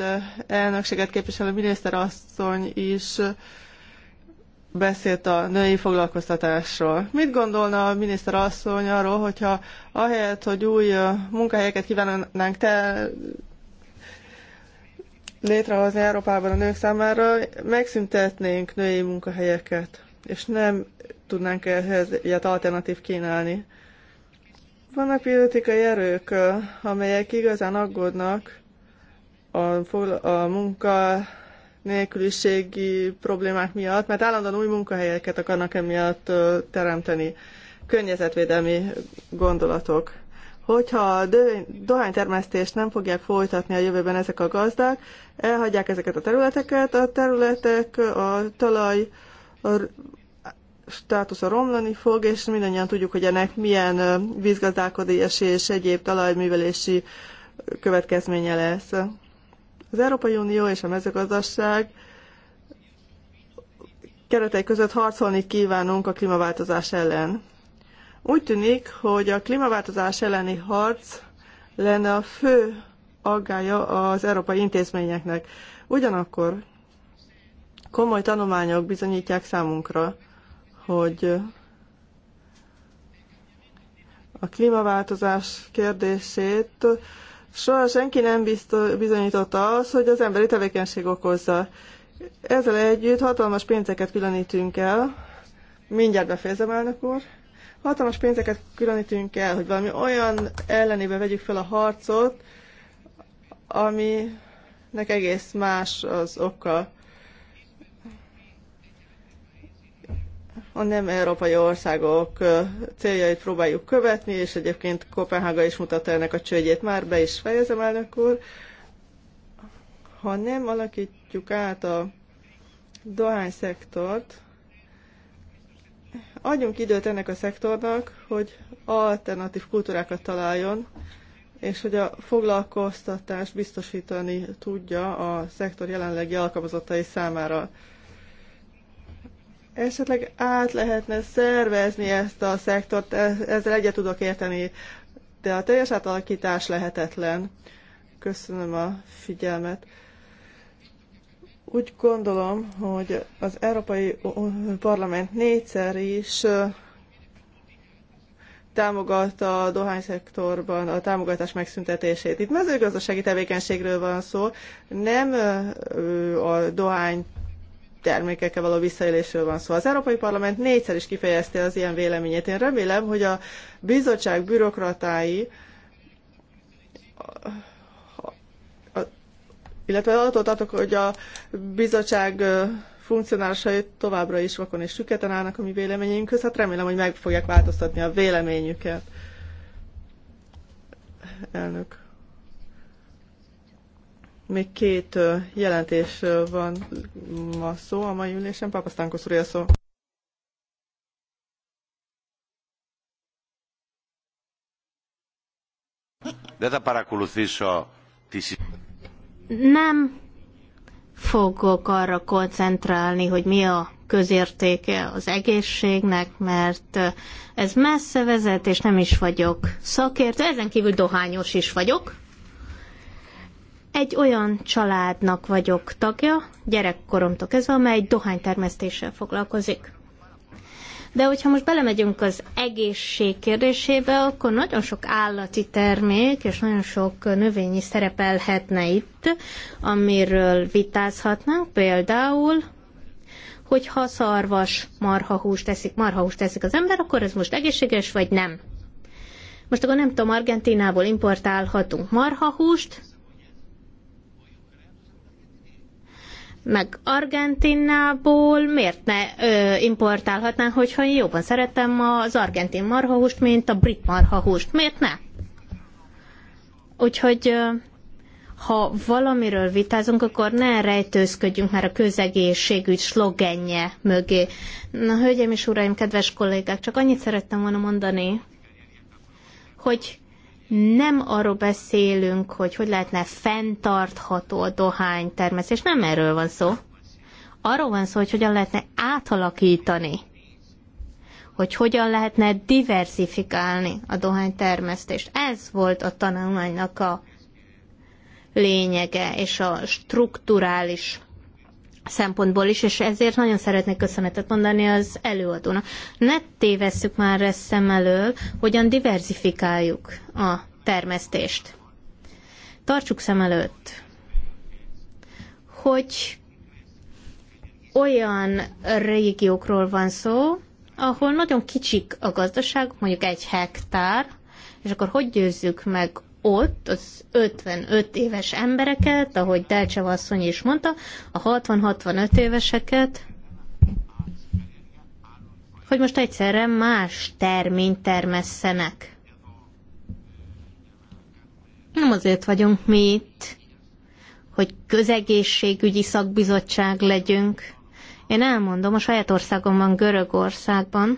elnökséget képviselő miniszterasszony is beszélt a női foglalkoztatásról. Mit gondolna a miniszter asszony arról, hogyha ahelyett, hogy új munkahelyeket kívánnánk te, létrehozni Európában a nők számára, megszüntetnénk női munkahelyeket, és nem tudnánk ehhez ilyet alternatív kínálni. Vannak politikai erők, amelyek igazán aggódnak a, a munka nélküliségi problémák miatt, mert állandóan új munkahelyeket akarnak emiatt teremteni. Környezetvédelmi gondolatok hogyha a dohánytermesztést nem fogják folytatni a jövőben ezek a gazdák, elhagyják ezeket a területeket, a területek, a talaj a státusza romlani fog, és mindannyian tudjuk, hogy ennek milyen vízgazdálkodási és egyéb talajművelési következménye lesz. Az Európai Unió és a mezőgazdaság keretei között harcolni kívánunk a klímaváltozás ellen. Úgy tűnik, hogy a klímaváltozás elleni harc lenne a fő aggája az európai intézményeknek. Ugyanakkor komoly tanulmányok bizonyítják számunkra, hogy a klímaváltozás kérdését soha senki nem bizonyította az, hogy az emberi tevékenység okozza. Ezzel együtt hatalmas pénzeket különítünk el. Mindjárt befejezem, elnök úr hatalmas pénzeket különítünk el, hogy valami olyan ellenébe vegyük fel a harcot, aminek egész más az oka. a nem európai országok céljait próbáljuk követni, és egyébként Kopenhága is mutatta ennek a csődjét. Már be is fejezem, elnök úr. Ha nem alakítjuk át a dohányszektort, Adjunk időt ennek a szektornak, hogy alternatív kultúrákat találjon, és hogy a foglalkoztatás biztosítani tudja a szektor jelenlegi alkalmazottai számára. Esetleg át lehetne szervezni ezt a szektort, ezzel egyet tudok érteni, de a teljes átalakítás lehetetlen. Köszönöm a figyelmet. Úgy gondolom, hogy az Európai Parlament négyszer is támogatta a dohányszektorban a támogatás megszüntetését. Itt mezőgazdasági tevékenységről van szó, nem a dohány termékekkel való visszaélésről van szó. Az Európai Parlament négyszer is kifejezte az ilyen véleményét. Én remélem, hogy a bizottság bürokratái illetve attól tartok, hogy a bizottság funkcionálisai továbbra is vakon és süketen állnak a mi véleményünkhöz, hát remélem, hogy meg fogják változtatni a véleményüket. Elnök. Még két jelentés van ma szó a mai ülésen. Papasztánkosz úr szó. is a tisztítás. Nem fogok arra koncentrálni, hogy mi a közértéke az egészségnek, mert ez messze vezet, és nem is vagyok szakértő, ezen kívül dohányos is vagyok. Egy olyan családnak vagyok tagja, gyerekkoromtól kezdve, amely dohánytermesztéssel foglalkozik. De hogyha most belemegyünk az egészség kérdésébe, akkor nagyon sok állati termék és nagyon sok növényi szerepelhetne itt, amiről vitázhatnánk, például hogy ha szarvas marhahúst teszik, marhahúst teszik az ember, akkor ez most egészséges, vagy nem. Most akkor nem tudom, Argentinából importálhatunk marhahúst, meg Argentinából miért ne ö, importálhatnánk, hogyha én jobban szeretem az argentin marhahúst, mint a brit marhahúst. Miért ne? Úgyhogy ö, ha valamiről vitázunk, akkor ne rejtőzködjünk már a közegészségügy slogenje mögé. Na, hölgyeim és uraim, kedves kollégák, csak annyit szerettem volna mondani, hogy nem arról beszélünk, hogy hogy lehetne fenntartható a dohány termesztés, nem erről van szó. Arról van szó, hogy hogyan lehetne átalakítani, hogy hogyan lehetne diversifikálni a dohány termesztést. Ez volt a tanulmánynak a lényege és a strukturális szempontból is, és ezért nagyon szeretnék köszönetet mondani az előadónak. Ne tévesszük már ezt szem elől, hogyan diversifikáljuk a termesztést. Tartsuk szem előtt, hogy olyan régiókról van szó, ahol nagyon kicsik a gazdaság, mondjuk egy hektár, és akkor hogy győzzük meg ott az 55 éves embereket, ahogy Delcseva asszony is mondta, a 60-65 éveseket, hogy most egyszerre más terményt termesszenek. Nem azért vagyunk mi itt, hogy közegészségügyi szakbizottság legyünk. Én elmondom, a saját országomban, Görögországban,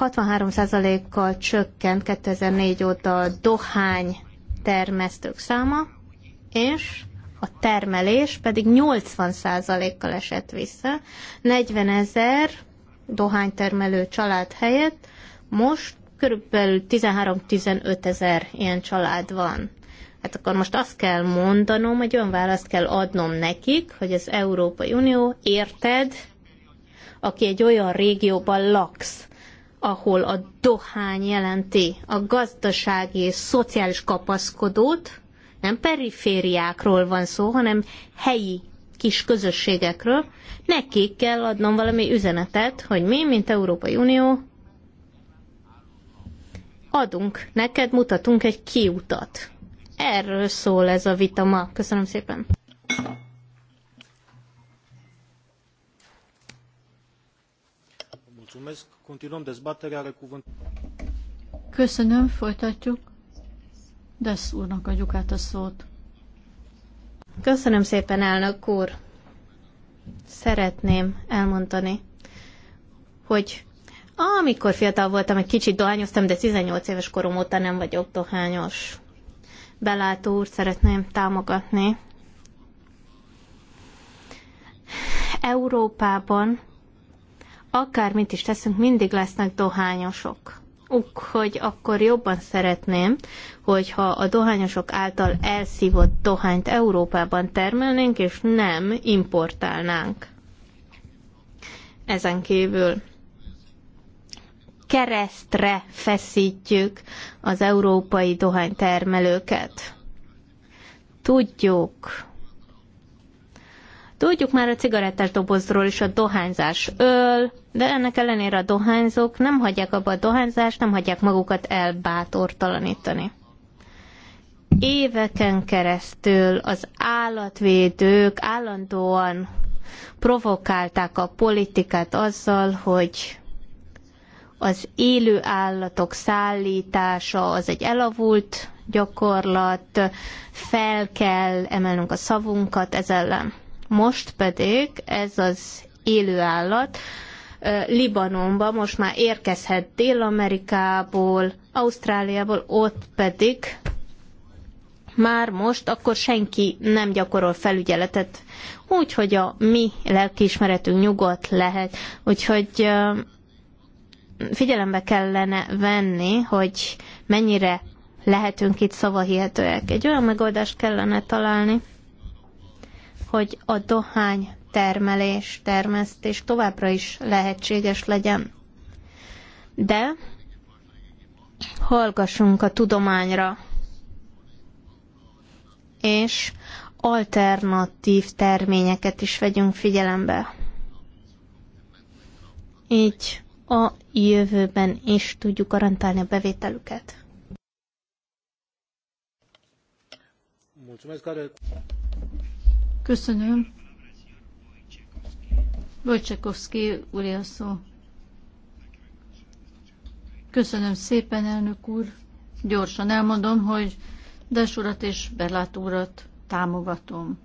63%-kal csökkent 2004 óta a dohány termesztők száma, és a termelés pedig 80%-kal esett vissza. 40 ezer dohánytermelő család helyett most körülbelül 13-15 ezer ilyen család van. Hát akkor most azt kell mondanom, egy olyan választ kell adnom nekik, hogy az Európai Unió, érted, aki egy olyan régióban laksz, ahol a dohány jelenti a gazdasági és szociális kapaszkodót, nem perifériákról van szó, hanem helyi kis közösségekről, nekik kell adnom valami üzenetet, hogy mi, mint Európai Unió, adunk neked, mutatunk egy kiutat. Erről szól ez a vita ma. Köszönöm szépen. Mulțumesc. Continuăm dezbaterea, are cuvânt. Köszönöm, folytatjuk. Desz úrnak adjuk át a szót. Köszönöm szépen, elnök úr. Szeretném elmondani, hogy amikor fiatal voltam, egy kicsit dohányoztam, de 18 éves korom óta nem vagyok dohányos. Belátó úr szeretném támogatni. Európában akármit is teszünk, mindig lesznek dohányosok. Úgyhogy akkor jobban szeretném, hogyha a dohányosok által elszívott dohányt Európában termelnénk, és nem importálnánk. Ezen kívül keresztre feszítjük az európai dohánytermelőket. Tudjuk, Tudjuk már a cigarettás dobozról is, a dohányzás öl, de ennek ellenére a dohányzók nem hagyják abba a dohányzást, nem hagyják magukat elbátortalanítani. Éveken keresztül az állatvédők állandóan provokálták a politikát azzal, hogy az élő állatok szállítása az egy elavult gyakorlat, fel kell emelnünk a szavunkat ez ellen. Most pedig ez az élő állat Libanonba most már érkezhet Dél-Amerikából, Ausztráliából, ott pedig már most, akkor senki nem gyakorol felügyeletet. Úgyhogy a mi lelkiismeretünk nyugodt lehet. Úgyhogy figyelembe kellene venni, hogy mennyire lehetünk itt szavahihetőek. Egy olyan megoldást kellene találni, hogy a dohány termelés, termesztés továbbra is lehetséges legyen. De hallgassunk a tudományra, és alternatív terményeket is vegyünk figyelembe. Így a jövőben is tudjuk garantálni a bevételüket. Köszönöm. Bocsakovszki úr a szó. Köszönöm szépen, elnök úr. Gyorsan elmondom, hogy Des urat és Berlát urat támogatom.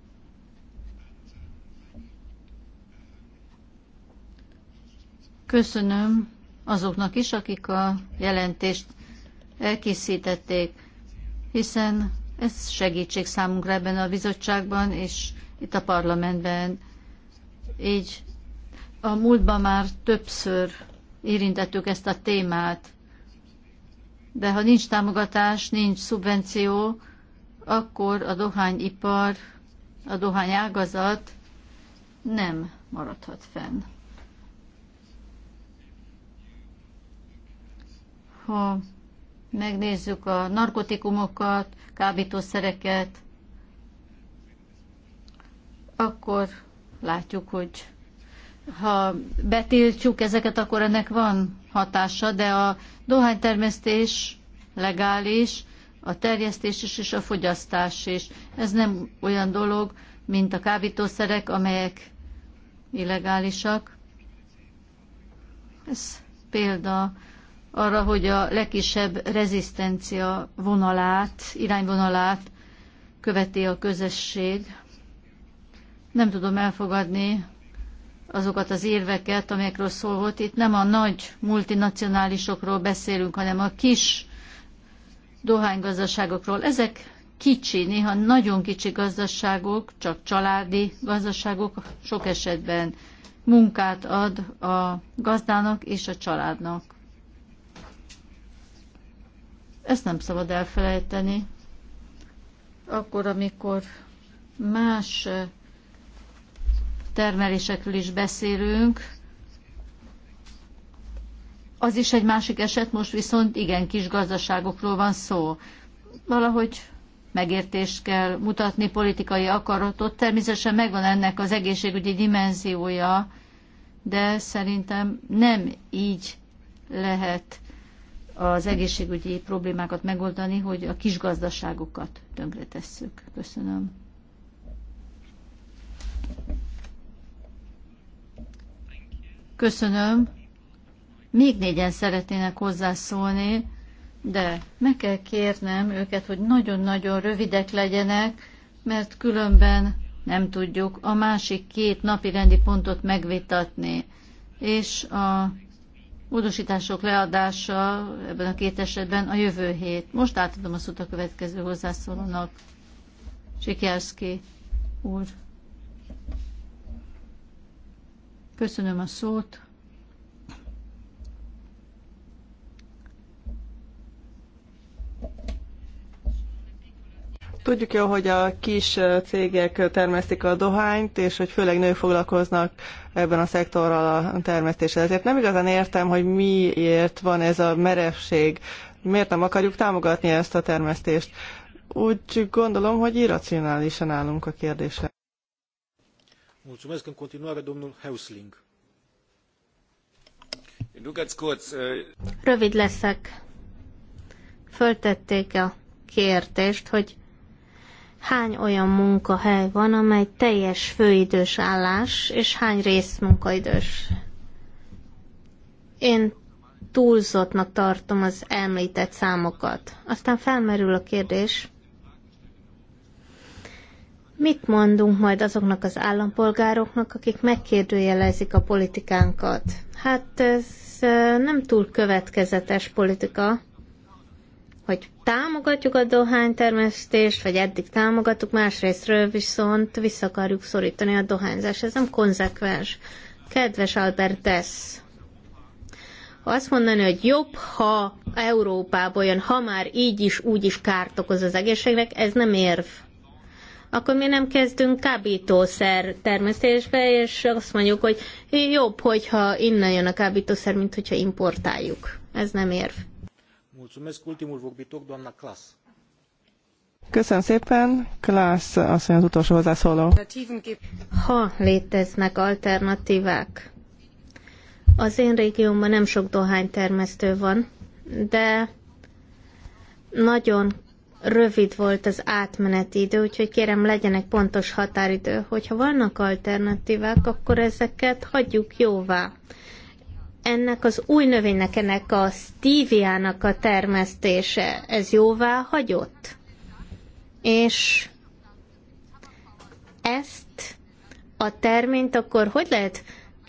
Köszönöm azoknak is, akik a jelentést elkészítették, hiszen ez segítség számunkra ebben a bizottságban, és itt a parlamentben. Így a múltban már többször érintettük ezt a témát, de ha nincs támogatás, nincs szubvenció, akkor a dohányipar, a dohányágazat nem maradhat fenn. Ha megnézzük a narkotikumokat, kábítószereket, akkor látjuk, hogy ha betiltjuk ezeket, akkor ennek van hatása, de a dohánytermesztés legális, a terjesztés is és a fogyasztás is. Ez nem olyan dolog, mint a kábítószerek, amelyek illegálisak. Ez példa arra, hogy a legkisebb rezisztencia vonalát, irányvonalát követi a közösség, nem tudom elfogadni azokat az érveket, amelyekről szól volt. Itt nem a nagy multinacionálisokról beszélünk, hanem a kis dohánygazdaságokról. Ezek kicsi, néha nagyon kicsi gazdaságok, csak családi gazdaságok sok esetben munkát ad a gazdának és a családnak. Ezt nem szabad elfelejteni. Akkor, amikor más termelésekről is beszélünk. Az is egy másik eset, most viszont igen kis gazdaságokról van szó. Valahogy megértést kell mutatni, politikai akaratot. Természetesen megvan ennek az egészségügyi dimenziója, de szerintem nem így lehet az egészségügyi problémákat megoldani, hogy a kis gazdaságokat tönkretesszük. Köszönöm. Köszönöm. Még négyen szeretnének hozzászólni, de meg kell kérnem őket, hogy nagyon-nagyon rövidek legyenek, mert különben nem tudjuk a másik két napi rendi pontot megvitatni. És a módosítások leadása ebben a két esetben a jövő hét. Most átadom a szót a következő hozzászólónak. Sikerszki úr. Köszönöm a szót. Tudjuk jó, hogy a kis cégek termesztik a dohányt, és hogy főleg nők foglalkoznak ebben a szektorral a termesztéssel. Ezért nem igazán értem, hogy miért van ez a merevség, miért nem akarjuk támogatni ezt a termesztést. Úgy gondolom, hogy irracionálisan állunk a kérdésre. Mulțumesc în continuare, domnul Heusling. Rövid leszek. Föltették a kérdést, hogy hány olyan munkahely van, amely teljes főidős állás, és hány részmunkaidős. Én túlzottnak tartom az említett számokat. Aztán felmerül a kérdés, Mit mondunk majd azoknak az állampolgároknak, akik megkérdőjelezik a politikánkat? Hát ez nem túl következetes politika, hogy támogatjuk a dohánytermesztést, vagy eddig támogattuk, másrésztről viszont vissza akarjuk szorítani a dohányzást. Ez nem konzekvens. Kedves Albert Tess, azt mondani, hogy jobb, ha Európából jön, ha már így is, úgy is kárt okoz az egészségnek, ez nem érv akkor mi nem kezdünk kábítószer termesztésbe, és azt mondjuk, hogy jobb, hogyha innen jön a kábítószer, mint hogyha importáljuk. Ez nem érv. Köszönöm szépen. Klász mondja az utolsó hozzászóló. Ha léteznek alternatívák, az én régiómban nem sok dohánytermesztő van, de nagyon rövid volt az átmeneti idő, úgyhogy kérem legyenek pontos határidő. Hogyha vannak alternatívák, akkor ezeket hagyjuk jóvá. Ennek az új növénynek, ennek a stíviának a termesztése, ez jóvá hagyott. És ezt a terményt akkor hogy lehet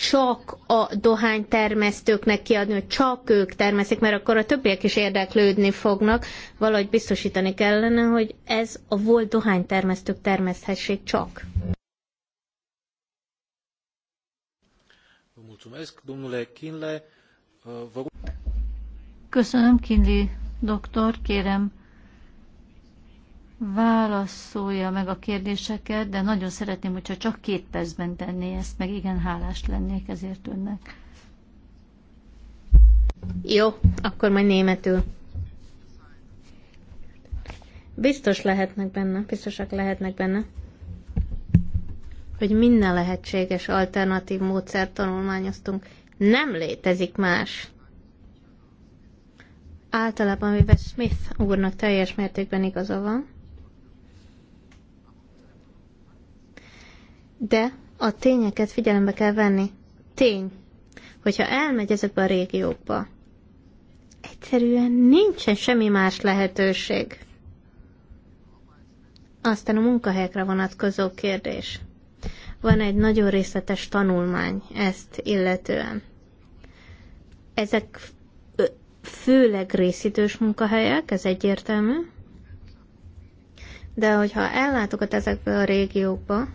csak a dohánytermesztőknek kiadni, hogy csak ők termeszik, mert akkor a többiek is érdeklődni fognak. Valahogy biztosítani kellene, hogy ez a volt dohánytermesztők termeszthessék csak. Köszönöm, Kinli doktor, kérem válaszolja meg a kérdéseket, de nagyon szeretném, hogyha csak két percben tenné ezt, meg igen hálás lennék ezért önnek. Jó, akkor majd németül. Biztos lehetnek benne, biztosak lehetnek benne, hogy minden lehetséges alternatív módszert tanulmányoztunk. Nem létezik más. Általában mivel Smith úrnak teljes mértékben igaza van De a tényeket figyelembe kell venni. Tény, hogyha elmegy ezekbe a régiókba, egyszerűen nincsen semmi más lehetőség. Aztán a munkahelyekre vonatkozó kérdés. Van egy nagyon részletes tanulmány ezt illetően. Ezek főleg részítős munkahelyek, ez egyértelmű. De hogyha ellátogat ezekbe a régiókba,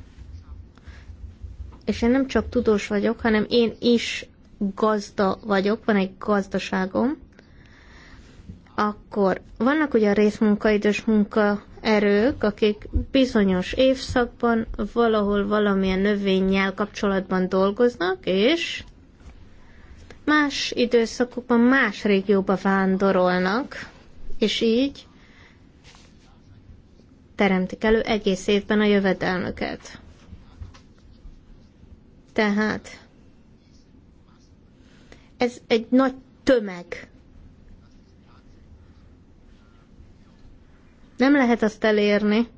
és én nem csak tudós vagyok, hanem én is gazda vagyok, van egy gazdaságom, akkor vannak ugye a részmunkaidős munkaerők, akik bizonyos évszakban valahol valamilyen növényjel kapcsolatban dolgoznak, és más időszakokban más régióba vándorolnak, és így teremtik elő egész évben a jövedelmüket. Tehát ez egy nagy tömeg. Nem lehet azt elérni,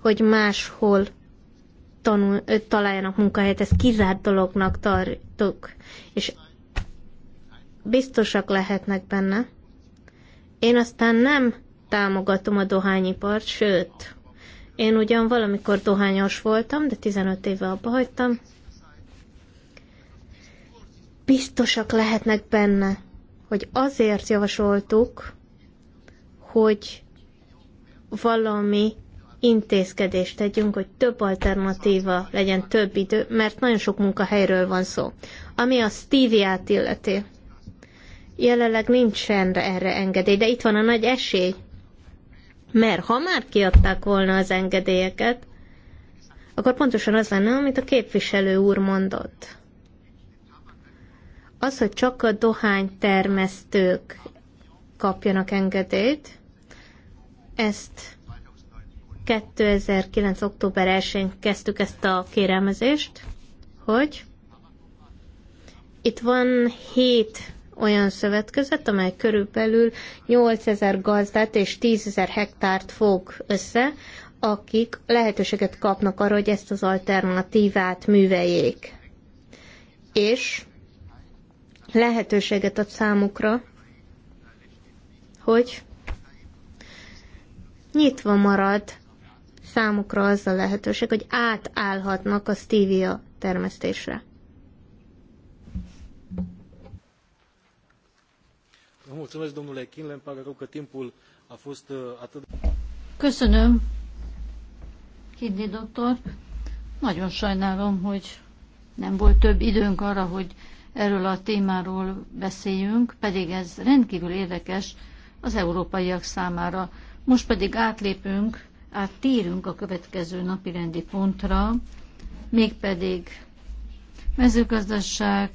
hogy máshol tanul, találjanak munkahelyet, ezt kizárt dolognak tartok. és biztosak lehetnek benne. Én aztán nem támogatom a dohányipart, sőt, én ugyan valamikor dohányos voltam, de 15 éve abba hagytam. Biztosak lehetnek benne, hogy azért javasoltuk, hogy valami intézkedést tegyünk, hogy több alternatíva legyen több idő, mert nagyon sok munkahelyről van szó. Ami a Stevie-át illeti, jelenleg nincsen erre engedély, de itt van a nagy esély, mert ha már kiadták volna az engedélyeket, akkor pontosan az lenne, amit a képviselő úr mondott. Az, hogy csak a dohánytermesztők kapjanak engedélyt, ezt 2009. október 1-én kezdtük ezt a kérelmezést, hogy itt van hét olyan szövetkezet, amely körülbelül 8000 gazdát és 10.000 hektárt fog össze, akik lehetőséget kapnak arra, hogy ezt az alternatívát műveljék. És lehetőséget ad számukra, hogy nyitva marad számukra az a lehetőség, hogy átállhatnak a stevia termesztésre. Uh, Köszönöm, Kidney doktor. Nagyon sajnálom, hogy nem volt több időnk arra, hogy erről a témáról beszéljünk, pedig ez rendkívül érdekes az európaiak számára. Most pedig átlépünk, áttérünk a következő napi rendi pontra, mégpedig mezőgazdaság,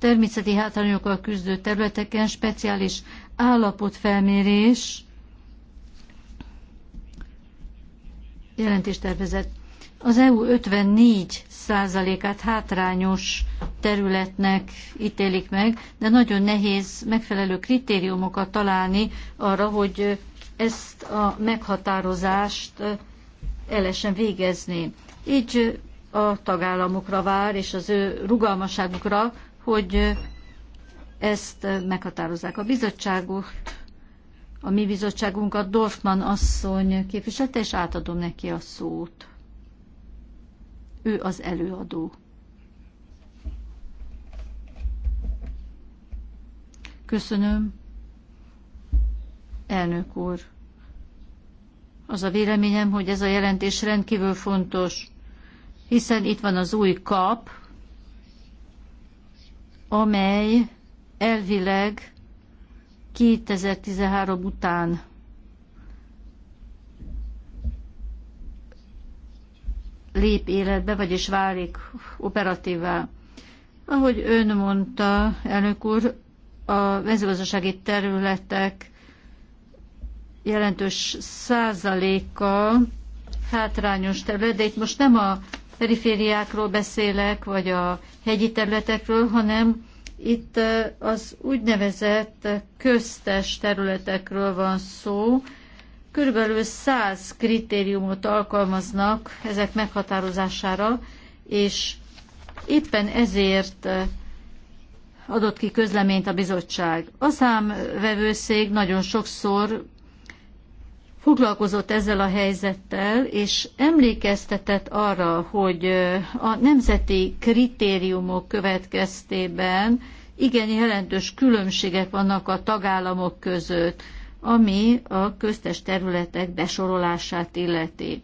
természeti hátrányokkal küzdő területeken speciális állapotfelmérés tervezett. Az EU 54 százalékát hátrányos területnek ítélik meg, de nagyon nehéz megfelelő kritériumokat találni arra, hogy ezt a meghatározást el lehessen végezni. Így a tagállamokra vár, és az ő rugalmasságukra, hogy ezt meghatározzák. A bizottságot, a mi bizottságunkat Dorfman asszony képviselte, és átadom neki a szót. Ő az előadó. Köszönöm. Elnök úr, az a véleményem, hogy ez a jelentés rendkívül fontos, hiszen itt van az új kap, amely elvileg 2013 után lép életbe, vagyis válik operatívvá. Ahogy ön mondta, elnök úr, a mezőgazdasági területek jelentős százaléka hátrányos terület, de itt most nem a perifériákról beszélek, vagy a hegyi területekről, hanem itt az úgynevezett köztes területekről van szó. Körülbelül 100 kritériumot alkalmaznak ezek meghatározására, és éppen ezért adott ki közleményt a bizottság. A számvevőszék nagyon sokszor foglalkozott ezzel a helyzettel, és emlékeztetett arra, hogy a nemzeti kritériumok következtében igen jelentős különbségek vannak a tagállamok között, ami a köztes területek besorolását illeti.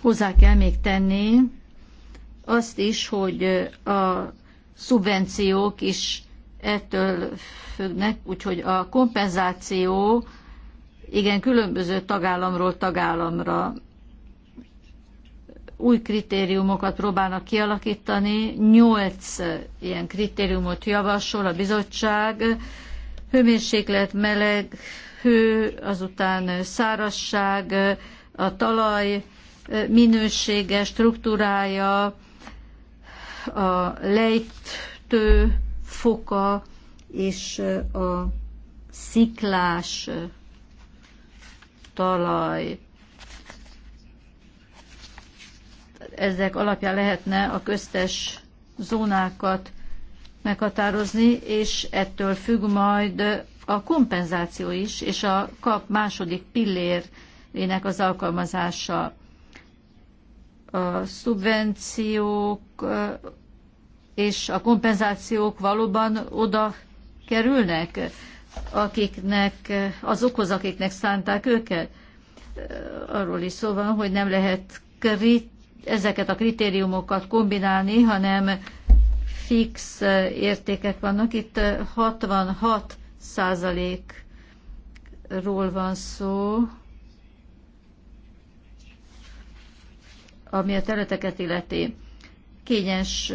Hozzá kell még tenni azt is, hogy a szubvenciók is ettől függnek, úgyhogy a kompenzáció igen különböző tagállamról tagállamra új kritériumokat próbálnak kialakítani. Nyolc ilyen kritériumot javasol a bizottság. Hőmérséklet, meleg, hő, azután szárasság, a talaj minősége, struktúrája, a lejtő foka és a sziklás talaj. Ezek alapján lehetne a köztes zónákat meghatározni, és ettől függ majd a kompenzáció is, és a kap második pillérének az alkalmazása. A szubvenciók eh, és a kompenzációk valóban oda kerülnek? akiknek, azokhoz, akiknek szánták őket. Arról is szó van, hogy nem lehet krit, ezeket a kritériumokat kombinálni, hanem fix értékek vannak. Itt 66 százalékról van szó, ami a területeket illeti kényes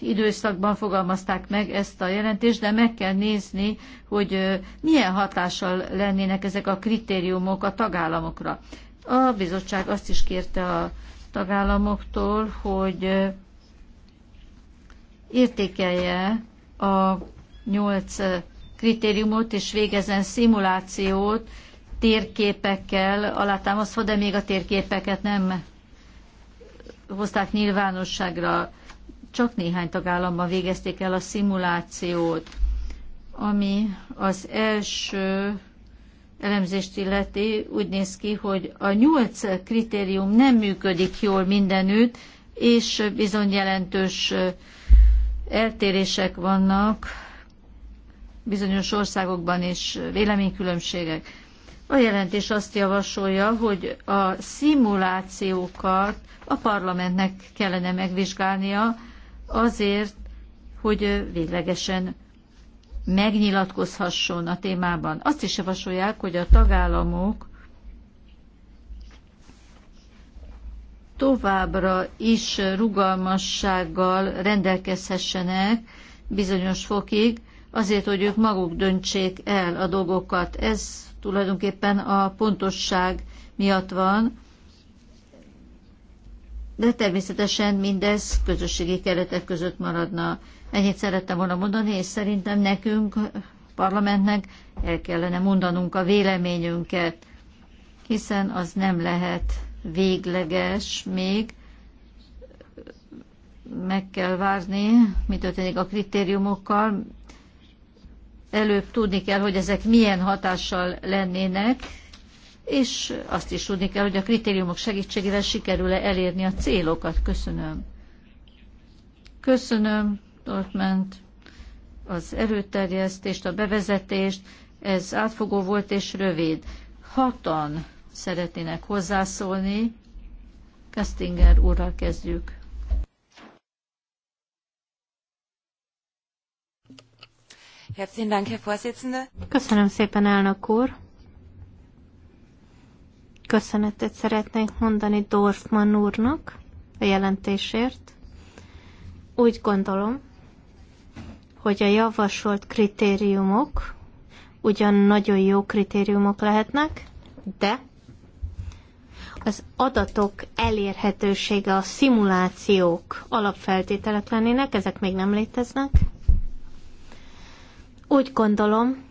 időszakban fogalmazták meg ezt a jelentést, de meg kell nézni, hogy milyen hatással lennének ezek a kritériumok a tagállamokra. A bizottság azt is kérte a tagállamoktól, hogy értékelje a nyolc kritériumot, és végezen szimulációt térképekkel alátámasztva, de még a térképeket nem hozták nyilvánosságra, csak néhány tagállamban végezték el a szimulációt, ami az első elemzést illeti, úgy néz ki, hogy a nyolc kritérium nem működik jól mindenütt, és bizony jelentős eltérések vannak bizonyos országokban, és véleménykülönbségek. A jelentés azt javasolja, hogy a szimulációkat a parlamentnek kellene megvizsgálnia azért, hogy véglegesen megnyilatkozhasson a témában. Azt is javasolják, hogy a tagállamok továbbra is rugalmassággal rendelkezhessenek bizonyos fokig, azért, hogy ők maguk döntsék el a dolgokat. Ez tulajdonképpen a pontosság miatt van, de természetesen mindez közösségi keretek között maradna. Ennyit szerettem volna mondani, és szerintem nekünk, parlamentnek el kellene mondanunk a véleményünket, hiszen az nem lehet végleges még, meg kell várni, mi történik a kritériumokkal, előbb tudni kell, hogy ezek milyen hatással lennének, és azt is tudni kell, hogy a kritériumok segítségével sikerül-e elérni a célokat. Köszönöm. Köszönöm, Dortmund, az erőterjesztést, a bevezetést. Ez átfogó volt és rövid. Hatan szeretnének hozzászólni. Kestinger úrral kezdjük. Köszönöm szépen, elnök úr. Köszönetet szeretnék mondani Dorfman úrnak a jelentésért. Úgy gondolom, hogy a javasolt kritériumok ugyan nagyon jó kritériumok lehetnek, de az adatok elérhetősége, a szimulációk alapfeltételek lennének, ezek még nem léteznek, úgy gondolom,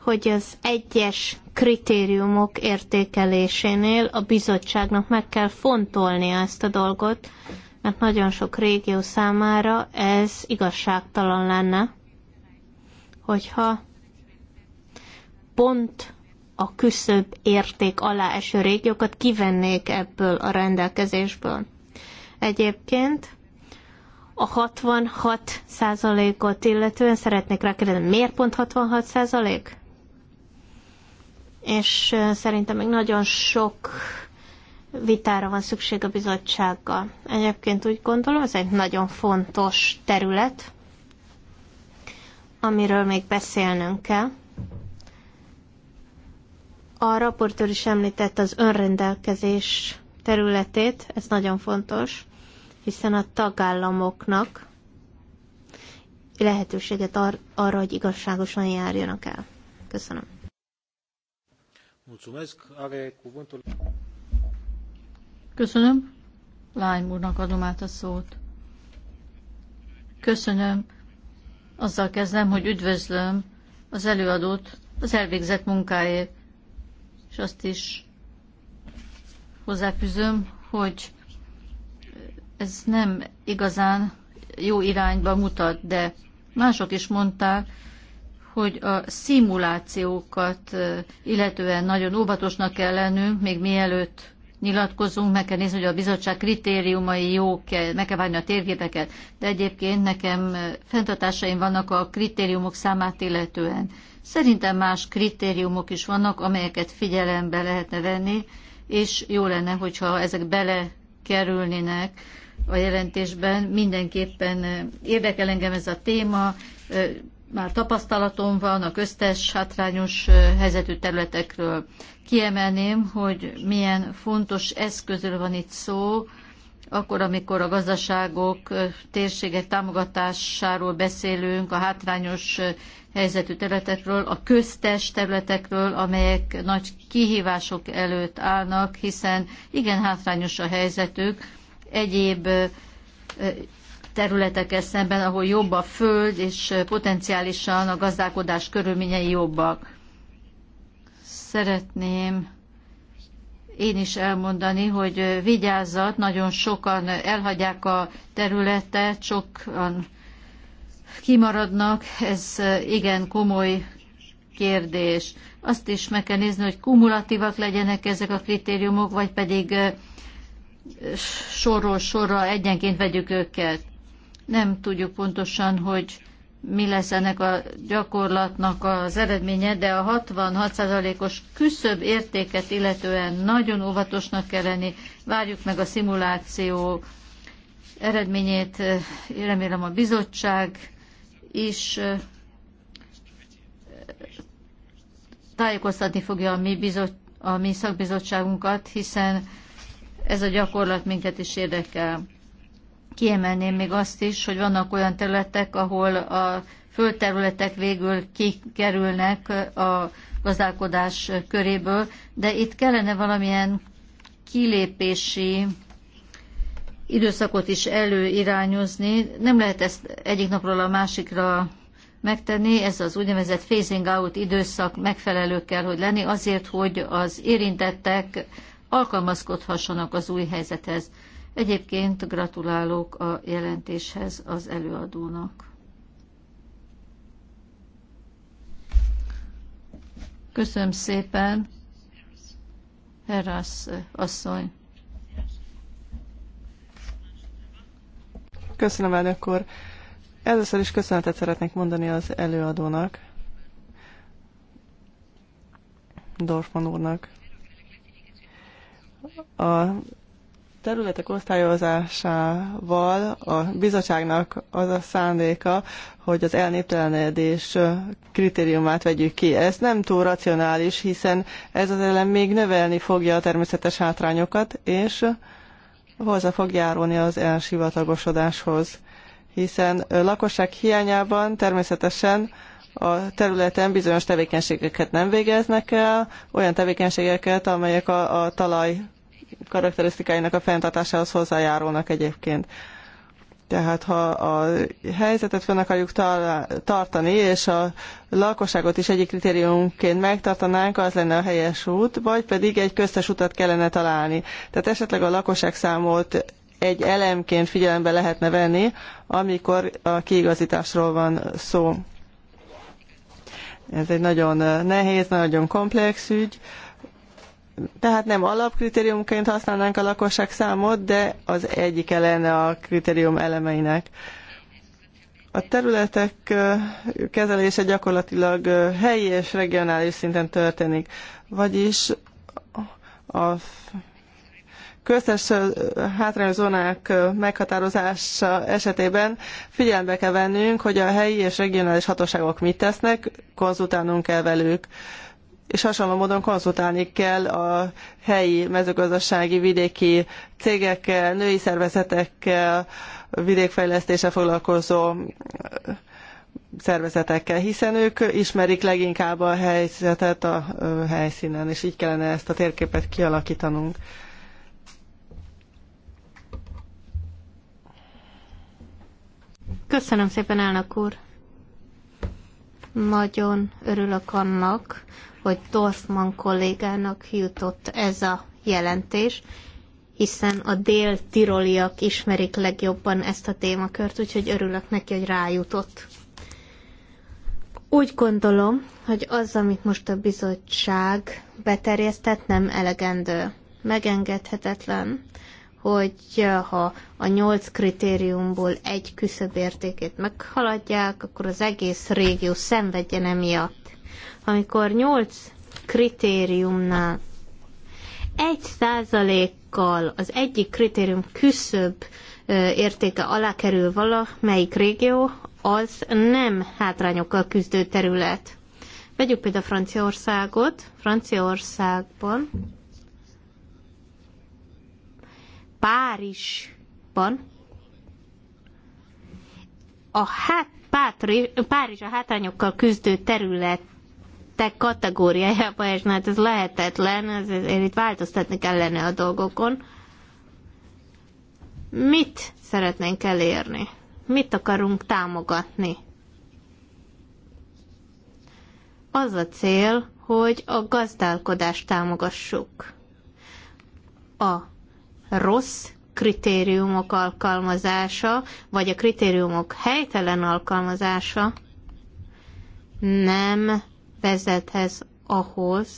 hogy az egyes kritériumok értékelésénél a bizottságnak meg kell fontolnia ezt a dolgot, mert nagyon sok régió számára ez igazságtalan lenne, hogyha pont a küszöbb érték alá eső régiókat kivennék ebből a rendelkezésből. Egyébként a 66 százalékot illetően szeretnék rákérdezni, miért pont 66 százalék? És szerintem még nagyon sok vitára van szükség a bizottsággal. Egyébként úgy gondolom, ez egy nagyon fontos terület, amiről még beszélnünk kell. A raportőr is említett az önrendelkezés területét, ez nagyon fontos hiszen a tagállamoknak lehetőséget ar- arra, hogy igazságosan járjanak el. Köszönöm. Köszönöm. Lány úrnak adom át a szót. Köszönöm. Azzal kezdem, hogy üdvözlöm az előadót az elvégzett munkáért, és azt is hozzáfűzöm, hogy ez nem igazán jó irányba mutat, de mások is mondták, hogy a szimulációkat illetően nagyon óvatosnak kell lennünk, még mielőtt nyilatkozunk, meg kell nézni, hogy a bizottság kritériumai jók, meg kell várni a térképeket, de egyébként nekem fenntartásaim vannak a kritériumok számát illetően. Szerintem más kritériumok is vannak, amelyeket figyelembe lehetne venni, és jó lenne, hogyha ezek bele kerülnének a jelentésben. Mindenképpen érdekel engem ez a téma, már tapasztalatom van a köztes hátrányos helyzetű területekről. Kiemelném, hogy milyen fontos eszközről van itt szó, akkor, amikor a gazdaságok térségek támogatásáról beszélünk, a hátrányos helyzetű területekről, a köztes területekről, amelyek nagy kihívások előtt állnak, hiszen igen hátrányos a helyzetük, egyéb területekkel szemben, ahol jobb a föld, és potenciálisan a gazdálkodás körülményei jobbak. Szeretném én is elmondani, hogy vigyázzat, nagyon sokan elhagyják a területet, sokan kimaradnak, ez igen komoly kérdés. Azt is meg kell nézni, hogy kumulatívak legyenek ezek a kritériumok, vagy pedig sorról sorra egyenként vegyük őket. Nem tudjuk pontosan, hogy mi lesz ennek a gyakorlatnak az eredménye, de a 66%-os küszöbb értéket illetően nagyon óvatosnak kell lenni. Várjuk meg a szimuláció eredményét, remélem a bizottság is tájékoztatni fogja a mi, bizot, a mi szakbizottságunkat, hiszen ez a gyakorlat minket is érdekel. Kiemelném még azt is, hogy vannak olyan területek, ahol a földterületek végül kikerülnek a gazdálkodás köréből, de itt kellene valamilyen kilépési időszakot is előirányozni. Nem lehet ezt egyik napról a másikra megtenni, ez az úgynevezett phasing out időszak megfelelő kell, hogy lenni, azért, hogy az érintettek alkalmazkodhassanak az új helyzethez. Egyébként gratulálok a jelentéshez az előadónak. Köszönöm szépen, Herasz asszony. Köszönöm, elnök úr. Először is köszönetet szeretnék mondani az előadónak, Dorfman úrnak. A területek osztályozásával a bizottságnak az a szándéka, hogy az elnéptelenedés kritériumát vegyük ki. Ez nem túl racionális, hiszen ez az elem még növelni fogja a természetes hátrányokat, és hozzá fog járulni az elsivatagosodáshoz. Hiszen lakosság hiányában természetesen a területen bizonyos tevékenységeket nem végeznek el, olyan tevékenységeket, amelyek a, a talaj karakterisztikáinak a fenntartásához hozzájárulnak egyébként. Tehát ha a helyzetet fenn akarjuk tartani, és a lakosságot is egyik kritériumként megtartanánk, az lenne a helyes út, vagy pedig egy köztes utat kellene találni. Tehát esetleg a lakosság számot egy elemként figyelembe lehetne venni, amikor a kiigazításról van szó. Ez egy nagyon nehéz, nagyon komplex ügy, tehát nem alapkritériumként használnánk a lakosság számot, de az egyik lenne a kritérium elemeinek. A területek kezelése gyakorlatilag helyi és regionális szinten történik, vagyis a köztes hátrányos zónák meghatározása esetében figyelembe kell vennünk, hogy a helyi és regionális hatóságok mit tesznek, konzultálnunk kell velük és hasonló módon konzultálni kell a helyi mezőgazdasági vidéki cégekkel, női szervezetekkel, vidékfejlesztéssel foglalkozó szervezetekkel, hiszen ők ismerik leginkább a helyzetet a helyszínen, és így kellene ezt a térképet kialakítanunk. Köszönöm szépen, elnök úr. Nagyon örülök annak, hogy Dorfman kollégának jutott ez a jelentés, hiszen a dél-tiroliak ismerik legjobban ezt a témakört, úgyhogy örülök neki, hogy rájutott. Úgy gondolom, hogy az, amit most a bizottság beterjesztett, nem elegendő, megengedhetetlen, hogy eh, ha a nyolc kritériumból egy küszöbértékét meghaladják, akkor az egész régió szenvedjen emiatt. Amikor nyolc kritériumnál egy százalékkal az egyik kritérium küszöbb eh, értéke alá kerül valamelyik régió, az nem hátrányokkal küzdő terület. Vegyük például Franciaországot. Franciaországban Párizsban a hát, Pátri, Párizs a hátrányokkal küzdő területek kategóriájába esne, hát ez lehetetlen, ez itt változtatni kellene a dolgokon. Mit szeretnénk elérni? Mit akarunk támogatni? Az a cél, hogy a gazdálkodást támogassuk. A rossz kritériumok alkalmazása, vagy a kritériumok helytelen alkalmazása nem vezethez ahhoz,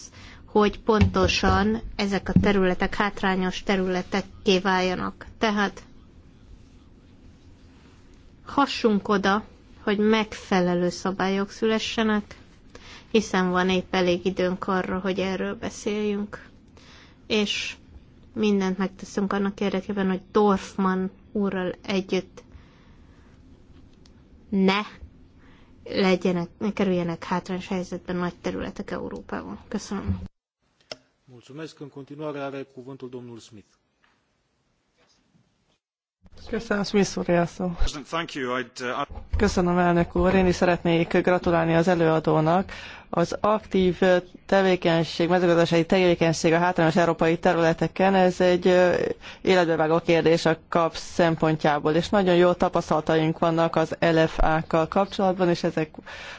hogy pontosan ezek a területek hátrányos területek váljanak. Tehát hassunk oda, hogy megfelelő szabályok szülessenek, hiszen van épp elég időnk arra, hogy erről beszéljünk. És mindent megteszünk annak érdekében, hogy Dorfman úrral együtt ne legyenek, ne kerüljenek hátrányos helyzetben nagy területek Európában. Köszönöm. Mulțumesc. În continuare are cuvântul domnul Smith. Köszönöm, Smith úr, uh, Köszönöm, elnök úr. Én is szeretnék gratulálni az előadónak az aktív tevékenység, mezőgazdasági tevékenység a hátrányos európai területeken, ez egy életbevágó kérdés a kap szempontjából, és nagyon jó tapasztalataink vannak az LFA-kkal kapcsolatban, és ezek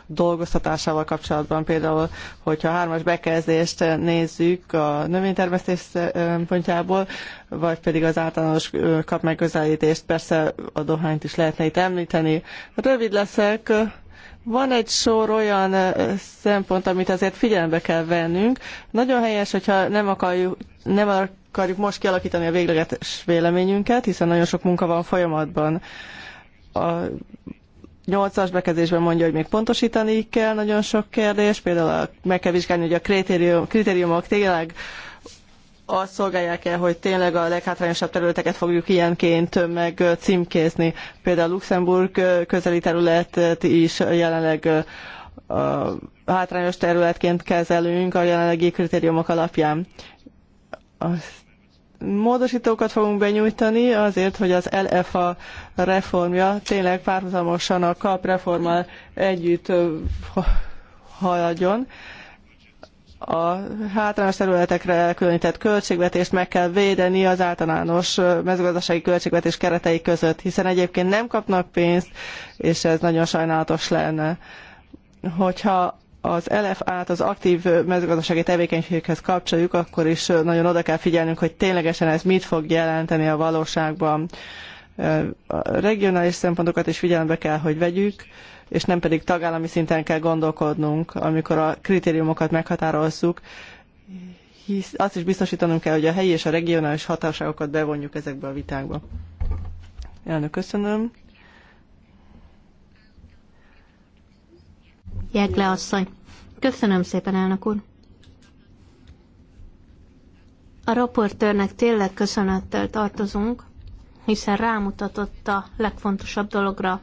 dolgoztatásával kapcsolatban például, hogyha a hármas bekezdést nézzük a növénytermesztés szempontjából, vagy pedig az általános kap megközelítést, persze a dohányt is lehetne itt említeni. Rövid leszek, van egy sor olyan szempont, amit azért figyelembe kell vennünk. Nagyon helyes, hogyha nem akarjuk, nem akarjuk most kialakítani a végleges véleményünket, hiszen nagyon sok munka van folyamatban. A nyolcas bekezdésben mondja, hogy még pontosítani kell nagyon sok kérdés, például meg kell vizsgálni, hogy a kritérium, kritériumok tényleg azt szolgálják el, hogy tényleg a leghátrányosabb területeket fogjuk ilyenként meg címkézni. Például Luxemburg közeli terület is jelenleg hátrányos területként kezelünk a jelenlegi kritériumok alapján. Módosítókat fogunk benyújtani azért, hogy az LFA reformja tényleg párhuzamosan a KAP reformmal együtt haladjon. Ha a hátrányos területekre különített költségvetést meg kell védeni az általános mezőgazdasági költségvetés keretei között, hiszen egyébként nem kapnak pénzt, és ez nagyon sajnálatos lenne. Hogyha az LFA-t az aktív mezőgazdasági tevékenységhez kapcsoljuk, akkor is nagyon oda kell figyelnünk, hogy ténylegesen ez mit fog jelenteni a valóságban. A regionális szempontokat is figyelembe kell, hogy vegyük és nem pedig tagállami szinten kell gondolkodnunk, amikor a kritériumokat meghatározzuk, hisz azt is biztosítanunk kell, hogy a helyi és a regionális hatóságokat bevonjuk ezekbe a vitákba. Elnök, köszönöm. Jegle asszony. Köszönöm szépen, elnök úr. A raportőrnek tényleg köszönettel tartozunk, hiszen rámutatott a legfontosabb dologra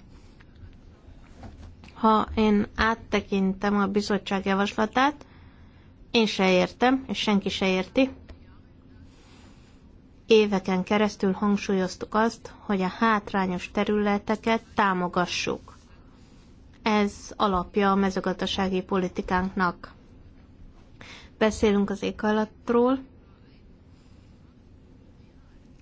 ha én áttekintem a bizottság javaslatát, én se értem, és senki se érti. Éveken keresztül hangsúlyoztuk azt, hogy a hátrányos területeket támogassuk. Ez alapja a mezőgazdasági politikánknak. Beszélünk az éghajlatról,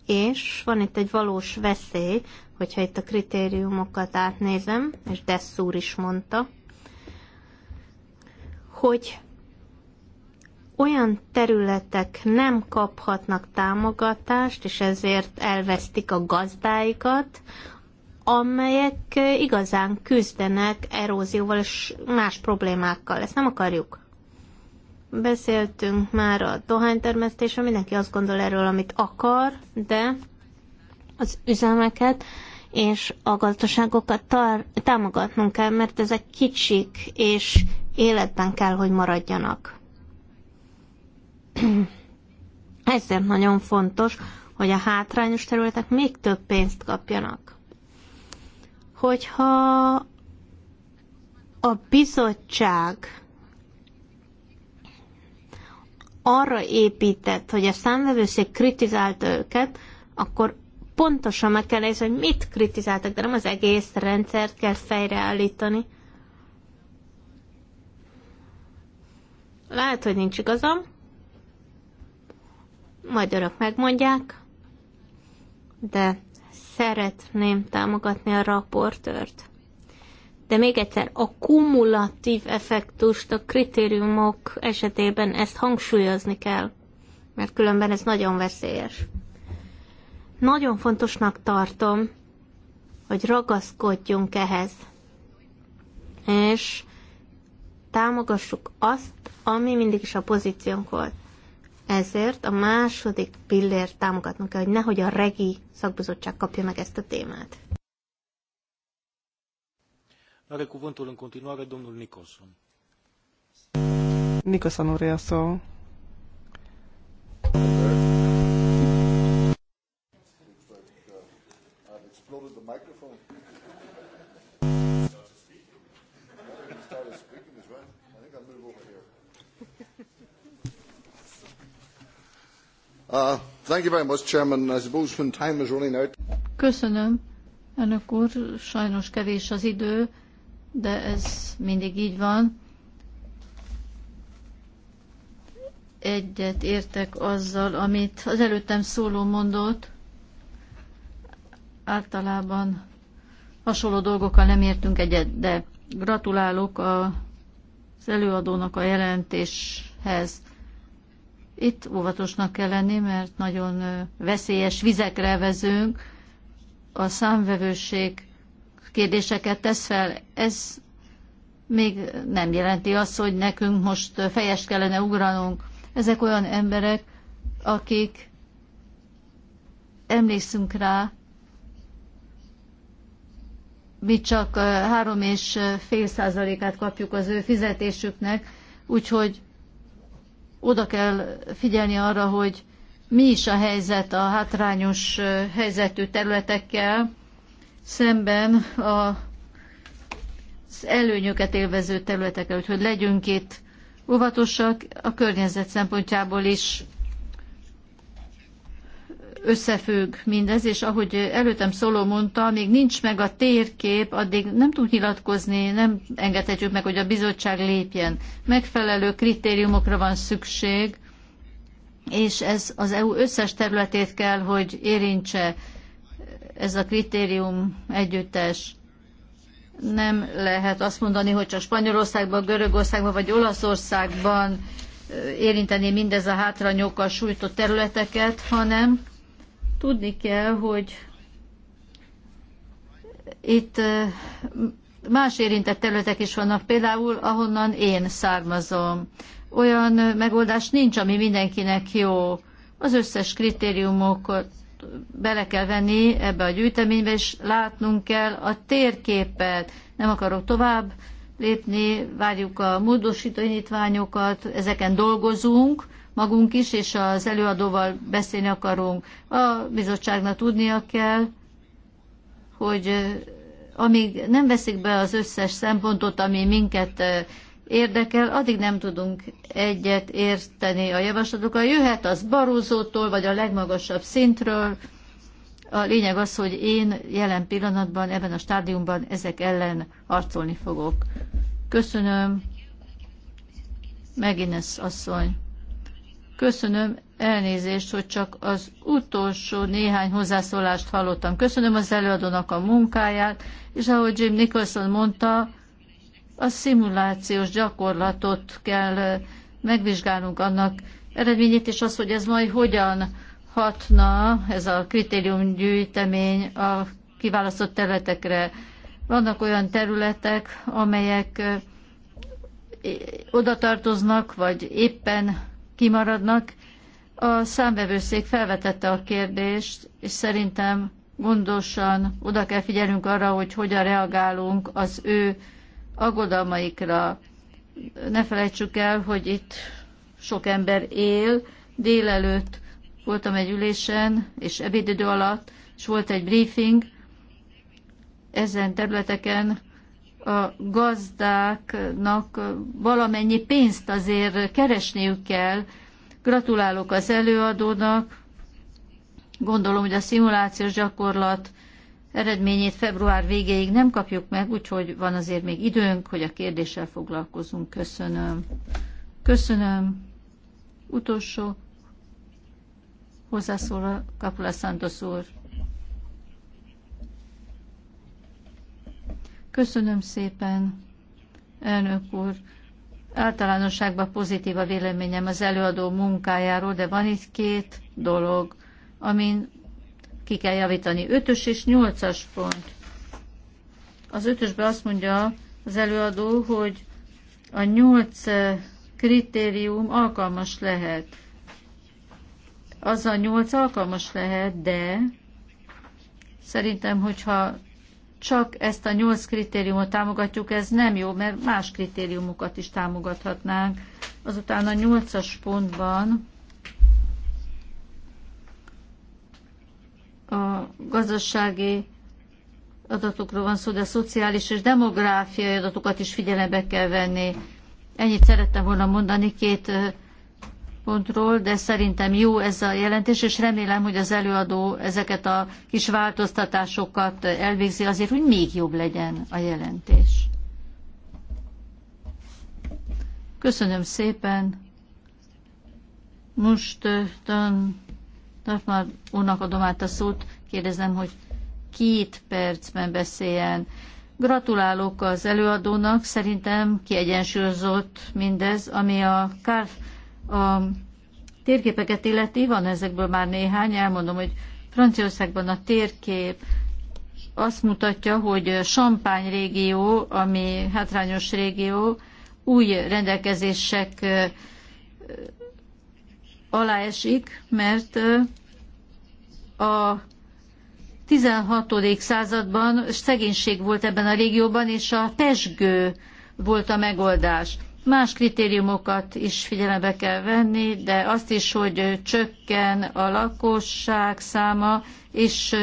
és van itt egy valós veszély, hogyha itt a kritériumokat átnézem, és Desszúr is mondta, hogy olyan területek nem kaphatnak támogatást, és ezért elvesztik a gazdáikat, amelyek igazán küzdenek erózióval és más problémákkal. Ezt nem akarjuk. Beszéltünk már a dohánytermesztésről, mindenki azt gondol erről, amit akar, de az üzemeket és a gazdaságokat támogatnunk kell, mert ezek kicsik, és életben kell, hogy maradjanak. Ezért nagyon fontos, hogy a hátrányos területek még több pénzt kapjanak. Hogyha a bizottság arra épített, hogy a számvevőszék kritizálta őket, akkor pontosan meg kell nézni, hogy mit kritizáltak, de nem az egész rendszert kell fejreállítani. Lehet, hogy nincs igazam. Magyarok megmondják, de szeretném támogatni a raportört. De még egyszer, a kumulatív effektust a kritériumok esetében ezt hangsúlyozni kell, mert különben ez nagyon veszélyes. Nagyon fontosnak tartom, hogy ragaszkodjunk ehhez, és támogassuk azt, ami mindig is a pozíciónk volt. Ezért a második pillért támogatnunk kell, hogy nehogy a regi szakbizottság kapja meg ezt a témát. Are cuvântul în continuare domnul Nicholson. Nicholson úr, szó. Köszönöm, elnök úr. Sajnos kevés az idő, de ez mindig így van. Egyet értek azzal, amit az előttem szóló mondott. Általában hasonló dolgokkal nem értünk egyet, de gratulálok az előadónak a jelentéshez. Itt óvatosnak kell lenni, mert nagyon veszélyes vizekre vezünk. A számvevőség kérdéseket tesz fel. Ez még nem jelenti azt, hogy nekünk most fejest kellene ugranunk. Ezek olyan emberek, akik emlékszünk rá, mi csak három és fél százalékát kapjuk az ő fizetésüknek, úgyhogy oda kell figyelni arra, hogy mi is a helyzet a hátrányos helyzetű területekkel szemben a, az előnyöket élvező területekkel, úgyhogy legyünk itt óvatosak, a környezet szempontjából is összefügg mindez, és ahogy előttem szóló mondta, még nincs meg a térkép, addig nem tud nyilatkozni, nem engedhetjük meg, hogy a bizottság lépjen. Megfelelő kritériumokra van szükség, és ez az EU összes területét kell, hogy érintse ez a kritérium együttes. Nem lehet azt mondani, hogy csak Spanyolországban, Görögországban vagy Olaszországban érinteni mindez a hátrányokkal sújtott területeket, hanem Tudni kell, hogy itt más érintett területek is vannak, például ahonnan én származom. Olyan megoldás nincs, ami mindenkinek jó. Az összes kritériumokat bele kell venni ebbe a gyűjteménybe, és látnunk kell a térképet. Nem akarok tovább lépni, várjuk a nyitványokat, ezeken dolgozunk, magunk is, és az előadóval beszélni akarunk. A bizottságnak tudnia kell, hogy amíg nem veszik be az összes szempontot, ami minket érdekel, addig nem tudunk egyet érteni a javaslatokkal. Jöhet az Barózótól, vagy a legmagasabb szintről. A lényeg az, hogy én jelen pillanatban, ebben a stádiumban ezek ellen harcolni fogok. Köszönöm. ez asszony. Köszönöm elnézést, hogy csak az utolsó néhány hozzászólást hallottam. Köszönöm az előadónak a munkáját, és ahogy Jim Nicholson mondta, a szimulációs gyakorlatot kell megvizsgálnunk annak eredményét, és az, hogy ez majd hogyan hatna, ez a kritériumgyűjtemény a kiválasztott területekre. Vannak olyan területek, amelyek oda tartoznak, vagy éppen kimaradnak. A számvevőszék felvetette a kérdést, és szerintem gondosan oda kell figyelnünk arra, hogy hogyan reagálunk az ő aggodalmaikra. Ne felejtsük el, hogy itt sok ember él. Délelőtt voltam egy ülésen, és ebédidő alatt, és volt egy briefing, ezen területeken a gazdáknak valamennyi pénzt azért keresniük kell. Gratulálok az előadónak. Gondolom, hogy a szimulációs gyakorlat eredményét február végéig nem kapjuk meg, úgyhogy van azért még időnk, hogy a kérdéssel foglalkozunk. Köszönöm. Köszönöm. Utolsó hozzászól a Kapula Santos úr. Köszönöm szépen, elnök úr. Általánosságban pozitív a véleményem az előadó munkájáról, de van itt két dolog, amin ki kell javítani. Ötös és nyolcas pont. Az ötösben azt mondja az előadó, hogy a nyolc eh, kritérium alkalmas lehet. Az a nyolc alkalmas lehet, de szerintem, hogyha csak ezt a nyolc kritériumot támogatjuk, ez nem jó, mert más kritériumokat is támogathatnánk. Azután a nyolcas pontban a gazdasági adatokról van szó, de a szociális és demográfiai adatokat is figyelembe kell venni. Ennyit szerettem volna mondani, két szempontról, de szerintem jó ez a jelentés, és remélem, hogy az előadó ezeket a kis változtatásokat elvégzi azért, hogy még jobb legyen a jelentés. Köszönöm szépen. Most Tartmár eh, úrnak adom át a szót, kérdezem, hogy két percben beszéljen. Gratulálok az előadónak, szerintem kiegyensúlyozott mindez, ami a kár a térképeket illeti, van ezekből már néhány, elmondom, hogy Franciaországban a térkép azt mutatja, hogy Champagne régió, ami hátrányos régió, új rendelkezések alá esik, mert a 16. században szegénység volt ebben a régióban, és a pesgő volt a megoldás. Más kritériumokat is figyelembe kell venni, de azt is, hogy csökken a lakosság száma, és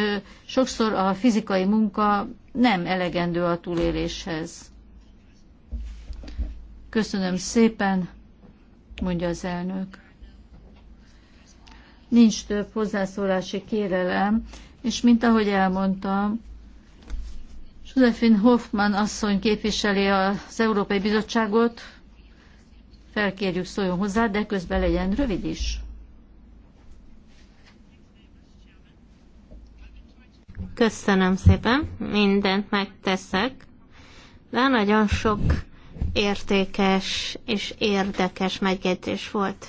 sokszor a fizikai munka nem elegendő a túléléshez. Köszönöm szépen, mondja az elnök. Nincs több hozzászólási kérelem, és mint ahogy elmondtam, Josephine Hoffman asszony képviseli az Európai Bizottságot, felkérjük szóljon hozzá, de közben legyen rövid is. Köszönöm szépen, mindent megteszek, de nagyon sok értékes és érdekes megjegyzés volt.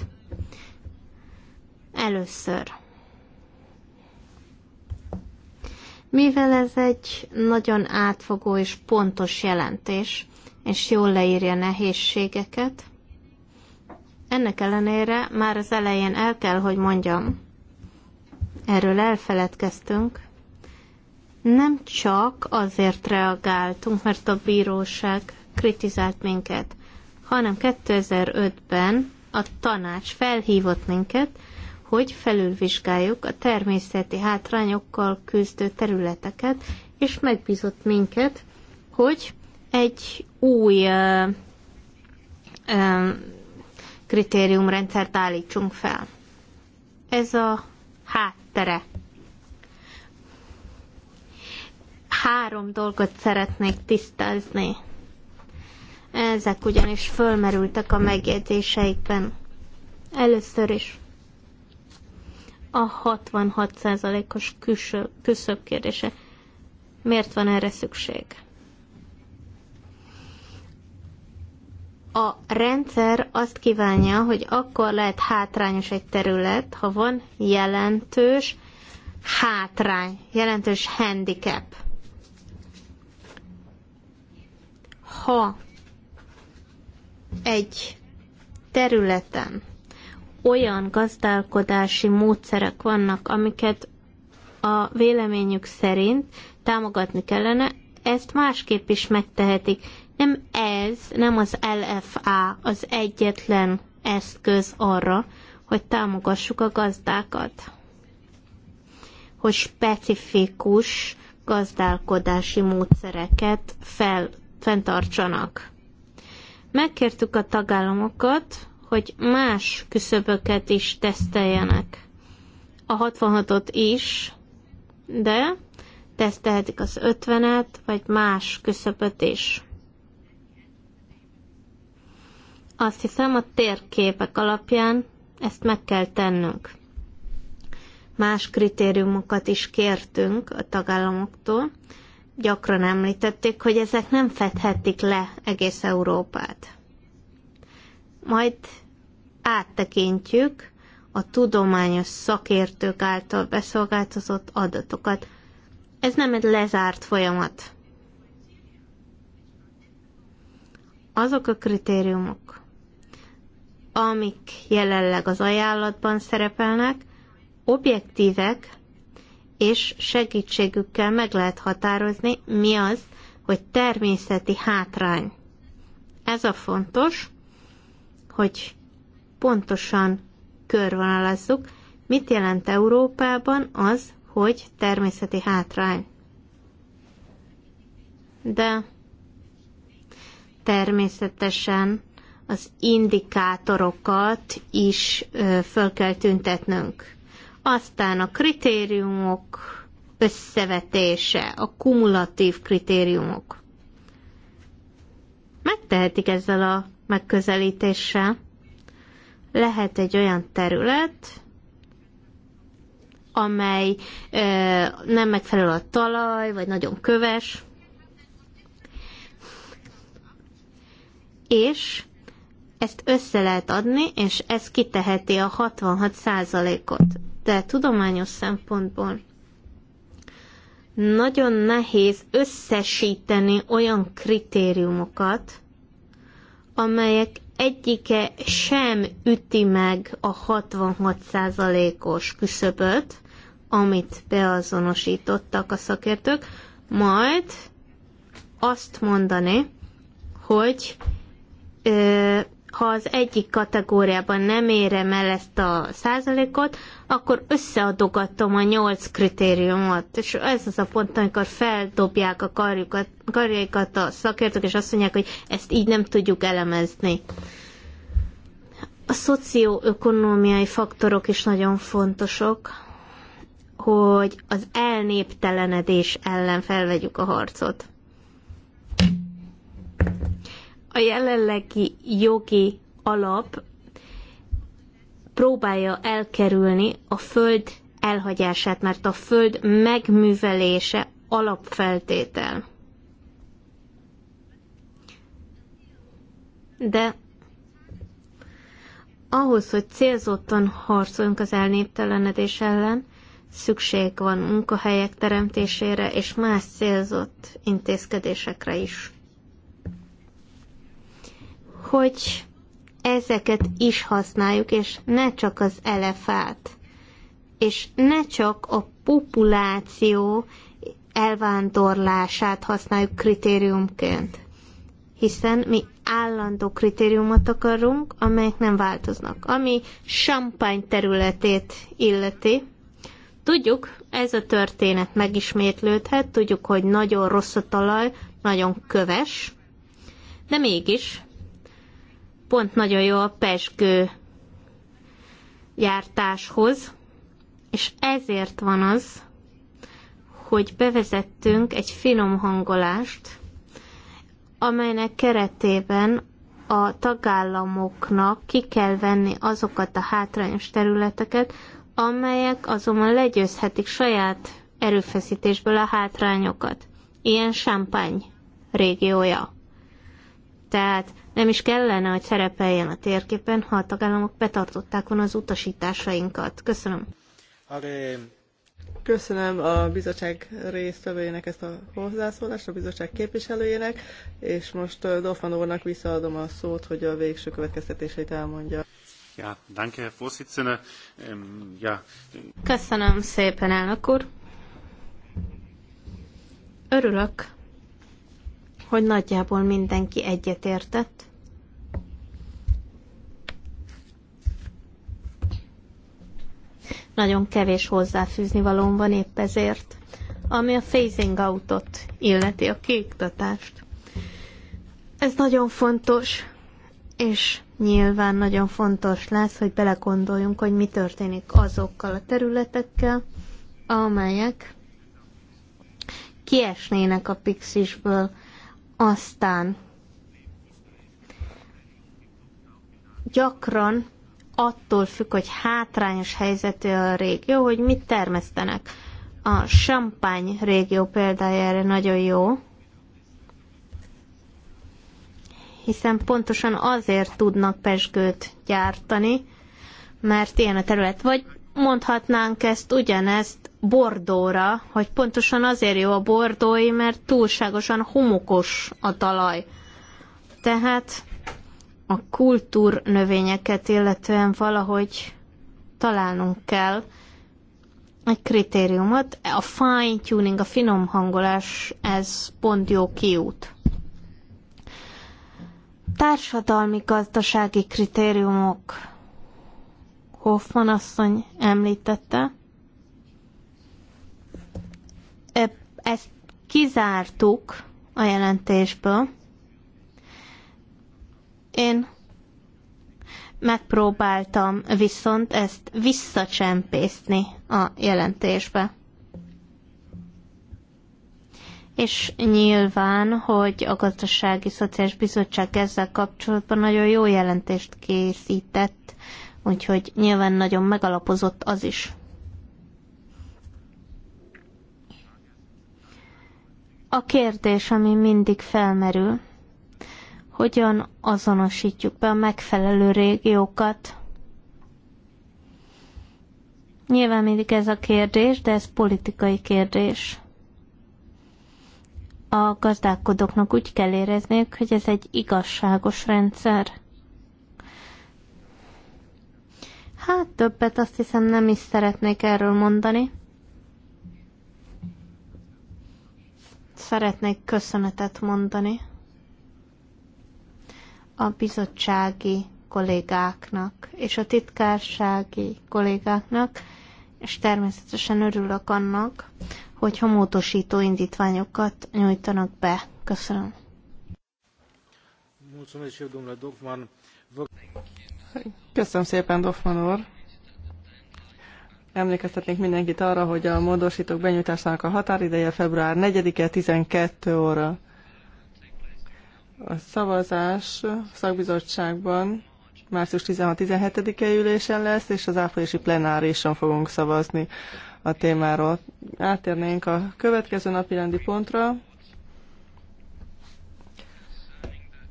Először. Mivel ez egy nagyon átfogó és pontos jelentés, és jól leírja nehézségeket, ennek ellenére már az elején el kell, hogy mondjam, erről elfeledkeztünk, nem csak azért reagáltunk, mert a bíróság kritizált minket, hanem 2005-ben a tanács felhívott minket, hogy felülvizsgáljuk a természeti hátrányokkal küzdő területeket, és megbízott minket, hogy egy új uh, um, kritériumrendszert állítsunk fel. Ez a háttere. Három dolgot szeretnék tisztázni. Ezek ugyanis fölmerültek a megjegyzéseikben. Először is a 66%-os küszöbb kérdése. Miért van erre szükség? a rendszer azt kívánja, hogy akkor lehet hátrányos egy terület, ha van jelentős hátrány, jelentős handicap. Ha egy területen olyan gazdálkodási módszerek vannak, amiket a véleményük szerint támogatni kellene, ezt másképp is megtehetik. Nem ez, nem az LFA az egyetlen eszköz arra, hogy támogassuk a gazdákat, hogy specifikus gazdálkodási módszereket fel, fenntartsanak. Megkértük a tagállamokat, hogy más küszöböket is teszteljenek. A 66-ot is, de tesztelhetik az 50-et, vagy más küszöböt is. Azt hiszem a térképek alapján ezt meg kell tennünk. Más kritériumokat is kértünk a tagállamoktól. Gyakran említették, hogy ezek nem fedhetik le egész Európát. Majd áttekintjük a tudományos szakértők által beszolgáltatott adatokat. Ez nem egy lezárt folyamat. Azok a kritériumok, amik jelenleg az ajánlatban szerepelnek, objektívek, és segítségükkel meg lehet határozni, mi az, hogy természeti hátrány. Ez a fontos, hogy pontosan körvonalazzuk, mit jelent Európában az, hogy természeti hátrány. De természetesen az indikátorokat is föl kell tüntetnünk. Aztán a kritériumok összevetése, a kumulatív kritériumok. Megtehetik ezzel a megközelítéssel. Lehet egy olyan terület, amely ö, nem megfelelő a talaj, vagy nagyon köves, és ezt össze lehet adni, és ez kiteheti a 66%-ot. De tudományos szempontból nagyon nehéz összesíteni olyan kritériumokat, amelyek egyike sem üti meg a 66%-os küszöböt, amit beazonosítottak a szakértők, majd azt mondani, hogy ö, ha az egyik kategóriában nem érem el ezt a százalékot, akkor összeadogatom a nyolc kritériumot. És ez az a pont, amikor feldobják a karjukat, karjaikat a szakértők, és azt mondják, hogy ezt így nem tudjuk elemezni. A szocioökonómiai faktorok is nagyon fontosak, hogy az elnéptelenedés ellen felvegyük a harcot a jelenlegi jogi alap próbálja elkerülni a föld elhagyását, mert a föld megművelése alapfeltétel. De ahhoz, hogy célzottan harcoljunk az elnéptelenedés ellen, szükség van munkahelyek teremtésére és más célzott intézkedésekre is hogy ezeket is használjuk, és ne csak az elefát, és ne csak a populáció elvándorlását használjuk kritériumként. Hiszen mi állandó kritériumot akarunk, amelyek nem változnak. Ami champagne területét illeti, tudjuk, ez a történet megismétlődhet, tudjuk, hogy nagyon rossz a talaj, nagyon köves, de mégis pont nagyon jó a pesgő gyártáshoz, és ezért van az, hogy bevezettünk egy finom hangolást, amelynek keretében a tagállamoknak ki kell venni azokat a hátrányos területeket, amelyek azonban legyőzhetik saját erőfeszítésből a hátrányokat. Ilyen Champagne régiója. Tehát nem is kellene, hogy szerepeljen a térképen, ha a tagállamok betartották volna az utasításainkat. Köszönöm. Köszönöm a bizottság résztvevőjének ezt a hozzászólást, a bizottság képviselőjének, és most uh, Dolfan úrnak visszaadom a szót, hogy a végső következtetéseit elmondja. Ja, danke, Herr Vorsitzender. Ähm, ja. Köszönöm szépen, elnök úr. Örülök, hogy nagyjából mindenki egyetértett, Nagyon kevés hozzáfűzni valóm van épp ezért, ami a phasing outot illeti, a kiiktatást. Ez nagyon fontos, és nyilván nagyon fontos lesz, hogy belegondoljunk, hogy mi történik azokkal a területekkel, amelyek kiesnének a pixisből, aztán gyakran attól függ, hogy hátrányos helyzetű a régió, hogy mit termesztenek. A Champagne régió példájára nagyon jó, hiszen pontosan azért tudnak pesgőt gyártani, mert ilyen a terület. Vagy mondhatnánk ezt ugyanezt Bordóra, hogy pontosan azért jó a bordói, mert túlságosan homokos a talaj. Tehát a kultúrnövényeket illetően valahogy találnunk kell egy kritériumot. A fine tuning, a finom hangolás, ez pont jó kiút. Társadalmi gazdasági kritériumok. Hoffman asszony említette. Ezt kizártuk a jelentésből én megpróbáltam viszont ezt visszacsempészni a jelentésbe. És nyilván, hogy a Gazdasági Szociális Bizottság ezzel kapcsolatban nagyon jó jelentést készített, úgyhogy nyilván nagyon megalapozott az is. A kérdés, ami mindig felmerül, hogyan azonosítjuk be a megfelelő régiókat. Nyilván mindig ez a kérdés, de ez politikai kérdés. A gazdálkodóknak úgy kell érezniük, hogy ez egy igazságos rendszer. Hát többet azt hiszem nem is szeretnék erről mondani. Szeretnék köszönetet mondani a bizottsági kollégáknak és a titkársági kollégáknak, és természetesen örülök annak, hogy homótosító indítványokat nyújtanak be. Köszönöm. Köszönöm szépen, Dofman úr. Emlékeztetnék mindenkit arra, hogy a módosítók benyújtásának a határideje február 4-e 12 óra. A szavazás szakbizottságban március 16-17-e ülésen lesz, és az áprilisi plenárison fogunk szavazni a témáról. Átérnénk a következő napi rendi pontra.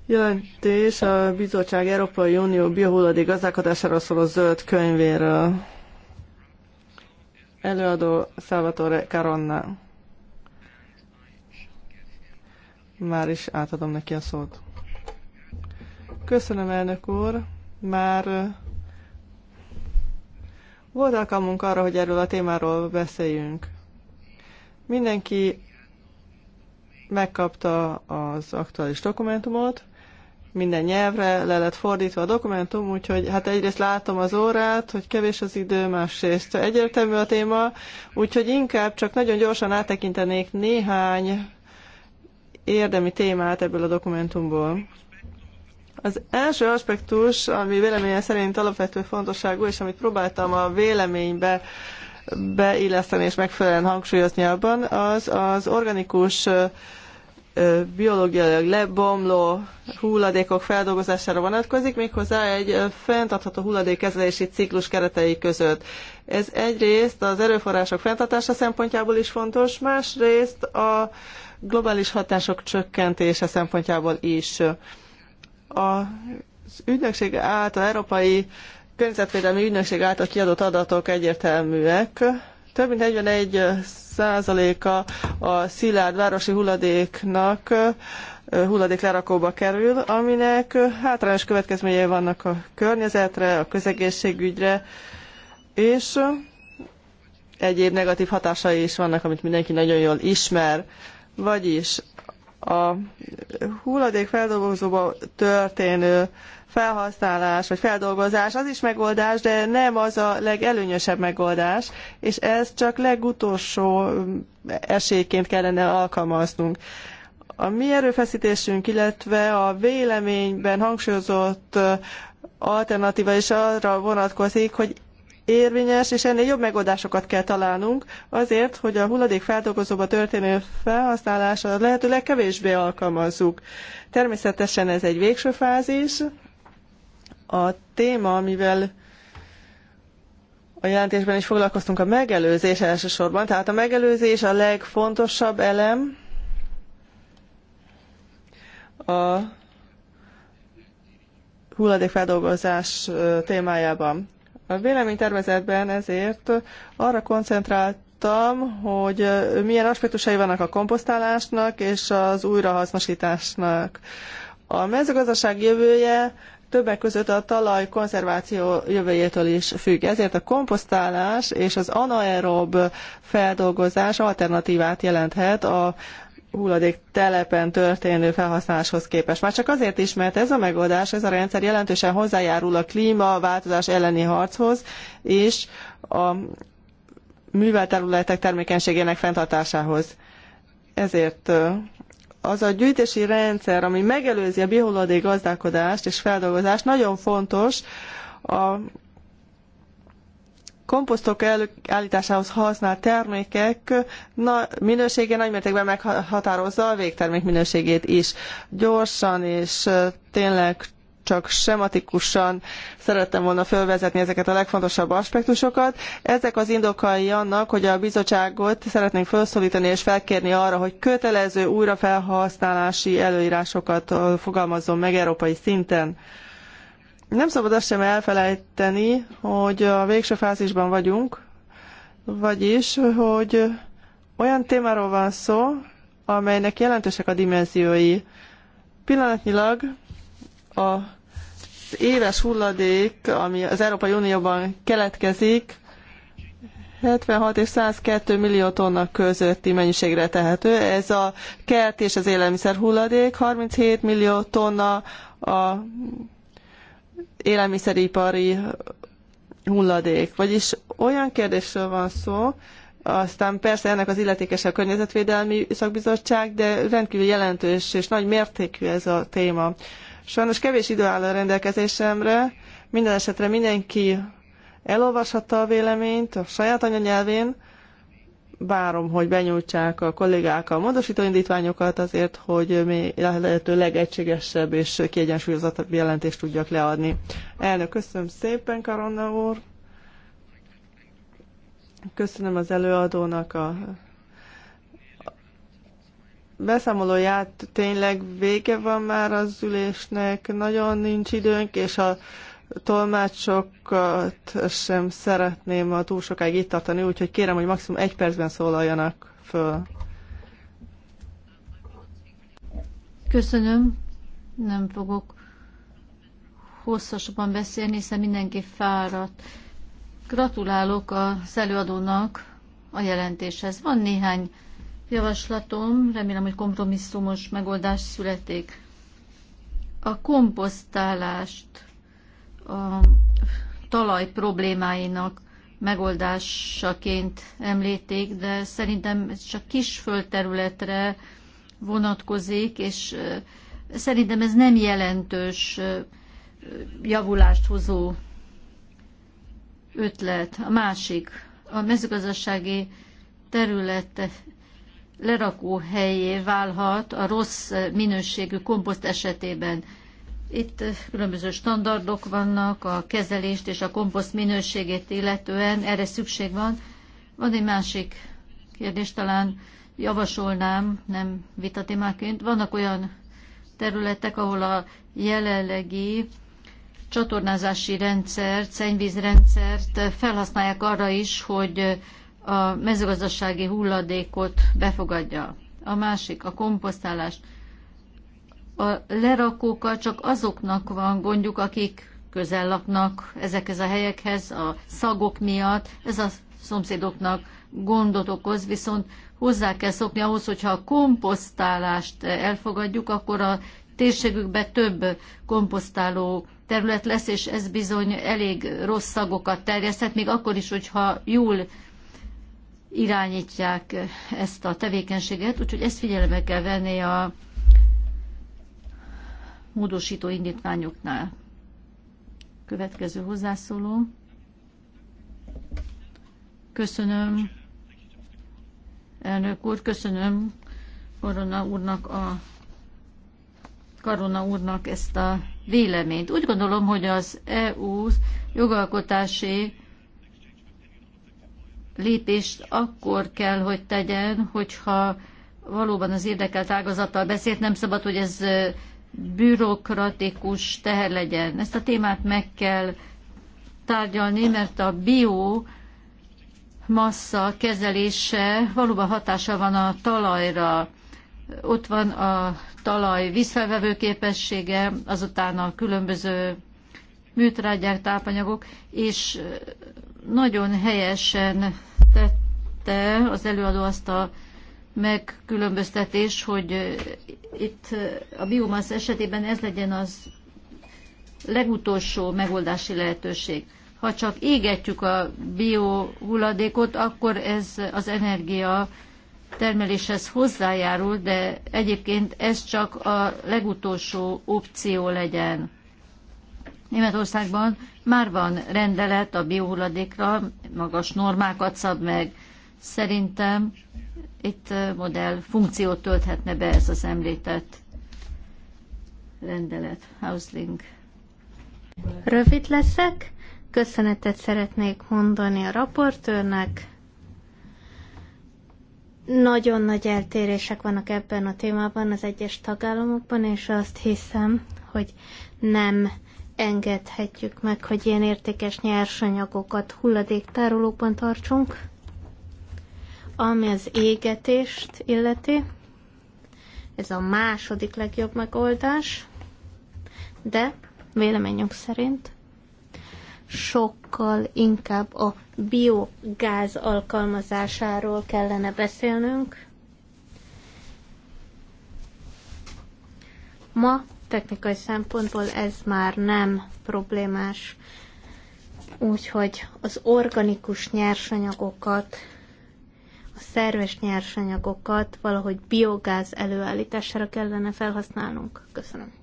Jelentés a Bizottság Európai Unió biohulladék gazdálkodásáról szóló zöld könyvéről. Előadó Salvatore Caronna. Már is átadom neki a szót. Köszönöm, elnök úr. Már volt alkalmunk arra, hogy erről a témáról beszéljünk. Mindenki megkapta az aktuális dokumentumot, minden nyelvre le lett fordítva a dokumentum, úgyhogy hát egyrészt látom az órát, hogy kevés az idő, másrészt egyértelmű a téma, úgyhogy inkább csak nagyon gyorsan áttekintenék néhány érdemi témát ebből a dokumentumból. Az első aspektus, ami véleményem szerint alapvető fontosságú, és amit próbáltam a véleménybe beilleszteni és megfelelően hangsúlyozni abban, az az organikus biológiailag lebomló hulladékok feldolgozására vonatkozik, méghozzá egy fenntartható hulladékkezelési ciklus keretei között. Ez egyrészt az erőforrások fenntartása szempontjából is fontos, másrészt a globális hatások csökkentése szempontjából is. Az ügynökség által, európai környezetvédelmi ügynökség által kiadott adatok egyértelműek. Több mint 41 százaléka a szilárd városi hulladéknak hulladéklerakóba kerül, aminek hátrányos következményei vannak a környezetre, a közegészségügyre, és egyéb negatív hatásai is vannak, amit mindenki nagyon jól ismer. Vagyis a hulladékfeldolgozóban történő felhasználás vagy feldolgozás az is megoldás, de nem az a legelőnyösebb megoldás, és ez csak legutolsó esélyként kellene alkalmaznunk. A mi erőfeszítésünk, illetve a véleményben hangsúlyozott alternatíva is arra vonatkozik, hogy érvényes, és ennél jobb megoldásokat kell találnunk azért, hogy a hulladék feldolgozóba történő felhasználásra lehető legkevésbé alkalmazzuk. Természetesen ez egy végső fázis. A téma, amivel a jelentésben is foglalkoztunk a megelőzés elsősorban, tehát a megelőzés a legfontosabb elem a hulladékfeldolgozás témájában a véleménytervezetben ezért arra koncentráltam, hogy milyen aspektusai vannak a komposztálásnak és az újrahasznosításnak. A mezőgazdaság jövője többek között a talaj konzerváció jövőjétől is függ. Ezért a komposztálás és az anaerob feldolgozás alternatívát jelenthet a hulladék telepen történő felhasználáshoz képest. Már csak azért is, mert ez a megoldás, ez a rendszer jelentősen hozzájárul a klímaváltozás elleni harchoz, és a művelterületek termékenységének fenntartásához. Ezért az a gyűjtési rendszer, ami megelőzi a biohulladék gazdálkodást és feldolgozást, nagyon fontos a komposztok előállításához használt termékek na, minősége nagymértékben meghatározza a végtermék minőségét is. Gyorsan és tényleg csak sematikusan szerettem volna fölvezetni ezeket a legfontosabb aspektusokat. Ezek az indokai annak, hogy a bizottságot szeretnénk felszólítani és felkérni arra, hogy kötelező újrafelhasználási előírásokat fogalmazzon meg európai szinten. Nem szabad azt sem elfelejteni, hogy a végső fázisban vagyunk, vagyis, hogy olyan témáról van szó, amelynek jelentősek a dimenziói. Pillanatnyilag a éves hulladék, ami az Európai Unióban keletkezik, 76 és 102 millió tonna közötti mennyiségre tehető. Ez a kert és az élelmiszer hulladék, 37 millió tonna a élelmiszeripari hulladék. Vagyis olyan kérdésről van szó, aztán persze ennek az illetékes a környezetvédelmi szakbizottság, de rendkívül jelentős és nagy mértékű ez a téma. Sajnos kevés idő áll a rendelkezésemre, minden esetre mindenki elolvashatta a véleményt a saját anyanyelvén, várom, hogy benyújtsák a kollégák a módosító indítványokat azért, hogy még lehető legegységesebb és kiegyensúlyozottabb jelentést tudjak leadni. Elnök, köszönöm szépen, Karonna úr. Köszönöm az előadónak a beszámolóját. Tényleg vége van már az ülésnek, nagyon nincs időnk, és a tolmácsokat sem szeretném a túl sokáig itt tartani, úgyhogy kérem, hogy maximum egy percben szólaljanak föl. Köszönöm. Nem fogok hosszasabban beszélni, hiszen mindenki fáradt. Gratulálok az előadónak a jelentéshez. Van néhány javaslatom, remélem, hogy kompromisszumos megoldás születik. A komposztálást a talaj problémáinak megoldásaként említik, de szerintem ez csak kis földterületre vonatkozik, és eh, szerintem ez nem jelentős eh, javulást hozó ötlet. A másik, a mezőgazdasági terület lerakó helyé válhat a rossz minőségű komposzt esetében. Itt különböző standardok vannak a kezelést és a komposzt minőségét illetően, erre szükség van. Van egy másik kérdés, talán javasolnám, nem vitatémáként. Vannak olyan területek, ahol a jelenlegi csatornázási rendszert, szennyvízrendszert felhasználják arra is, hogy a mezőgazdasági hulladékot befogadja. A másik, a komposztálás a lerakókkal csak azoknak van gondjuk, akik közel laknak ezekhez a helyekhez, a szagok miatt. Ez a szomszédoknak gondot okoz, viszont hozzá kell szokni ahhoz, hogyha a komposztálást elfogadjuk, akkor a térségükben több komposztáló terület lesz, és ez bizony elég rossz szagokat terjeszthet, még akkor is, hogyha jól irányítják ezt a tevékenységet, úgyhogy ezt figyelembe kell venni a módosító indítványoknál. Következő hozzászóló. Köszönöm, elnök úr, köszönöm Korona úrnak a Karona úrnak ezt a véleményt. Úgy gondolom, hogy az EU jogalkotási lépést akkor kell, hogy tegyen, hogyha valóban az érdekelt ágazattal beszélt, nem szabad, hogy ez bürokratikus teher legyen. Ezt a témát meg kell tárgyalni, mert a bio massza kezelése valóban hatása van a talajra. Ott van a talaj visszavevő képessége, azután a különböző műtrágyák, tápanyagok, és nagyon helyesen tette az előadó azt a megkülönböztetés, hogy itt a biomasz esetében ez legyen az legutolsó megoldási lehetőség. Ha csak égetjük a biohulladékot, akkor ez az energia termeléshez hozzájárul, de egyébként ez csak a legutolsó opció legyen. Németországban már van rendelet a biohulladékra, magas normákat szab meg. Szerintem itt eh, modell funkciót tölthetne be ez az említett rendelet, housing. Rövid leszek. Köszönetet szeretnék mondani a raportőrnek. Nagyon nagy eltérések vannak ebben a témában az egyes tagállamokban, és azt hiszem, hogy nem engedhetjük meg, hogy ilyen értékes nyersanyagokat hulladéktárolókban tartsunk ami az égetést illeti, ez a második legjobb megoldás, de véleményünk szerint sokkal inkább a biogáz alkalmazásáról kellene beszélnünk. Ma technikai szempontból ez már nem problémás, úgyhogy az organikus nyersanyagokat a szerves nyersanyagokat valahogy biogáz előállítására kellene felhasználnunk. Köszönöm.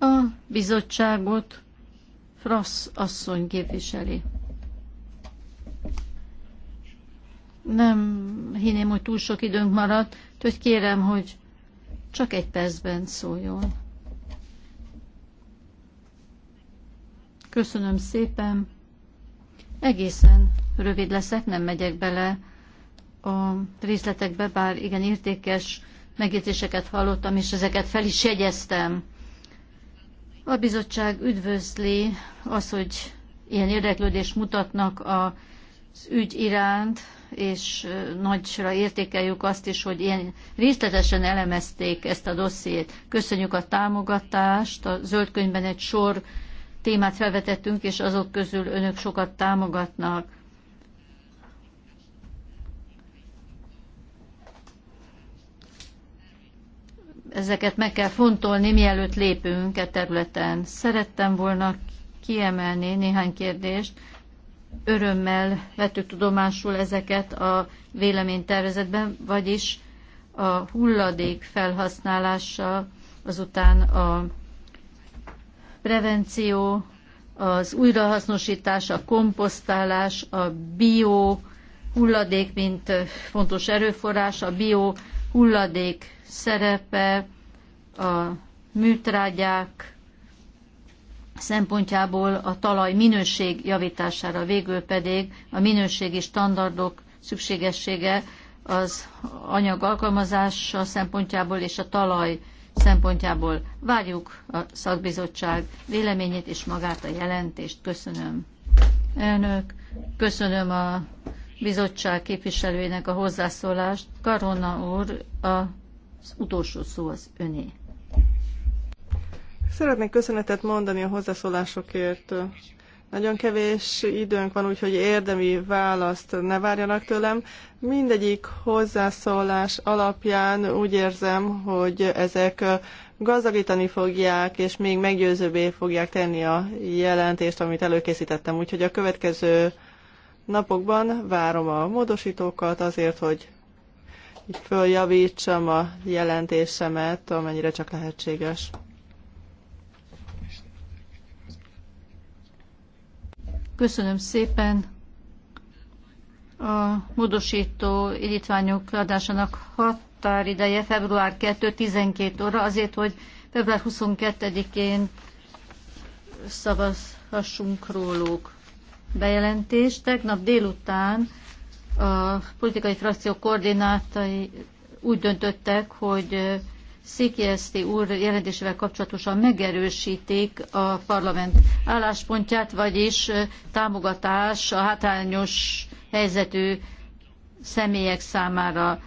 A bizottságot Frasz asszony képviseli. Nem hinném, hogy túl sok időnk maradt, úgyhogy kérem, hogy csak egy percben szóljon. Köszönöm szépen. Egészen rövid leszek, nem megyek bele a részletekbe, bár igen értékes megértéseket hallottam, és ezeket fel is jegyeztem. A bizottság üdvözli az, hogy ilyen érdeklődést mutatnak az ügy iránt, és nagyra értékeljük azt is, hogy ilyen részletesen elemezték ezt a dossziét. Köszönjük a támogatást, a zöldkönyvben egy sor témát felvetettünk, és azok közül önök sokat támogatnak. Ezeket meg kell fontolni, mielőtt lépünk e területen. Szerettem volna kiemelni néhány kérdést. Örömmel vettük tudomásul ezeket a véleménytervezetben, vagyis a hulladék felhasználása, azután a prevenció, az újrahasznosítás, a komposztálás, a bio hulladék, mint fontos erőforrás, a bio hulladék szerepe, a műtrágyák szempontjából a talaj minőség javítására, végül pedig a minőségi standardok szükségessége az anyag alkalmazása szempontjából és a talaj szempontjából várjuk a szakbizottság véleményét és magát a jelentést. Köszönöm, elnök. Köszönöm a bizottság képviselőinek a hozzászólást. Karona úr, az utolsó szó az öné. Szeretnék köszönetet mondani a hozzászólásokért. Nagyon kevés időnk van, úgyhogy érdemi választ ne várjanak tőlem. Mindegyik hozzászólás alapján úgy érzem, hogy ezek gazdagítani fogják, és még meggyőzőbbé fogják tenni a jelentést, amit előkészítettem. Úgyhogy a következő napokban várom a módosítókat azért, hogy följavítsam a jelentésemet, amennyire csak lehetséges. Köszönöm szépen. A módosító indítványok adásának határideje február 2-12 óra, azért, hogy február 22-én szavazhassunk róluk. Bejelentés. Tegnap délután a politikai frakció koordinátai úgy döntöttek, hogy Szikieszti úr jelentésével kapcsolatosan megerősítik a parlament álláspontját, vagyis támogatás a hátrányos helyzetű személyek számára.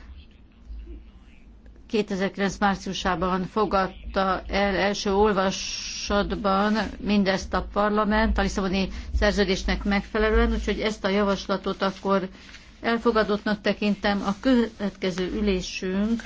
2009. márciusában fogadta el első olvasatban mindezt a parlament a Lisszaboni szerződésnek megfelelően, úgyhogy ezt a javaslatot akkor elfogadottnak tekintem. A következő ülésünk